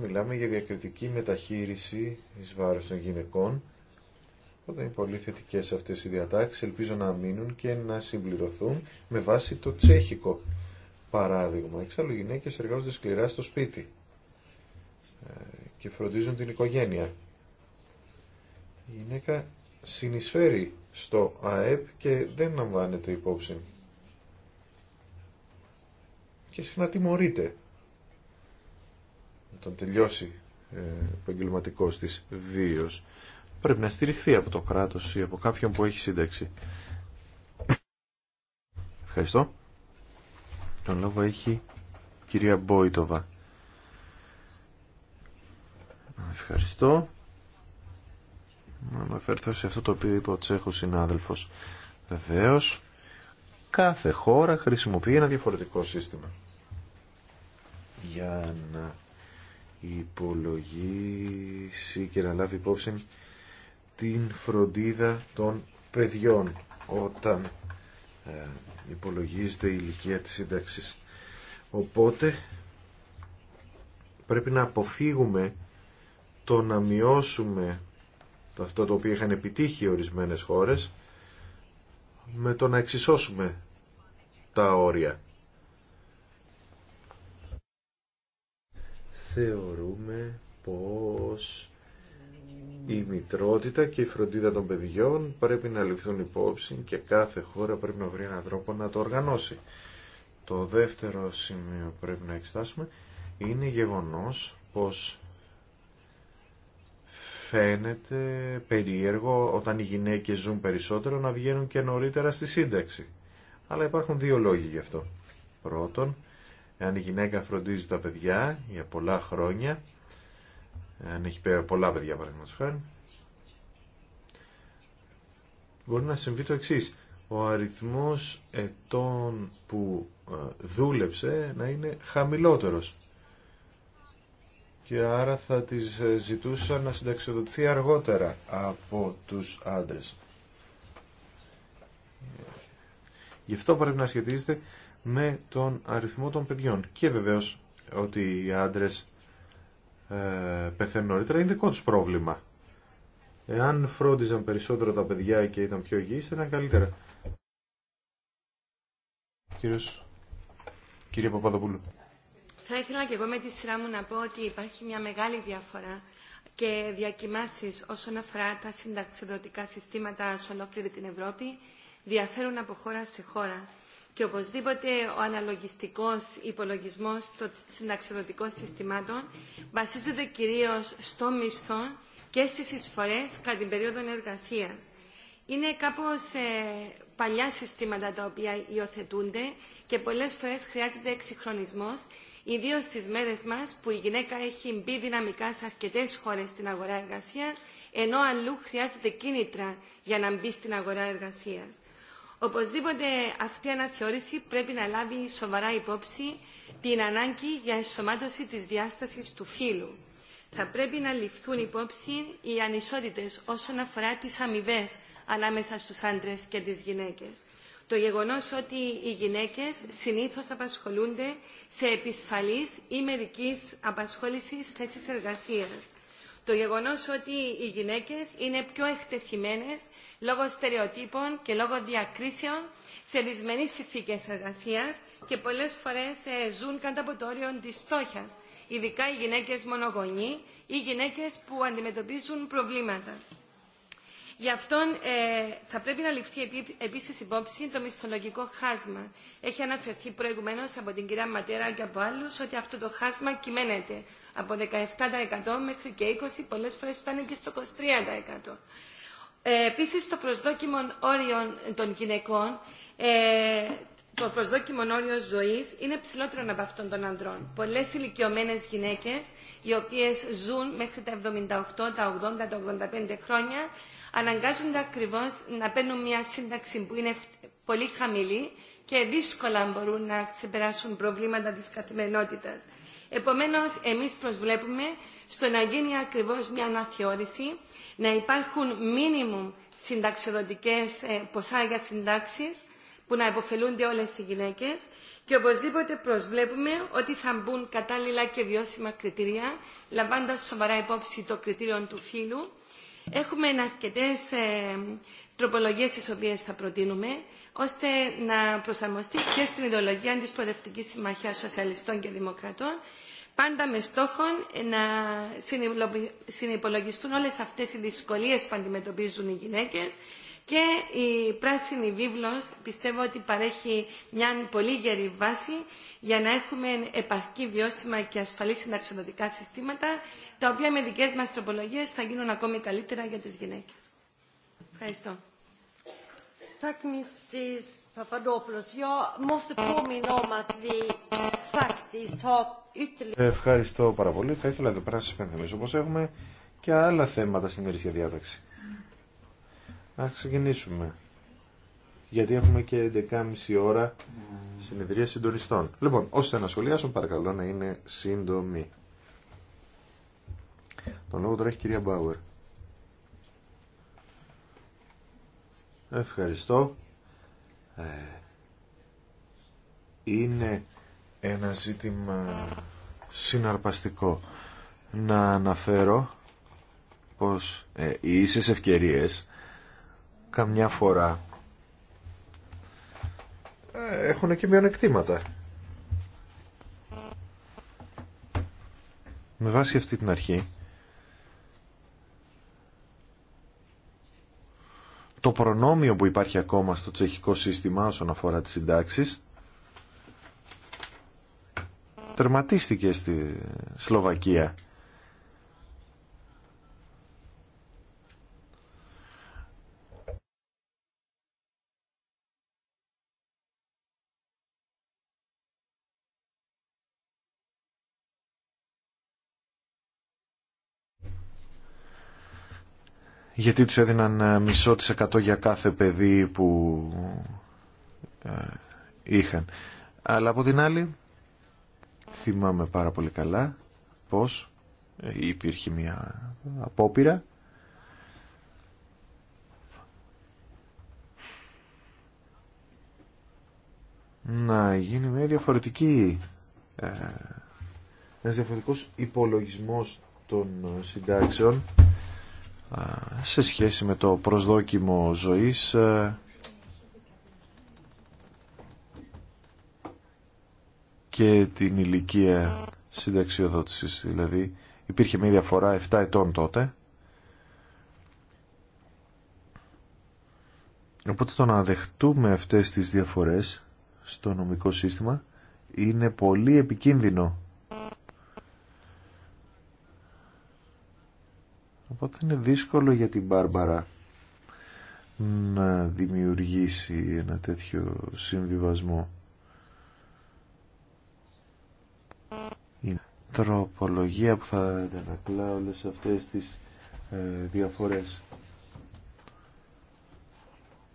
Μιλάμε για διακριτική μεταχείριση εις βάρος των γυναικών. Οπότε είναι πολύ θετικέ αυτές οι διατάξεις. Ελπίζω να μείνουν και να συμπληρωθούν με βάση το τσέχικο παράδειγμα. Εξάλλου γυναίκες εργάζονται σκληρά στο σπίτι ε, και φροντίζουν την οικογένεια. Η γυναίκα συνεισφέρει στο ΑΕΠ και δεν λαμβάνεται υπόψη. Και συχνά τιμωρείται τον τελειώσει ε, επαγγελματικό της βίο Πρέπει να στηριχθεί από το κράτος ή από κάποιον που έχει σύνταξη. Ευχαριστώ. Τον λόγο έχει η κυρία Μπόιτοβα. κυρια μποιτοβα ευχαριστω να αναφέρθω σε αυτό το οποίο είπε ο Τσέχος συνάδελφος. Βεβαίω, κάθε χώρα χρησιμοποιεί ένα διαφορετικό σύστημα για να υπολογίσει και να λάβει υπόψη την φροντίδα των παιδιών όταν ε, υπολογίζεται η ηλικία της συνταξη. Οπότε πρέπει να αποφύγουμε το να μειώσουμε αυτό το οποίο είχαν επιτύχει ορισμένες χώρες με το να εξισώσουμε τα όρια. Θεωρούμε πως η μητρότητα και η φροντίδα των παιδιών πρέπει να ληφθούν υπόψη και κάθε χώρα πρέπει να βρει έναν τρόπο να το οργανώσει. Το δεύτερο σημείο που πρέπει να εξετάσουμε είναι γεγονός πως φαίνεται περίεργο όταν οι γυναίκες ζουν περισσότερο να βγαίνουν και νωρίτερα στη σύνταξη. Αλλά υπάρχουν δύο λόγοι γι' αυτό. Πρώτον, εάν η γυναίκα φροντίζει τα παιδιά για πολλά χρόνια, αν έχει πολλά παιδιά παραδείγματος χάρη, μπορεί να συμβεί το εξής. Ο αριθμός ετών που ε, δούλεψε να είναι χαμηλότερος και άρα θα τις ε, ζητούσα να συνταξιοδοτηθεί αργότερα από τους άντρες. Γι' αυτό πρέπει να σχετίζεται με τον αριθμό των παιδιών. Και βεβαίως ότι οι άντρες ε, πεθαίνουν νωρίτερα είναι δικό τους πρόβλημα. Εάν φρόντιζαν περισσότερο τα παιδιά και ήταν πιο υγιείς, ήταν καλύτερα. Κύριος, κύριε Παπαδοπούλου. Θα ήθελα και εγώ με τη σειρά μου να πω ότι υπάρχει μια μεγάλη διαφορά και διακοιμάσεις όσον αφορά τα συνταξιδοτικά συστήματα σε ολόκληρη την Ευρώπη διαφέρουν από χώρα σε χώρα. Και οπωσδήποτε ο αναλογιστικός υπολογισμός των συνταξιδοτικών συστημάτων βασίζεται κυρίως στο μισθό και στις εισφορές κατά την περίοδο εργασία. Είναι κάπως ε, παλιά συστήματα τα οποία υιοθετούνται και πολλές φορές χρειάζεται εξυγχρονισμός ιδίω στι μέρε μα που η γυναίκα έχει μπει δυναμικά σε αρκετέ χώρε στην αγορά εργασία, ενώ αλλού χρειάζεται κίνητρα για να μπει στην αγορά εργασία. Οπωσδήποτε αυτή η αναθεώρηση πρέπει να λάβει σοβαρά υπόψη την ανάγκη για ενσωμάτωση της διάστασης του φύλου. Θα πρέπει να ληφθούν υπόψη οι ανισότητες όσον αφορά τις αμοιβέ ανάμεσα στους άντρες και τις γυναίκες το γεγονός ότι οι γυναίκες συνήθως απασχολούνται σε επισφαλής ή μερικής απασχόλησης θέσεις εργασίας. Το γεγονός ότι οι γυναίκες είναι πιο εκτεθειμένες λόγω στερεοτύπων και λόγω διακρίσεων σε δυσμενεί συνθήκε εργασίας και πολλές φορές ε, ζουν κατά από το όριο της φτώχειας, ειδικά οι γυναίκες μονογονεί ή γυναίκες που αντιμετωπίζουν προβλήματα. Γι' αυτό ε, θα πρέπει να ληφθεί επίσης υπόψη το μισθολογικό χάσμα. Έχει αναφερθεί προηγουμένως από την κυρία Ματέρα και από άλλους ότι αυτό το χάσμα κυμαίνεται από 17% μέχρι και 20%, πολλές φορές φτάνει και στο 23%. Ε, επίσης, το προσδόκιμο όριο των γυναικών ε, το προσδόκιμο όριο ζωή είναι ψηλότερο από αυτόν των ανδρών. Πολλέ ηλικιωμένε γυναίκε, οι οποίε ζουν μέχρι τα 78, τα 80, τα 85 χρόνια, αναγκάζονται ακριβώ να παίρνουν μια σύνταξη που είναι πολύ χαμηλή και δύσκολα μπορούν να ξεπεράσουν προβλήματα τη καθημερινότητα. Επομένω, εμεί προσβλέπουμε στο να γίνει ακριβώ μια αναθεώρηση, να υπάρχουν μίνιμουμ συνταξιοδοτικέ ε, ποσά για συντάξει, που να υποφελούνται όλες οι γυναίκες και οπωσδήποτε προσβλέπουμε ότι θα μπουν κατάλληλα και βιώσιμα κριτήρια, λαμβάνοντα σοβαρά υπόψη το κριτήριο του φύλου. Έχουμε αρκετέ ε, τροπολογίε τι οποίε θα προτείνουμε, ώστε να προσαρμοστεί και στην ιδεολογία τη Προδευτική Συμμαχία Σοσιαλιστών και Δημοκρατών, πάντα με στόχο ε, να συνυπολογιστούν όλε αυτέ οι δυσκολίε που αντιμετωπίζουν οι γυναίκε και η πράσινη βίβλος πιστεύω ότι παρέχει μια πολύ γερή βάση για να έχουμε επαρκή βιώσιμα και ασφαλή συνταξιδοτικά συστήματα, τα οποία με δικέ μα τροπολογίε θα γίνουν ακόμη καλύτερα για τι γυναίκε. Ευχαριστώ. Ευχαριστώ πάρα πολύ. Θα ήθελα εδώ πέρα να σας υπενθυμίσω πω έχουμε και άλλα θέματα στην ημερήσια διάταξη. Να ξεκινήσουμε. Γιατί έχουμε και 11.30 ώρα συνεδρία συντονιστών. Λοιπόν, ώστε να σχολιάσουν παρακαλώ να είναι σύντομοι. Τον λόγο τώρα έχει η κυρία Μπάουερ. Ευχαριστώ. Ε, είναι ένα ζήτημα συναρπαστικό να αναφέρω πως ε, οι ίσες ευκαιρίες καμιά φορά ε, έχουν και μειονεκτήματα. Με βάση αυτή την αρχή, το προνόμιο που υπάρχει ακόμα στο τσεχικό σύστημα όσον αφορά τις συντάξεις τερματίστηκε στη Σλοβακία γιατί τους έδιναν ε, μισό της εκατό για κάθε παιδί που ε, είχαν. Αλλά από την άλλη θυμάμαι πάρα πολύ καλά πως ε, υπήρχε μια απόπειρα να γίνει μια διαφορετική ένας διαφορετικός υπολογισμός των συντάξεων σε σχέση με το προσδόκιμο ζωής ε, και την ηλικία συνταξιοδότησης. Δηλαδή υπήρχε μια διαφορά 7 ετών τότε. Οπότε το να δεχτούμε αυτές τις διαφορές στο νομικό σύστημα είναι πολύ επικίνδυνο Οπότε είναι δύσκολο για την Μπάρμπαρα να δημιουργήσει ένα τέτοιο συμβιβασμό. Η τροπολογία που θα αντανακλά όλες αυτές τις ε, διαφορές.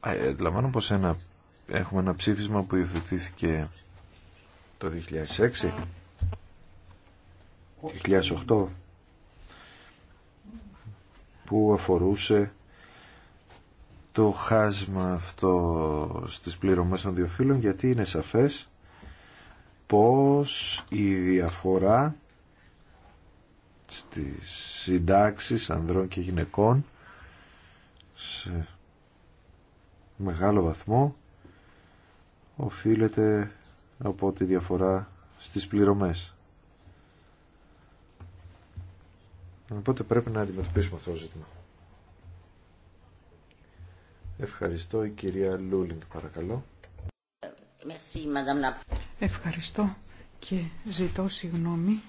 Ε, αντιλαμβάνω πως ένα, έχουμε ένα ψήφισμα που υιοθετήθηκε το 2006, 2008, που αφορούσε το χάσμα αυτό στις πληρωμές των δύο φύλων γιατί είναι σαφές πως η διαφορά στις συντάξεις ανδρών και γυναικών σε μεγάλο βαθμό οφείλεται από τη διαφορά στις πληρωμές. Οπότε πρέπει να αντιμετωπίσουμε αυτό το ζήτημα. Ευχαριστώ η κυρία Λούλινγκ παρακαλώ. Ευχαριστώ και ζητώ συγγνώμη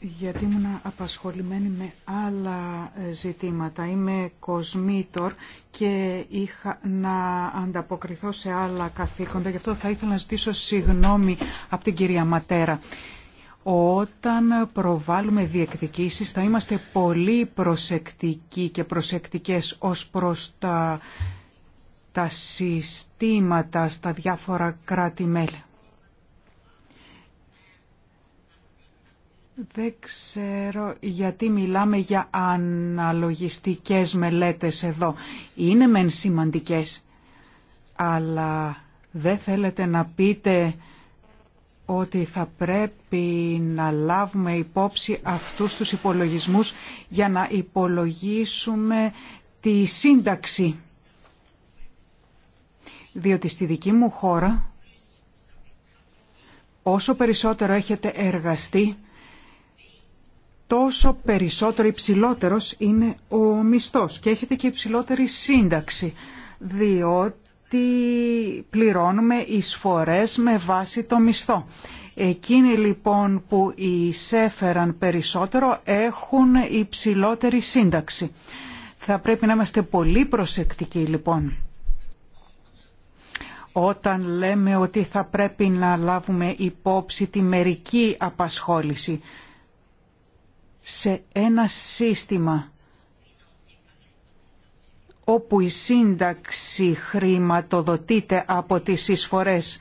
γιατί ήμουν απασχολημένη με άλλα ε, ζητήματα. Είμαι κοσμήτορ και είχα να ανταποκριθώ σε άλλα καθήκοντα. Γι' αυτό θα ήθελα να ζητήσω συγγνώμη από την κυρία Ματέρα. Όταν προβάλλουμε διεκδικήσεις θα είμαστε πολύ προσεκτικοί και προσεκτικές ως προς τα, τα συστήματα στα διάφορα κράτη-μέλη. Δεν ξέρω γιατί μιλάμε για αναλογιστικές μελέτες εδώ. Είναι μεν σημαντικές, αλλά δεν θέλετε να πείτε ότι θα πρέπει να λάβουμε υπόψη αυτούς τους υπολογισμούς για να υπολογίσουμε τη σύνταξη. Διότι στη δική μου χώρα, όσο περισσότερο έχετε εργαστεί, τόσο περισσότερο υψηλότερος είναι ο μισθός και έχετε και υψηλότερη σύνταξη, διότι τι πληρώνουμε εισφορές με βάση το μισθό. Εκείνοι λοιπόν που εισέφεραν περισσότερο έχουν υψηλότερη σύνταξη. Θα πρέπει να είμαστε πολύ προσεκτικοί λοιπόν όταν λέμε ότι θα πρέπει να λάβουμε υπόψη τη μερική απασχόληση σε ένα σύστημα όπου η σύνταξη χρηματοδοτείται από τις εισφορές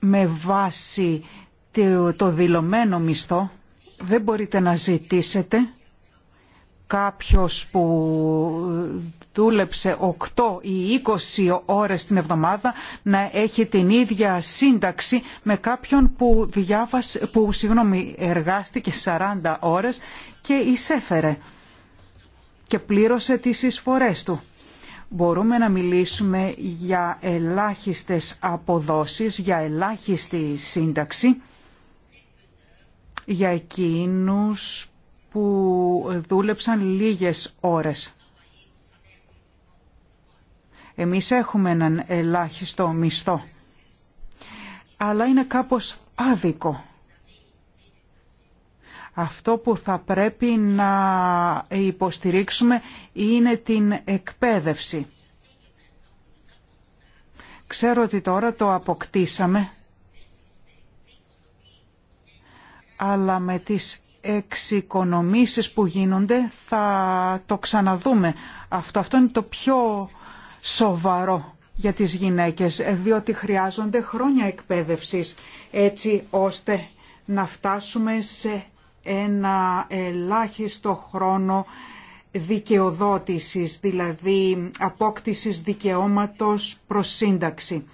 με βάση το δηλωμένο μισθό, δεν μπορείτε να ζητήσετε κάποιος που δούλεψε 8 ή 20 ώρες την εβδομάδα να έχει την ίδια σύνταξη με κάποιον που, διάβασε, που συγγνώμη, εργάστηκε 40 ώρες και εισέφερε και πλήρωσε τις εισφορές του. Μπορούμε να μιλήσουμε για ελάχιστες αποδόσεις, για ελάχιστη σύνταξη, για εκείνους που δούλεψαν λίγες ώρες. Εμείς έχουμε έναν ελάχιστο μισθό, αλλά είναι κάπως άδικο αυτό που θα πρέπει να υποστηρίξουμε είναι την εκπαίδευση. Ξέρω ότι τώρα το αποκτήσαμε, αλλά με τις εξοικονομήσεις που γίνονται θα το ξαναδούμε. Αυτό, αυτό είναι το πιο σοβαρό για τις γυναίκες, διότι χρειάζονται χρόνια εκπαίδευσης έτσι ώστε να φτάσουμε σε ένα ελάχιστο χρόνο δικαιοδότησης, δηλαδή απόκτησης δικαιώματος προς σύνταξη.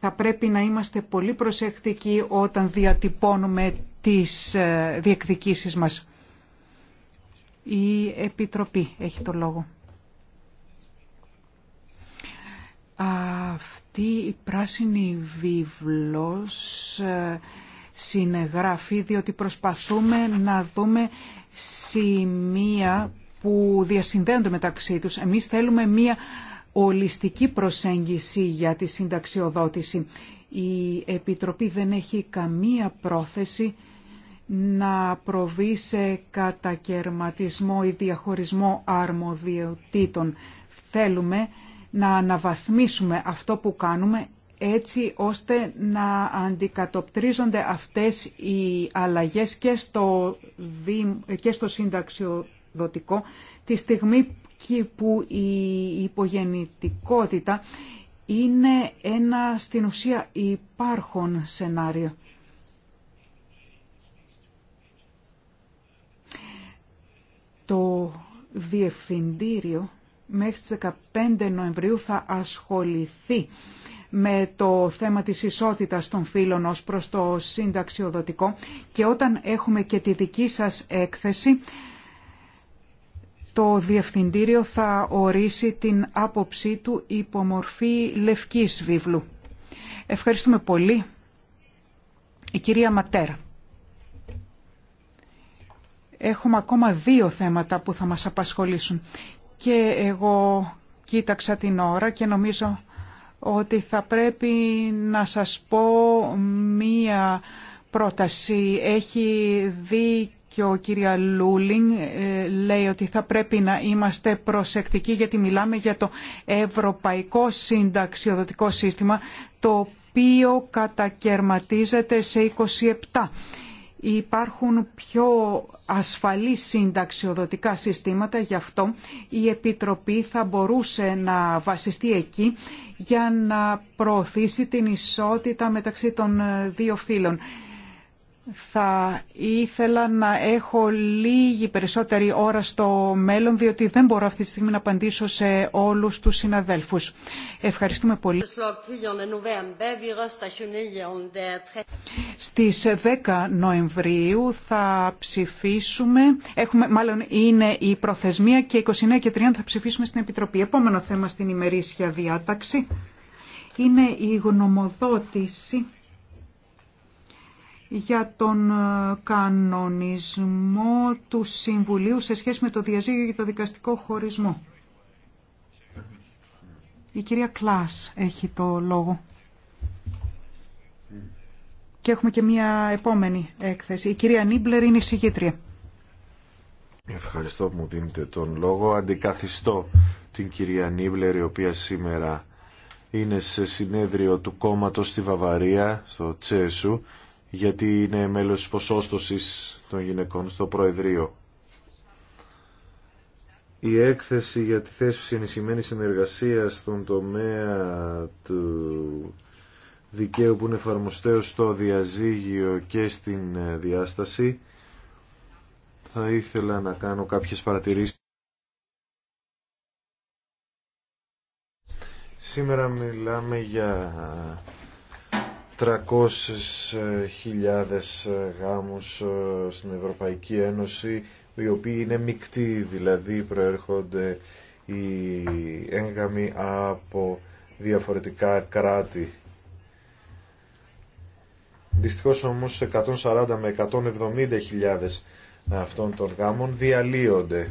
Θα πρέπει να είμαστε πολύ προσεκτικοί όταν διατυπώνουμε τις ε, διεκδικήσεις μας. Η Επιτροπή έχει το λόγο. Αυτή η πράσινη βίβλος ε, συνεγράφει, διότι προσπαθούμε να δούμε σημεία που διασυνδέονται μεταξύ τους. Εμείς θέλουμε μία ολιστική προσέγγιση για τη συνταξιοδότηση. Η Επιτροπή δεν έχει καμία πρόθεση να προβεί σε κατακαιρματισμό ή διαχωρισμό αρμοδιοτήτων. Θέλουμε να αναβαθμίσουμε αυτό που κάνουμε έτσι ώστε να αντικατοπτρίζονται αυτές οι αλλαγές και στο, και στο συνταξιοδοτικό τη στιγμή που η υπογεννητικότητα είναι ένα στην ουσία υπάρχον σενάριο. Το Διευθυντήριο μέχρι τις 15 Νοεμβρίου θα ασχοληθεί με το θέμα της ισότητας των φύλων ως προς το συνταξιοδοτικό και όταν έχουμε και τη δική σας έκθεση το Διευθυντήριο θα ορίσει την άποψή του υπομορφή λευκής βίβλου. Ευχαριστούμε πολύ. Η κυρία Ματέρα. Έχουμε ακόμα δύο θέματα που θα μας απασχολήσουν. Και εγώ κοίταξα την ώρα και νομίζω ότι θα πρέπει να σας πω μία πρόταση. Έχει δει ο κυρία Λούλινγκ, ε, λέει ότι θα πρέπει να είμαστε προσεκτικοί γιατί μιλάμε για το Ευρωπαϊκό Συνταξιοδοτικό Σύστημα το οποίο κατακαιρματίζεται σε 27 υπάρχουν πιο ασφαλή συνταξιοδοτικά συστήματα, γι' αυτό η Επιτροπή θα μπορούσε να βασιστεί εκεί για να προωθήσει την ισότητα μεταξύ των δύο φύλων θα ήθελα να έχω λίγη περισσότερη ώρα στο μέλλον, διότι δεν μπορώ αυτή τη στιγμή να απαντήσω σε όλους τους συναδέλφους. Ευχαριστούμε πολύ. Στις 10 Νοεμβρίου θα ψηφίσουμε, έχουμε, μάλλον είναι η προθεσμία και 29 και 30 θα ψηφίσουμε στην Επιτροπή. Επόμενο θέμα στην ημερήσια διάταξη είναι η γνωμοδότηση για τον ε, κανονισμό του Συμβουλίου σε σχέση με το διαζύγιο και το δικαστικό χωρισμό. Η κυρία Κλάς έχει το λόγο. Και έχουμε και μία επόμενη έκθεση. Η κυρία Νίμπλερ είναι η συγγήτρια. Ευχαριστώ που μου δίνετε τον λόγο. Αντικαθιστώ την κυρία Νίμπλερ η οποία σήμερα είναι σε συνέδριο του κόμματος στη Βαβαρία, στο Τσέσου γιατί είναι μέλος της ποσόστοσης των γυναικών στο Προεδρείο. Η έκθεση για τη θέση ενισχυμένης συνεργασίας στον τομέα του δικαίου που είναι εφαρμοστέο στο διαζύγιο και στην ε, διάσταση θα ήθελα να κάνω κάποιες παρατηρήσεις. Σήμερα μιλάμε για 300.000 γάμους ε, στην Ευρωπαϊκή Ένωση, οι οποίοι είναι μεικτοί, δηλαδή προέρχονται οι έγγαμοι από διαφορετικά κράτη. Δυστυχώς όμως 140 με 170.000 αυτών των γάμων διαλύονται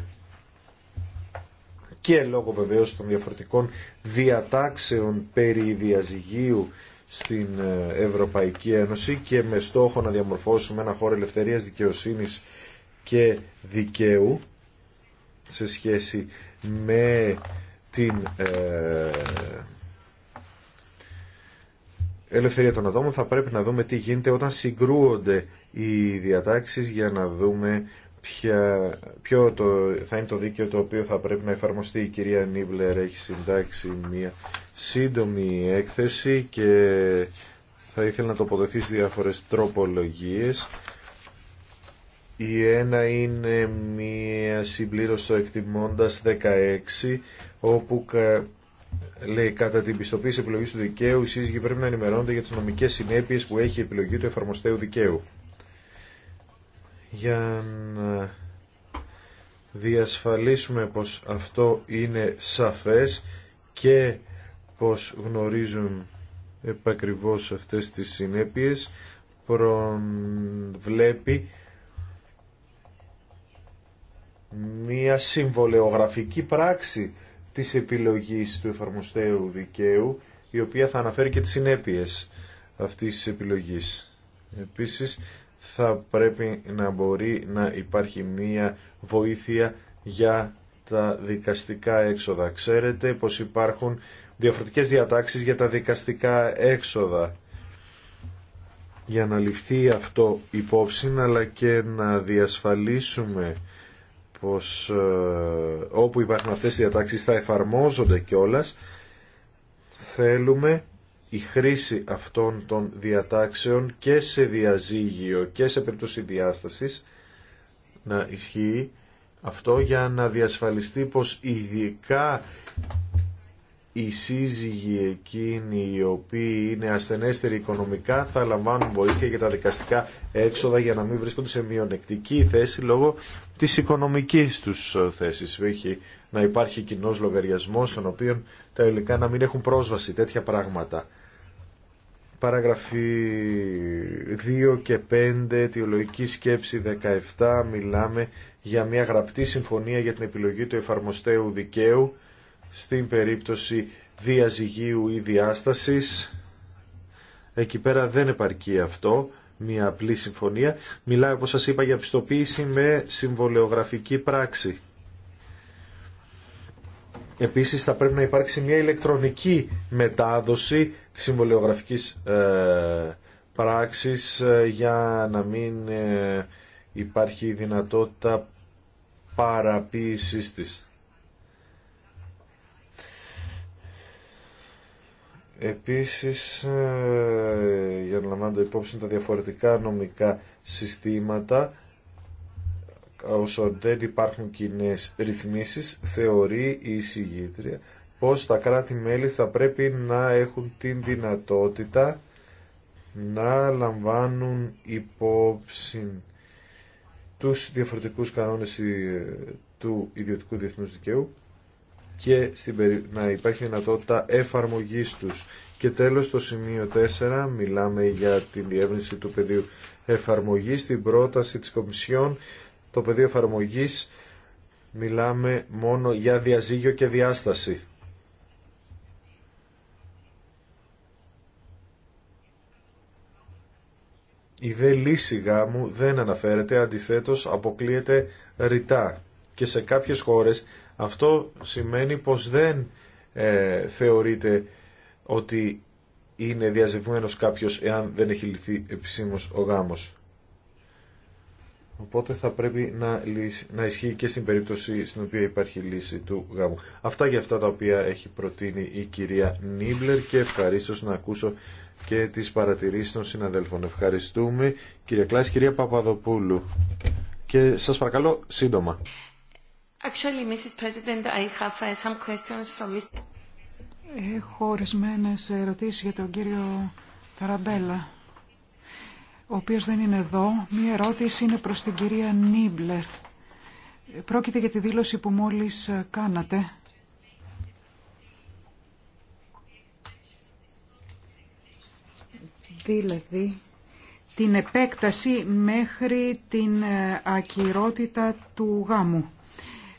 και λόγω βεβαίως των διαφορετικών διατάξεων περί διαζυγίου στην ε, Ευρωπαϊκή Ένωση και με στόχο να διαμορφώσουμε ένα χώρο ελευθερίας, δικαιοσύνης και δικαίου σε σχέση με την ε, ελευθερία των ατόμων θα πρέπει να δούμε τι γίνεται όταν συγκρούονται οι διατάξεις για να δούμε ποιο το, θα είναι το δίκαιο το οποίο θα πρέπει να εφαρμοστεί. Η κυρία Νίβλερ έχει συντάξει μια σύντομη έκθεση και θα ήθελα να τοποθεθεί σε διάφορες τροπολογίες. Η ένα είναι μια συμπλήρωση στο εκτιμώντας 16, όπου λέει κατά την πιστοποίηση επιλογή του δικαίου, οι σύζυγοι πρέπει να ενημερώνονται για τις νομικές συνέπειες που έχει η επιλογή του εφαρμοστέου δικαίου για να διασφαλίσουμε πως αυτό είναι σαφές και πως γνωρίζουν επακριβώς αυτές τις συνέπειες προβλέπει μία συμβολεογραφική πράξη της επιλογής του εφαρμοστέου δικαίου η οποία θα αναφέρει και τις συνέπειες αυτής της επιλογής. Επίσης θα πρέπει να μπορεί να υπάρχει μία βοήθεια για τα δικαστικά έξοδα. Ξέρετε πως υπάρχουν διαφορετικές διατάξεις για τα δικαστικά έξοδα για να ληφθεί αυτό υπόψη αλλά και να διασφαλίσουμε πως ε, όπου υπάρχουν αυτές οι διατάξεις θα εφαρμόζονται κιόλας θέλουμε η χρήση αυτών των διατάξεων και σε διαζύγιο και σε περίπτωση διάστασης να ισχύει αυτό για να διασφαλιστεί πως ειδικά οι σύζυγοι εκείνοι οι οποίοι είναι ασθενέστεροι οικονομικά θα λαμβάνουν βοήθεια για τα δικαστικά έξοδα για να μην βρίσκονται σε μειονεκτική θέση λόγω της οικονομικής τους ε, θέσης. Έχει να υπάρχει κοινός λογαριασμός στον οποίο τα υλικά να μην έχουν πρόσβαση, τέτοια πράγματα. Παραγραφή 2 και 5, αιτιολογική σκέψη 17, μιλάμε για μια γραπτή συμφωνία για την επιλογή του εφαρμοστέου δικαίου στην περίπτωση διαζυγίου ή διάστασης. Εκεί πέρα δεν επαρκεί αυτό, μια απλή συμφωνία. Μιλάει, όπως σας είπα, για πιστοποίηση με συμβολεογραφική πράξη. Επίσης θα πρέπει να υπάρξει μια ηλεκτρονική μετάδοση συμβολιογραφικής ε, πράξης ε, για να μην ε, υπάρχει δυνατότητα παραποίησής της. Επίσης, για να λαμβάνω υπόψη τα διαφορετικά νομικά συστήματα, όσο δεν υπάρχουν κοινέ ρυθμίσεις, θεωρεί η εισηγήτρια πως τα κράτη-μέλη θα πρέπει να έχουν την δυνατότητα να λαμβάνουν υπόψη τους διαφορετικούς κανόνες ε, του ιδιωτικού διεθνούς δικαίου και να υπάρχει δυνατότητα εφαρμογής τους. Και τέλος στο σημείο 4 μιλάμε για την διεύρυνση του πεδίου εφαρμογής. Στην πρόταση της Κομισιόν το πεδίο εφαρμογής μιλάμε μόνο για διαζύγιο και διάσταση. Η δε λύση γάμου δεν αναφέρεται, αντιθέτως αποκλείεται ρητά. Και σε κάποιες χώρες αυτό σημαίνει πως δεν ε, θεωρείται ότι είναι διαζευμένος κάποιος εάν δεν έχει λυθεί επισήμως ο γάμος. Οπότε θα πρέπει να, να ισχύει και στην περίπτωση στην οποία υπάρχει λύση του γάμου. Αυτά για αυτά τα οποία έχει προτείνει η κυρία Νίμπλερ και ευχαρίστω να ακούσω και τις παρατηρήσεις των συναδέλφων. Ευχαριστούμε κυρία Κλάση, κυρία Παπαδοπούλου. Και σας παρακαλώ σύντομα. Actually, Mrs. President, I have uh, some questions from Mr. Έχω ορισμένε ερωτήσεις για τον κύριο Ταραμπέλα ο οποίος δεν είναι εδώ. Μία ερώτηση είναι προς την κυρία Νίμπλερ. Πρόκειται για τη δήλωση που μόλις ε, κάνατε. Δηλαδή, την επέκταση μέχρι την ε, ακυρότητα του γάμου.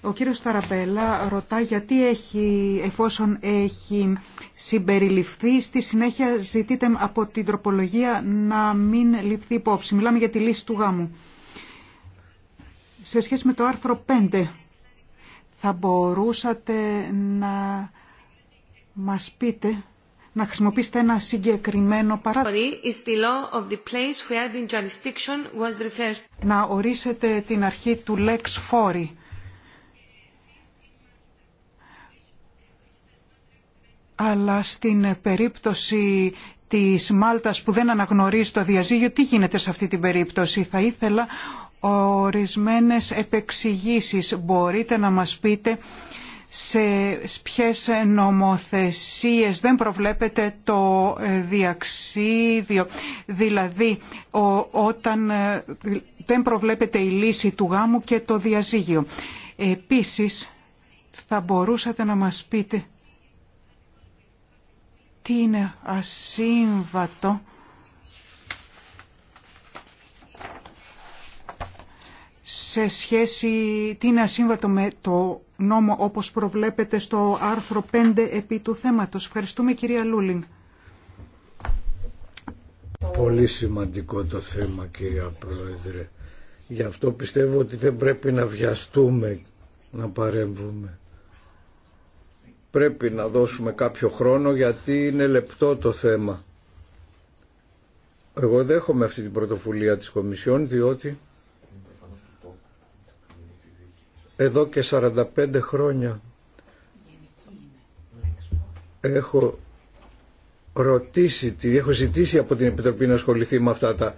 Ο κύριος Ταραπέλα ρωτά γιατί έχει, εφόσον έχει συμπεριληφθεί, στη συνέχεια ζητείτε από την τροπολογία να μην ληφθεί υπόψη. Μιλάμε για τη λύση του γάμου. Σε σχέση με το άρθρο 5, θα μπορούσατε να μας πείτε να χρησιμοποιήσετε ένα συγκεκριμένο παράδειγμα. Να ορίσετε την αρχή του lex fori Αλλά στην περίπτωση της Μάλτας που δεν αναγνωρίζει το διαζύγιο, τι γίνεται σε αυτή την περίπτωση. Θα ήθελα ορισμένες επεξηγήσεις. Μπορείτε να μας πείτε σε ποιες νομοθεσίες δεν προβλέπεται το διαξίδιο. Δηλαδή, όταν ε, δεν προβλέπεται η λύση του γάμου και το διαζύγιο. Επίσης, θα μπορούσατε να μας πείτε τι είναι ασύμβατο σε σχέση τι είναι ασύμβατο με το νόμο όπως προβλέπεται στο άρθρο 5 επί του θέματος. Ευχαριστούμε κυρία Λούλινγκ. Πολύ σημαντικό το θέμα κυρία Πρόεδρε. Γι' αυτό πιστεύω ότι δεν πρέπει να βιαστούμε να παρέμβουμε πρέπει να δώσουμε κάποιο χρόνο γιατί είναι λεπτό το θέμα. Εγώ δέχομαι αυτή την πρωτοβουλία της Κομισιόν διότι εδώ και 45 χρόνια έχω ρωτήσει, έχω ζητήσει από την Επιτροπή να ασχοληθεί με αυτά τα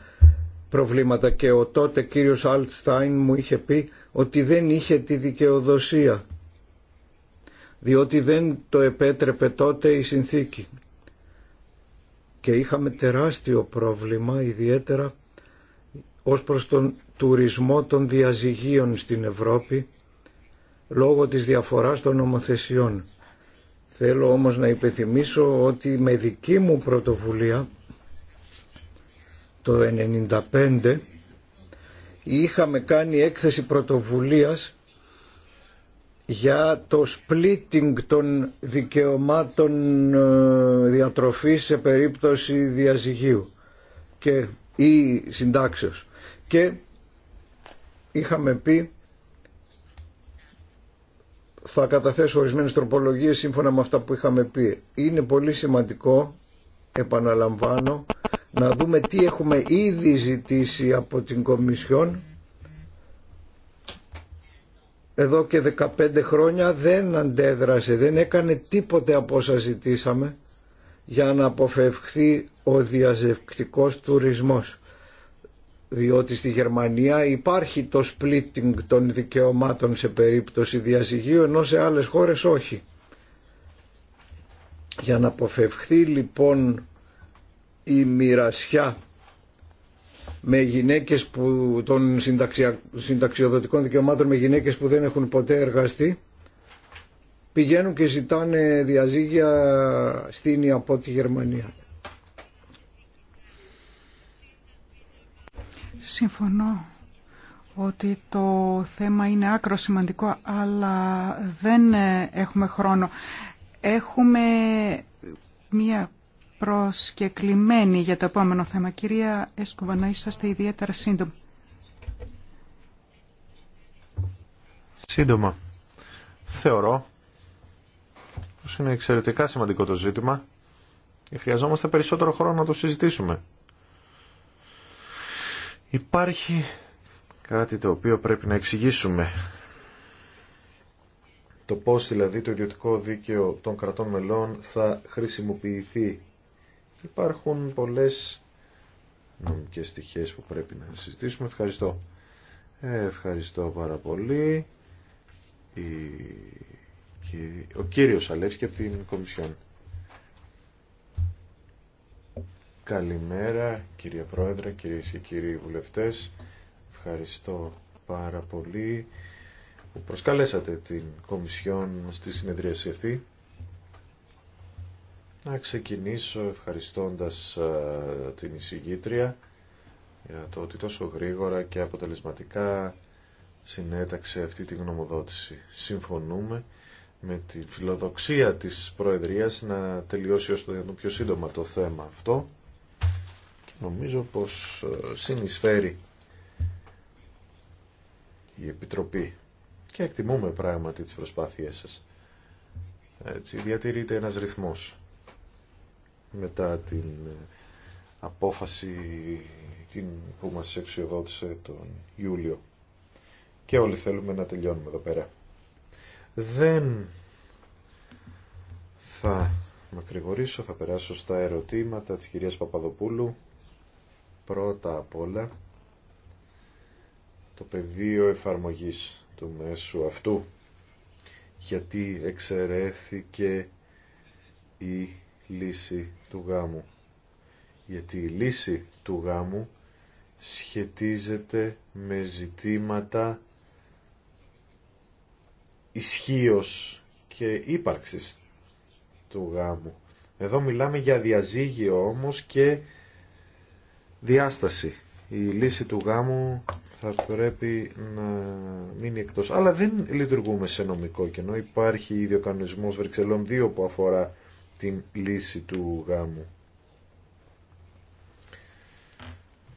προβλήματα και ο τότε κύριος Αλτστάιν μου είχε πει ότι δεν είχε τη δικαιοδοσία διότι δεν το επέτρεπε τότε η συνθήκη. Και είχαμε τεράστιο πρόβλημα, ιδιαίτερα ως προς τον τουρισμό των διαζυγίων στην Ευρώπη, λόγω της διαφοράς των νομοθεσιών. Θέλω όμως να υπενθυμίσω ότι με δική μου πρωτοβουλία το 1995 είχαμε κάνει έκθεση πρωτοβουλίας για το splitting των δικαιωμάτων ε, διατροφής σε περίπτωση διαζυγίου και, ή συντάξεως. Και είχαμε πει θα καταθέσω ορισμένες τροπολογίες σύμφωνα με αυτά που είχαμε πει. Είναι πολύ σημαντικό, επαναλαμβάνω, να δούμε τι έχουμε ήδη ζητήσει από την Κομισιόν εδώ και 15 χρόνια δεν αντέδρασε, δεν έκανε τίποτε από όσα ζητήσαμε για να αποφευχθεί ο διαζευκτικός τουρισμός. Διότι στη Γερμανία υπάρχει το splitting των δικαιωμάτων σε περίπτωση διαζυγίου, ενώ σε άλλες χώρες όχι. Για να αποφευχθεί λοιπόν η μοιρασιά με γυναίκες που, των συνταξιοδοτικών δικαιωμάτων με γυναίκες που δεν έχουν ποτέ εργαστεί πηγαίνουν και ζητάνε διαζύγια στην από τη Γερμανία. Συμφωνώ ότι το θέμα είναι άκρο σημαντικό, αλλά δεν έχουμε χρόνο. Έχουμε μία προσκεκλημένη για το επόμενο θέμα. Κυρία Έσκοβα, να είσαστε ιδιαίτερα σύντομοι. Σύντομα. Θεωρώ πως είναι εξαιρετικά σημαντικό το ζήτημα και χρειαζόμαστε περισσότερο χρόνο να το συζητήσουμε. Υπάρχει κάτι το οποίο πρέπει να εξηγήσουμε. Το πώς δηλαδή το ιδιωτικό δίκαιο των κρατών μελών θα χρησιμοποιηθεί Υπάρχουν πολλές νομικές στοιχείες που πρέπει να συζητήσουμε. Ευχαριστώ. Ευχαριστώ πάρα πολύ. Ο κύριος Αλέξης και από την Κομισιόν. Καλημέρα κύριε Πρόεδρε, κυρίες και κύριοι βουλευτές. Ευχαριστώ πάρα πολύ που προσκαλέσατε την Κομισιόν στη συνεδρίαση αυτή. Να ξεκινήσω ευχαριστώντας ε, την εισηγήτρια για το ότι τόσο γρήγορα και αποτελεσματικά συνέταξε αυτή τη γνωμοδότηση. Συμφωνούμε με τη φιλοδοξία της Προεδρίας να τελειώσει ως το πιο σύντομα το θέμα αυτό και νομίζω πως ε, συνεισφέρει η Επιτροπή και εκτιμούμε πράγματι τις προσπάθειές σας. Έτσι διατηρείται ένας ρυθμός μετά την ε, απόφαση την που μας εξοδότησε τον Ιούλιο. Και όλοι θέλουμε να τελειώνουμε εδώ πέρα. Δεν θα μακρηγορήσω, θα περάσω στα ερωτήματα της κυρίας Παπαδοπούλου. Πρώτα απ' όλα, το πεδίο εφαρμογής του μέσου αυτού, γιατί εξαιρέθηκε η λύση του γάμου. Γιατί η λύση του γάμου σχετίζεται με ζητήματα ισχύως και ύπαρξης του γάμου. Εδώ μιλάμε για διαζύγιο όμως και διάσταση. Η λύση του γάμου θα πρέπει να μείνει εκτός. Αλλά δεν λειτουργούμε σε νομικό κενό. Υπάρχει ήδη ο κανονισμός Βρυξελών 2 που αφορά την πλήση του γάμου.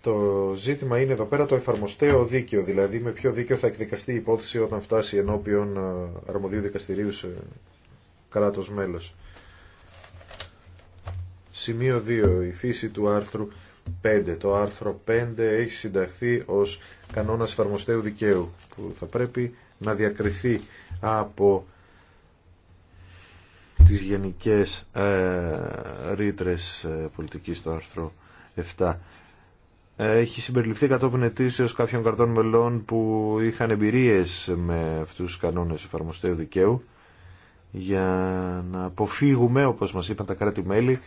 Το ζήτημα είναι εδώ πέρα το εφαρμοστέο δίκαιο, δηλαδή με ποιο δίκαιο θα εκδικαστεί η υπόθεση όταν φτάσει ενώπιον ε, αρμοδίου δικαστηρίου σε κράτος μέλος. Σημείο 2. Η φύση του άρθρου 5. Το άρθρο 5 έχει συνταχθεί ως κανόνας εφαρμοστέου δικαίου που θα πρέπει να διακριθεί από τις γενικές ε, ρήτρες ε, πολιτικής στο άρθρο 7. Ε, έχει συμπεριληφθεί κατόπιν ετήσεως κάποιων κρατών μελών που είχαν εμπειρίες με αυτούς τους κανόνες εφαρμοστέου δικαίου για να αποφύγουμε, όπως μας είπαν τα κράτη-μέλη,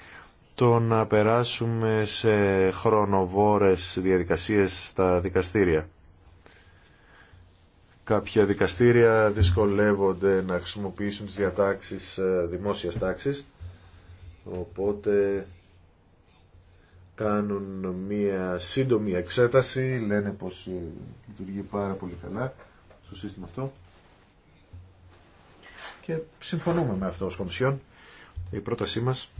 το να περάσουμε σε χρονοβόρες διαδικασίες στα δικαστήρια. Κάποια δικαστήρια δυσκολεύονται να χρησιμοποιήσουν τις διατάξεις ε, δημόσιας τάξης, οπότε κάνουν μία σύντομη εξέταση, λένε πως ε, λειτουργεί πάρα πολύ καλά στο σύστημα αυτό και συμφωνούμε με αυτό ως Κομισιόν. Η πρότασή μας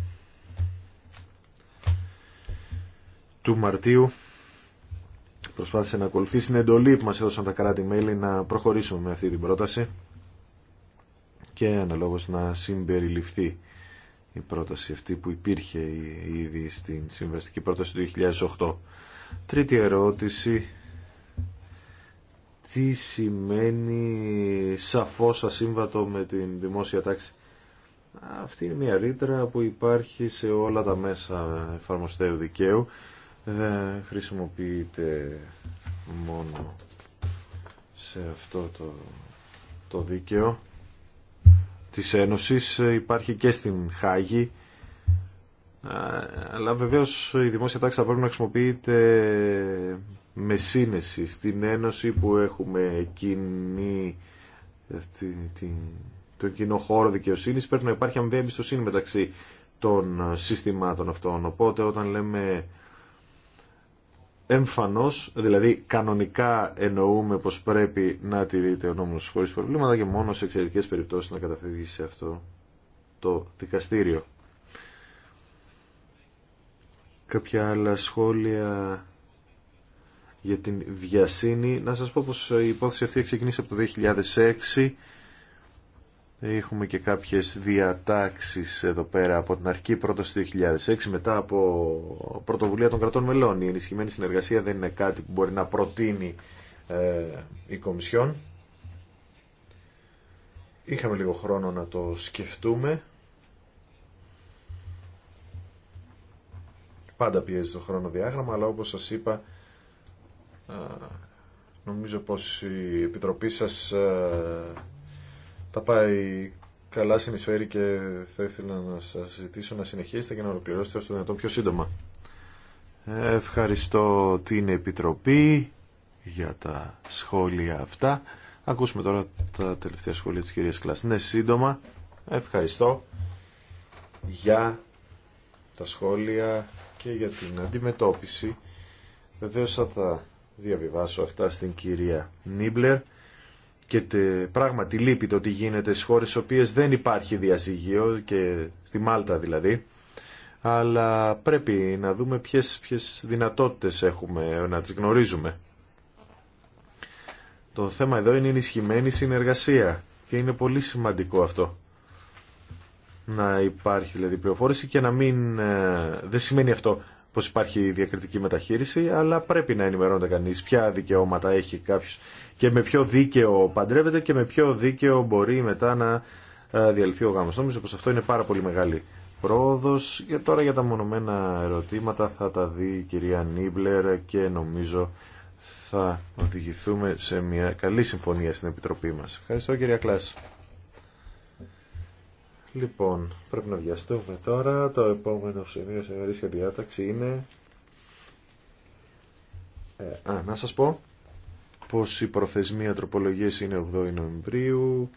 του Μαρτίου προσπάθησε να ακολουθήσει την εντολή που μας έδωσαν τα κράτη-μέλη να προχωρήσουμε με αυτή την πρόταση και αναλόγως να συμπεριληφθεί η πρόταση αυτή που υπήρχε ήδη στην συμβαστική πρόταση του 2008. Τρίτη ερώτηση. Τι σημαίνει σαφώς ασύμβατο με την δημόσια τάξη. Αυτή είναι μια ρήτρα που υπάρχει σε όλα τα μέσα εφαρμοστέου δικαίου δεν χρησιμοποιείται μόνο σε αυτό το, το δίκαιο της Ένωσης υπάρχει και στην Χάγη αλλά βεβαίως η δημόσια τάξη θα πρέπει να χρησιμοποιείται με σύνεση στην Ένωση που έχουμε κοινή τον κοινό χώρο δικαιοσύνης πρέπει να υπάρχει αμοιβαία εμπιστοσύνη μεταξύ των συστημάτων αυτών οπότε όταν λέμε εμφανώς, δηλαδή κανονικά εννοούμε πως πρέπει να τηρείται ο νόμος χωρίς προβλήματα και μόνο σε εξαιρετικές περιπτώσεις να καταφεύγει σε αυτό το δικαστήριο. Κάποια άλλα σχόλια για την βιασύνη. Να σας πω πως η υπόθεση αυτή ξεκινήσε από το 2006 Έχουμε και κάποιες διατάξεις εδώ πέρα από την αρχή πρώτα του 2006 μετά από πρωτοβουλία των κρατών μελών. Η ενισχυμένη συνεργασία δεν είναι κάτι που μπορεί να προτείνει ε, η Κομισιόν. Είχαμε λίγο χρόνο να το σκεφτούμε. Πάντα πιέζει το χρόνο-διάγραμμα αλλά όπως σας είπα, ε, νομίζω πως η Επιτροπή σας ε, τα πάει καλά, συνεισφέρει και θα ήθελα να σας ζητήσω να συνεχίσετε και να ολοκληρώσετε ως το δυνατόν πιο σύντομα. Ευχαριστώ την Επιτροπή για τα σχόλια αυτά. Ακούσουμε τώρα τα τελευταία σχόλια της κυρίας Κλάς. Ναι, σύντομα. Ευχαριστώ για τα σχόλια και για την αντιμετώπιση. Βεβαίως θα τα διαβιβάσω αυτά στην κυρία Νίμπλερ και πράγματι λείπει το τι γίνεται στις χώρες στις οποίες δεν υπάρχει διασυγείο, και στη Μάλτα δηλαδή αλλά πρέπει να δούμε ποιες, ποιες δυνατότητες έχουμε να τις γνωρίζουμε. Το θέμα εδώ είναι η ενισχυμένη συνεργασία και είναι πολύ σημαντικό αυτό να υπάρχει δηλαδή πληροφόρηση και να μην... Ε, δεν σημαίνει αυτό πως υπάρχει διακριτική μεταχείριση, αλλά πρέπει να ενημερώνεται κανείς ποια δικαιώματα έχει κάποιος και με ποιο δίκαιο παντρεύεται και με ποιο δίκαιο μπορεί μετά να ε, διαλυθεί ο γάμος. Νομίζω πως αυτό είναι πάρα πολύ μεγάλη πρόοδος. και τώρα για τα μονομένα ερωτήματα θα τα δει η κυρία Νίμπλερ και νομίζω θα οδηγηθούμε σε μια καλή συμφωνία στην Επιτροπή μας. Ευχαριστώ κυρία Κλάση. Λοιπόν, πρέπει να βιαστούμε τώρα. Το επόμενο σημείο σε ημερήσια διάταξη είναι... Ε, α, να σας πω πως η προθεσμία τροπολογίας είναι 8 Νοεμβρίου,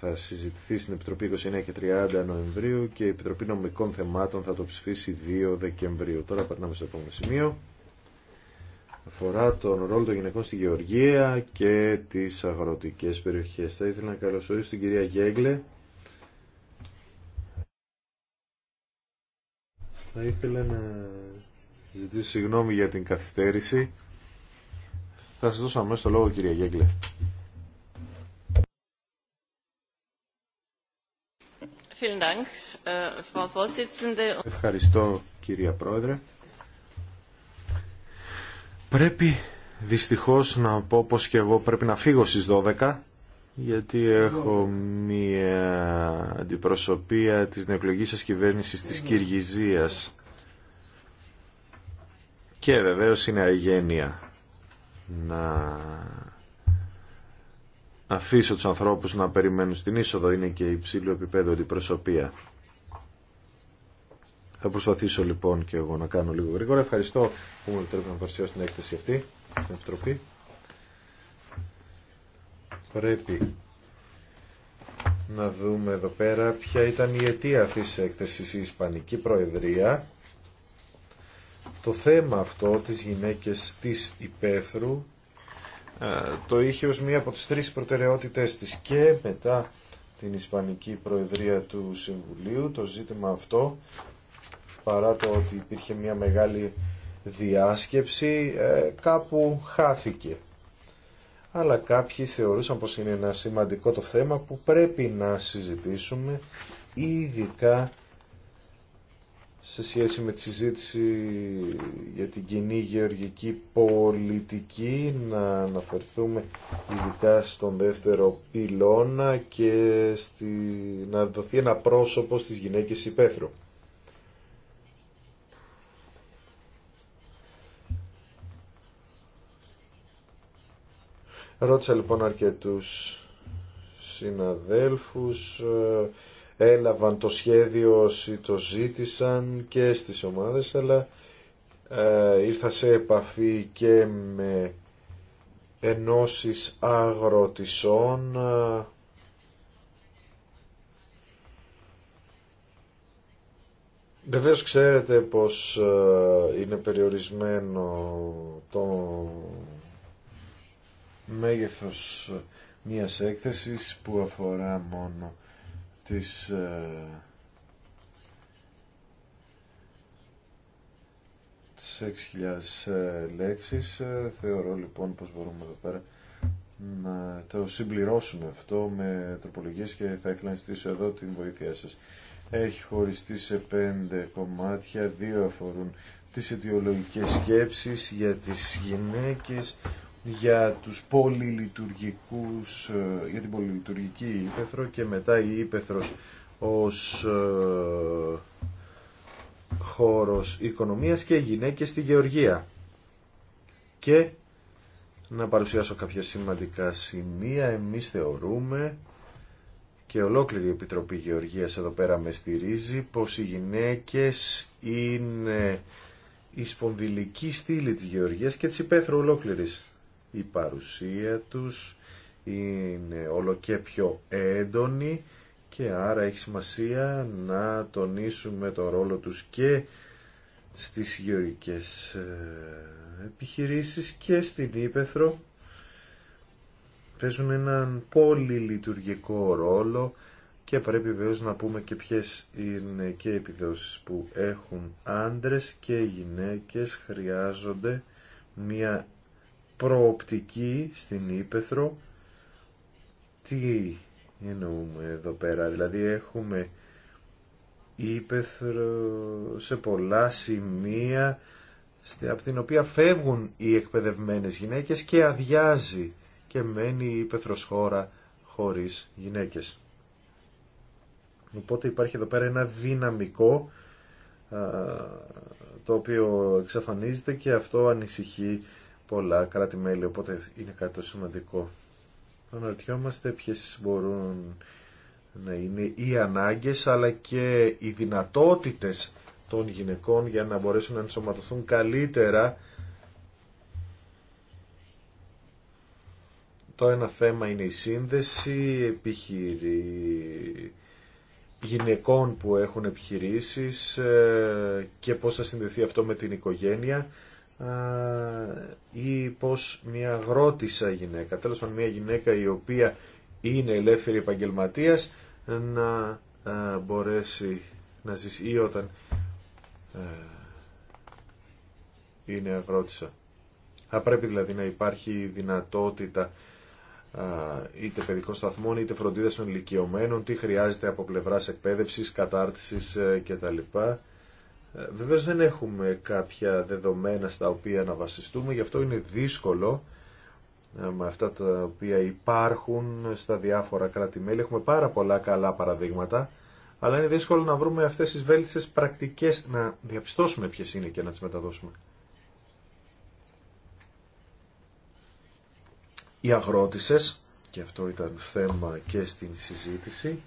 θα συζητηθεί στην Επιτροπή 29 και 30 Νοεμβρίου και η Επιτροπή Νομικών Θεμάτων θα το ψηφίσει 2 Δεκεμβρίου. Τώρα περνάμε στο επόμενο σημείο. Αφορά τον ρόλο των γυναικών στη Γεωργία και τις αγροτικές περιοχές. Θα ήθελα να καλωσορίσω την κυρία Γέγκλε, Θα ήθελα να ζητήσω συγγνώμη για την καθυστέρηση. Θα σας δώσω αμέσως το λόγο κυρία Γέγκλε. Äh, Ευχαριστώ κυρία Πρόεδρε. Πρέπει δυστυχώς να πω πως και εγώ πρέπει να φύγω στις 12 γιατί έχω μία αντιπροσωπεία της νεοεκλογής σας κυβέρνησης της Κυργιζίας και βεβαίως είναι αγένεια να αφήσω τους ανθρώπους να περιμένουν στην είσοδο είναι και υψηλό επίπεδο αντιπροσωπεία θα προσπαθήσω λοιπόν και εγώ να κάνω λίγο γρήγορα. Ευχαριστώ που μου επιτρέπετε να παρουσιάσω την έκθεση αυτή την Επιτροπή πρέπει να δούμε εδώ πέρα ποια ήταν η αιτία αυτής της έκθεσης η Ισπανική Προεδρία το θέμα αυτό της γυναίκες της υπαίθρου ε, το είχε ως μία από τις τρεις προτεραιότητες της και μετά την Ισπανική Προεδρία του Συμβουλίου το ζήτημα αυτό παρά το ότι υπήρχε μία μεγάλη διάσκεψη ε, κάπου χάθηκε αλλά κάποιοι θεωρούσαν πως είναι ένα σημαντικό το θέμα που πρέπει να συζητήσουμε ειδικά σε σχέση με τη συζήτηση για την κοινή γεωργική πολιτική να αναφερθούμε ειδικά στον δεύτερο πυλώνα και στη, να δοθεί ένα πρόσωπο στις γυναίκες υπαίθρου. Ρώτησα λοιπόν αρκετούς συναδέλφους, ε, έλαβαν το σχέδιο όσοι το ζήτησαν και στις ομάδες, αλλά ε, ήρθα σε επαφή και με ενώσεις αγροτισών, ε, Βεβαίω ξέρετε πως ε, είναι περιορισμένο το μέγεθος μιας έκθεσης που αφορά μόνο τις 6.000 ε, ε, λέξεις ε, θεωρώ λοιπόν πως μπορούμε εδώ πέρα να το συμπληρώσουμε αυτό με τροπολογίες και θα ήθελα να ζητήσω εδώ την βοήθειά σας. Έχει χωριστεί σε πέντε κομμάτια, δύο αφορούν τις αιτιολογικές σκέψεις για τις γυναίκες, για, τους πολυλειτουργικούς, ε, για την πολυλειτουργική ύπεθρο και μετά η ύπεθρος ως ε, χώρος οικονομίας και γυναίκες στη γεωργία. Και να παρουσιάσω κάποια σημαντικά σημεία. Εμείς θεωρούμε και ολόκληρη η Επιτροπή Γεωργίας εδώ πέρα με στηρίζει πως οι γυναίκες είναι η σπονδυλική στήλη της Γεωργίας και της υπαίθρου ολόκληρης η παρουσία τους είναι όλο και πιο έντονη και άρα έχει σημασία να τονίσουμε το ρόλο τους και στις γεωργικές ε, επιχειρήσεις και στην Ήπεθρο παίζουν έναν πολύ λειτουργικό ρόλο και πρέπει βεβαίως να πούμε και ποιες είναι και οι επιδόσεις που έχουν άντρες και γυναίκες χρειάζονται μια προοπτική στην Ήπεθρο. Τι εννοούμε εδώ πέρα, δηλαδή έχουμε Ήπεθρο σε πολλά σημεία από την οποία φεύγουν οι εκπαιδευμένες γυναίκες και αδειάζει και μένει η Ήπεθρος χώρα χωρίς γυναίκες. Οπότε υπάρχει εδώ πέρα ένα δυναμικό το οποίο εξαφανίζεται και αυτό ανησυχεί πολλά κράτη-μέλη, οπότε είναι κάτι το σημαντικό. Αναρωτιόμαστε ποιε μπορούν να είναι οι ανάγκες αλλά και οι δυνατότητες των γυναικών για να μπορέσουν να ενσωματωθούν καλύτερα Το ένα θέμα είναι η σύνδεση επιχειρη... γυναικών που έχουν επιχειρήσεις ε, και πώς θα συνδεθεί αυτό με την οικογένεια ή πως μια γρότησα γυναίκα, τέλος πάντων μια γυναίκα η οποία είναι ελεύθερη επαγγελματίας να μπορέσει να ζήσει ή όταν είναι αγρότησα. Θα πρέπει δηλαδή να υπάρχει δυνατότητα είτε παιδικών σταθμών είτε φροντίδας των ηλικιωμένων, τι χρειάζεται από πλευράς εκπαίδευσης, κατάρτισης ε, κτλ. Ε, βεβαίως δεν έχουμε κάποια δεδομένα στα οποία να βασιστούμε, γι' αυτό είναι δύσκολο ε, με αυτά τα οποία υπάρχουν στα διάφορα κράτη-μέλη. Έχουμε πάρα πολλά καλά παραδείγματα, αλλά είναι δύσκολο να βρούμε αυτές τις βέλτιστες πρακτικές, να διαπιστώσουμε ποιες είναι και να τις μεταδώσουμε. Οι αγρότησες, και αυτό ήταν θέμα και στην συζήτηση,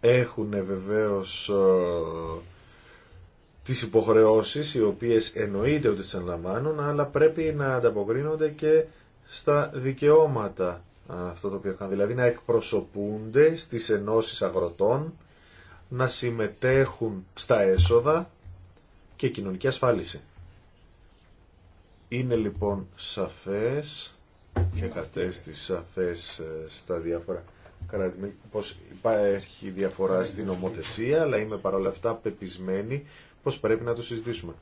έχουν βεβαίως ε, τις υποχρεώσεις οι οποίες εννοείται ότι τις αναλαμβάνουν αλλά πρέπει να ανταποκρίνονται και στα δικαιώματα ε, αυτό το οποίο κάνουν. Δηλαδή να εκπροσωπούνται στις ενώσεις αγροτών, να συμμετέχουν στα έσοδα και κοινωνική ασφάλιση. Είναι λοιπόν σαφές και κατέστη σαφές ε, στα διάφορα πως υπάρχει διαφορά στην νομοθεσία, αλλά είμαι παρόλα αυτά πεπισμένη πως πρέπει να το συζητήσουμε.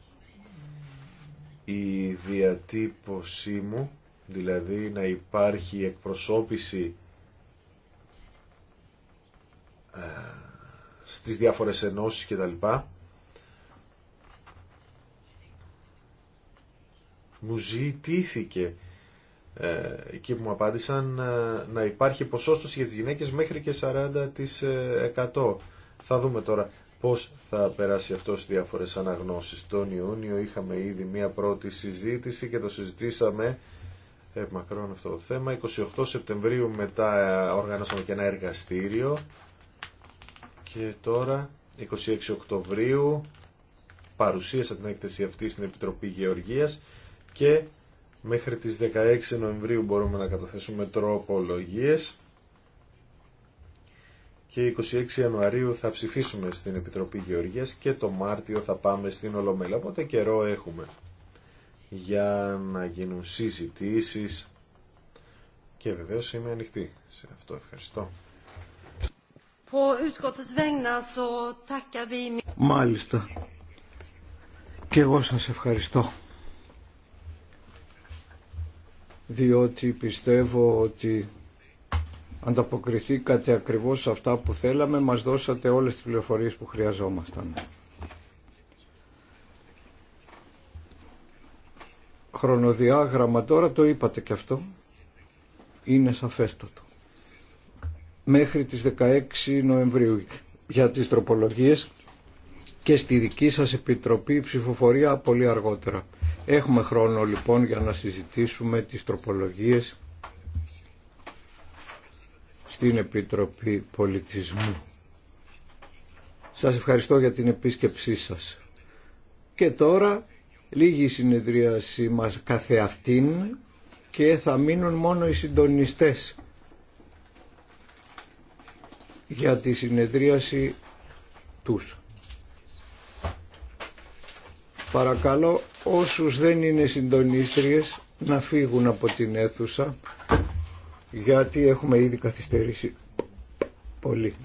Η διατύπωσή μου, δηλαδή να υπάρχει εκπροσώπηση ε, στις διάφορες ενώσεις λοιπά Μου ζητήθηκε ε, εκεί που μου απάντησαν ε, να υπάρχει ποσόστοση για τις γυναίκες μέχρι και 40%. Θα δούμε τώρα πώς θα περάσει αυτό στις διάφορες αναγνώσεις. Τον Ιούνιο είχαμε ήδη μία πρώτη συζήτηση και το συζητήσαμε ε, μακρόν αυτό το θέμα. 28 Σεπτεμβρίου μετά οργανώσαμε και ένα εργαστήριο και τώρα 26 Οκτωβρίου παρουσίασα την έκθεση αυτή στην Επιτροπή Γεωργίας και Μέχρι τις 16 Νοεμβρίου μπορούμε να καταθέσουμε τροπολογίες και 26 Ιανουαρίου θα ψηφίσουμε στην Επιτροπή Γεωργίας και το Μάρτιο θα πάμε στην ολομέλεια, Οπότε καιρό έχουμε για να γίνουν συζητήσεις και βεβαίως είμαι ανοιχτή σε αυτό. Ευχαριστώ. Μάλιστα. Και εγώ σας ευχαριστώ διότι πιστεύω ότι ανταποκριθήκατε ακριβώς αυτά που θέλαμε, μας δώσατε όλες τις πληροφορίες που χρειαζόμασταν. Χρονοδιάγραμμα τώρα, το είπατε και αυτό, είναι σαφέστατο. Μέχρι τις 16 Νοεμβρίου για τις τροπολογίες και στη δική σας επιτροπή ψηφοφορία πολύ αργότερα. Έχουμε χρόνο λοιπόν για να συζητήσουμε τις τροπολογίες στην Επιτροπή Πολιτισμού. Σας ευχαριστώ για την επίσκεψή σας. Και τώρα λίγη συνεδρίαση μας καθεαυτήν και θα μείνουν μόνο οι συντονιστές για τη συνεδρίαση τους. Παρακαλώ όσους δεν είναι συντονίστριες να φύγουν από την αίθουσα γιατί έχουμε ήδη καθυστερήσει πολύ.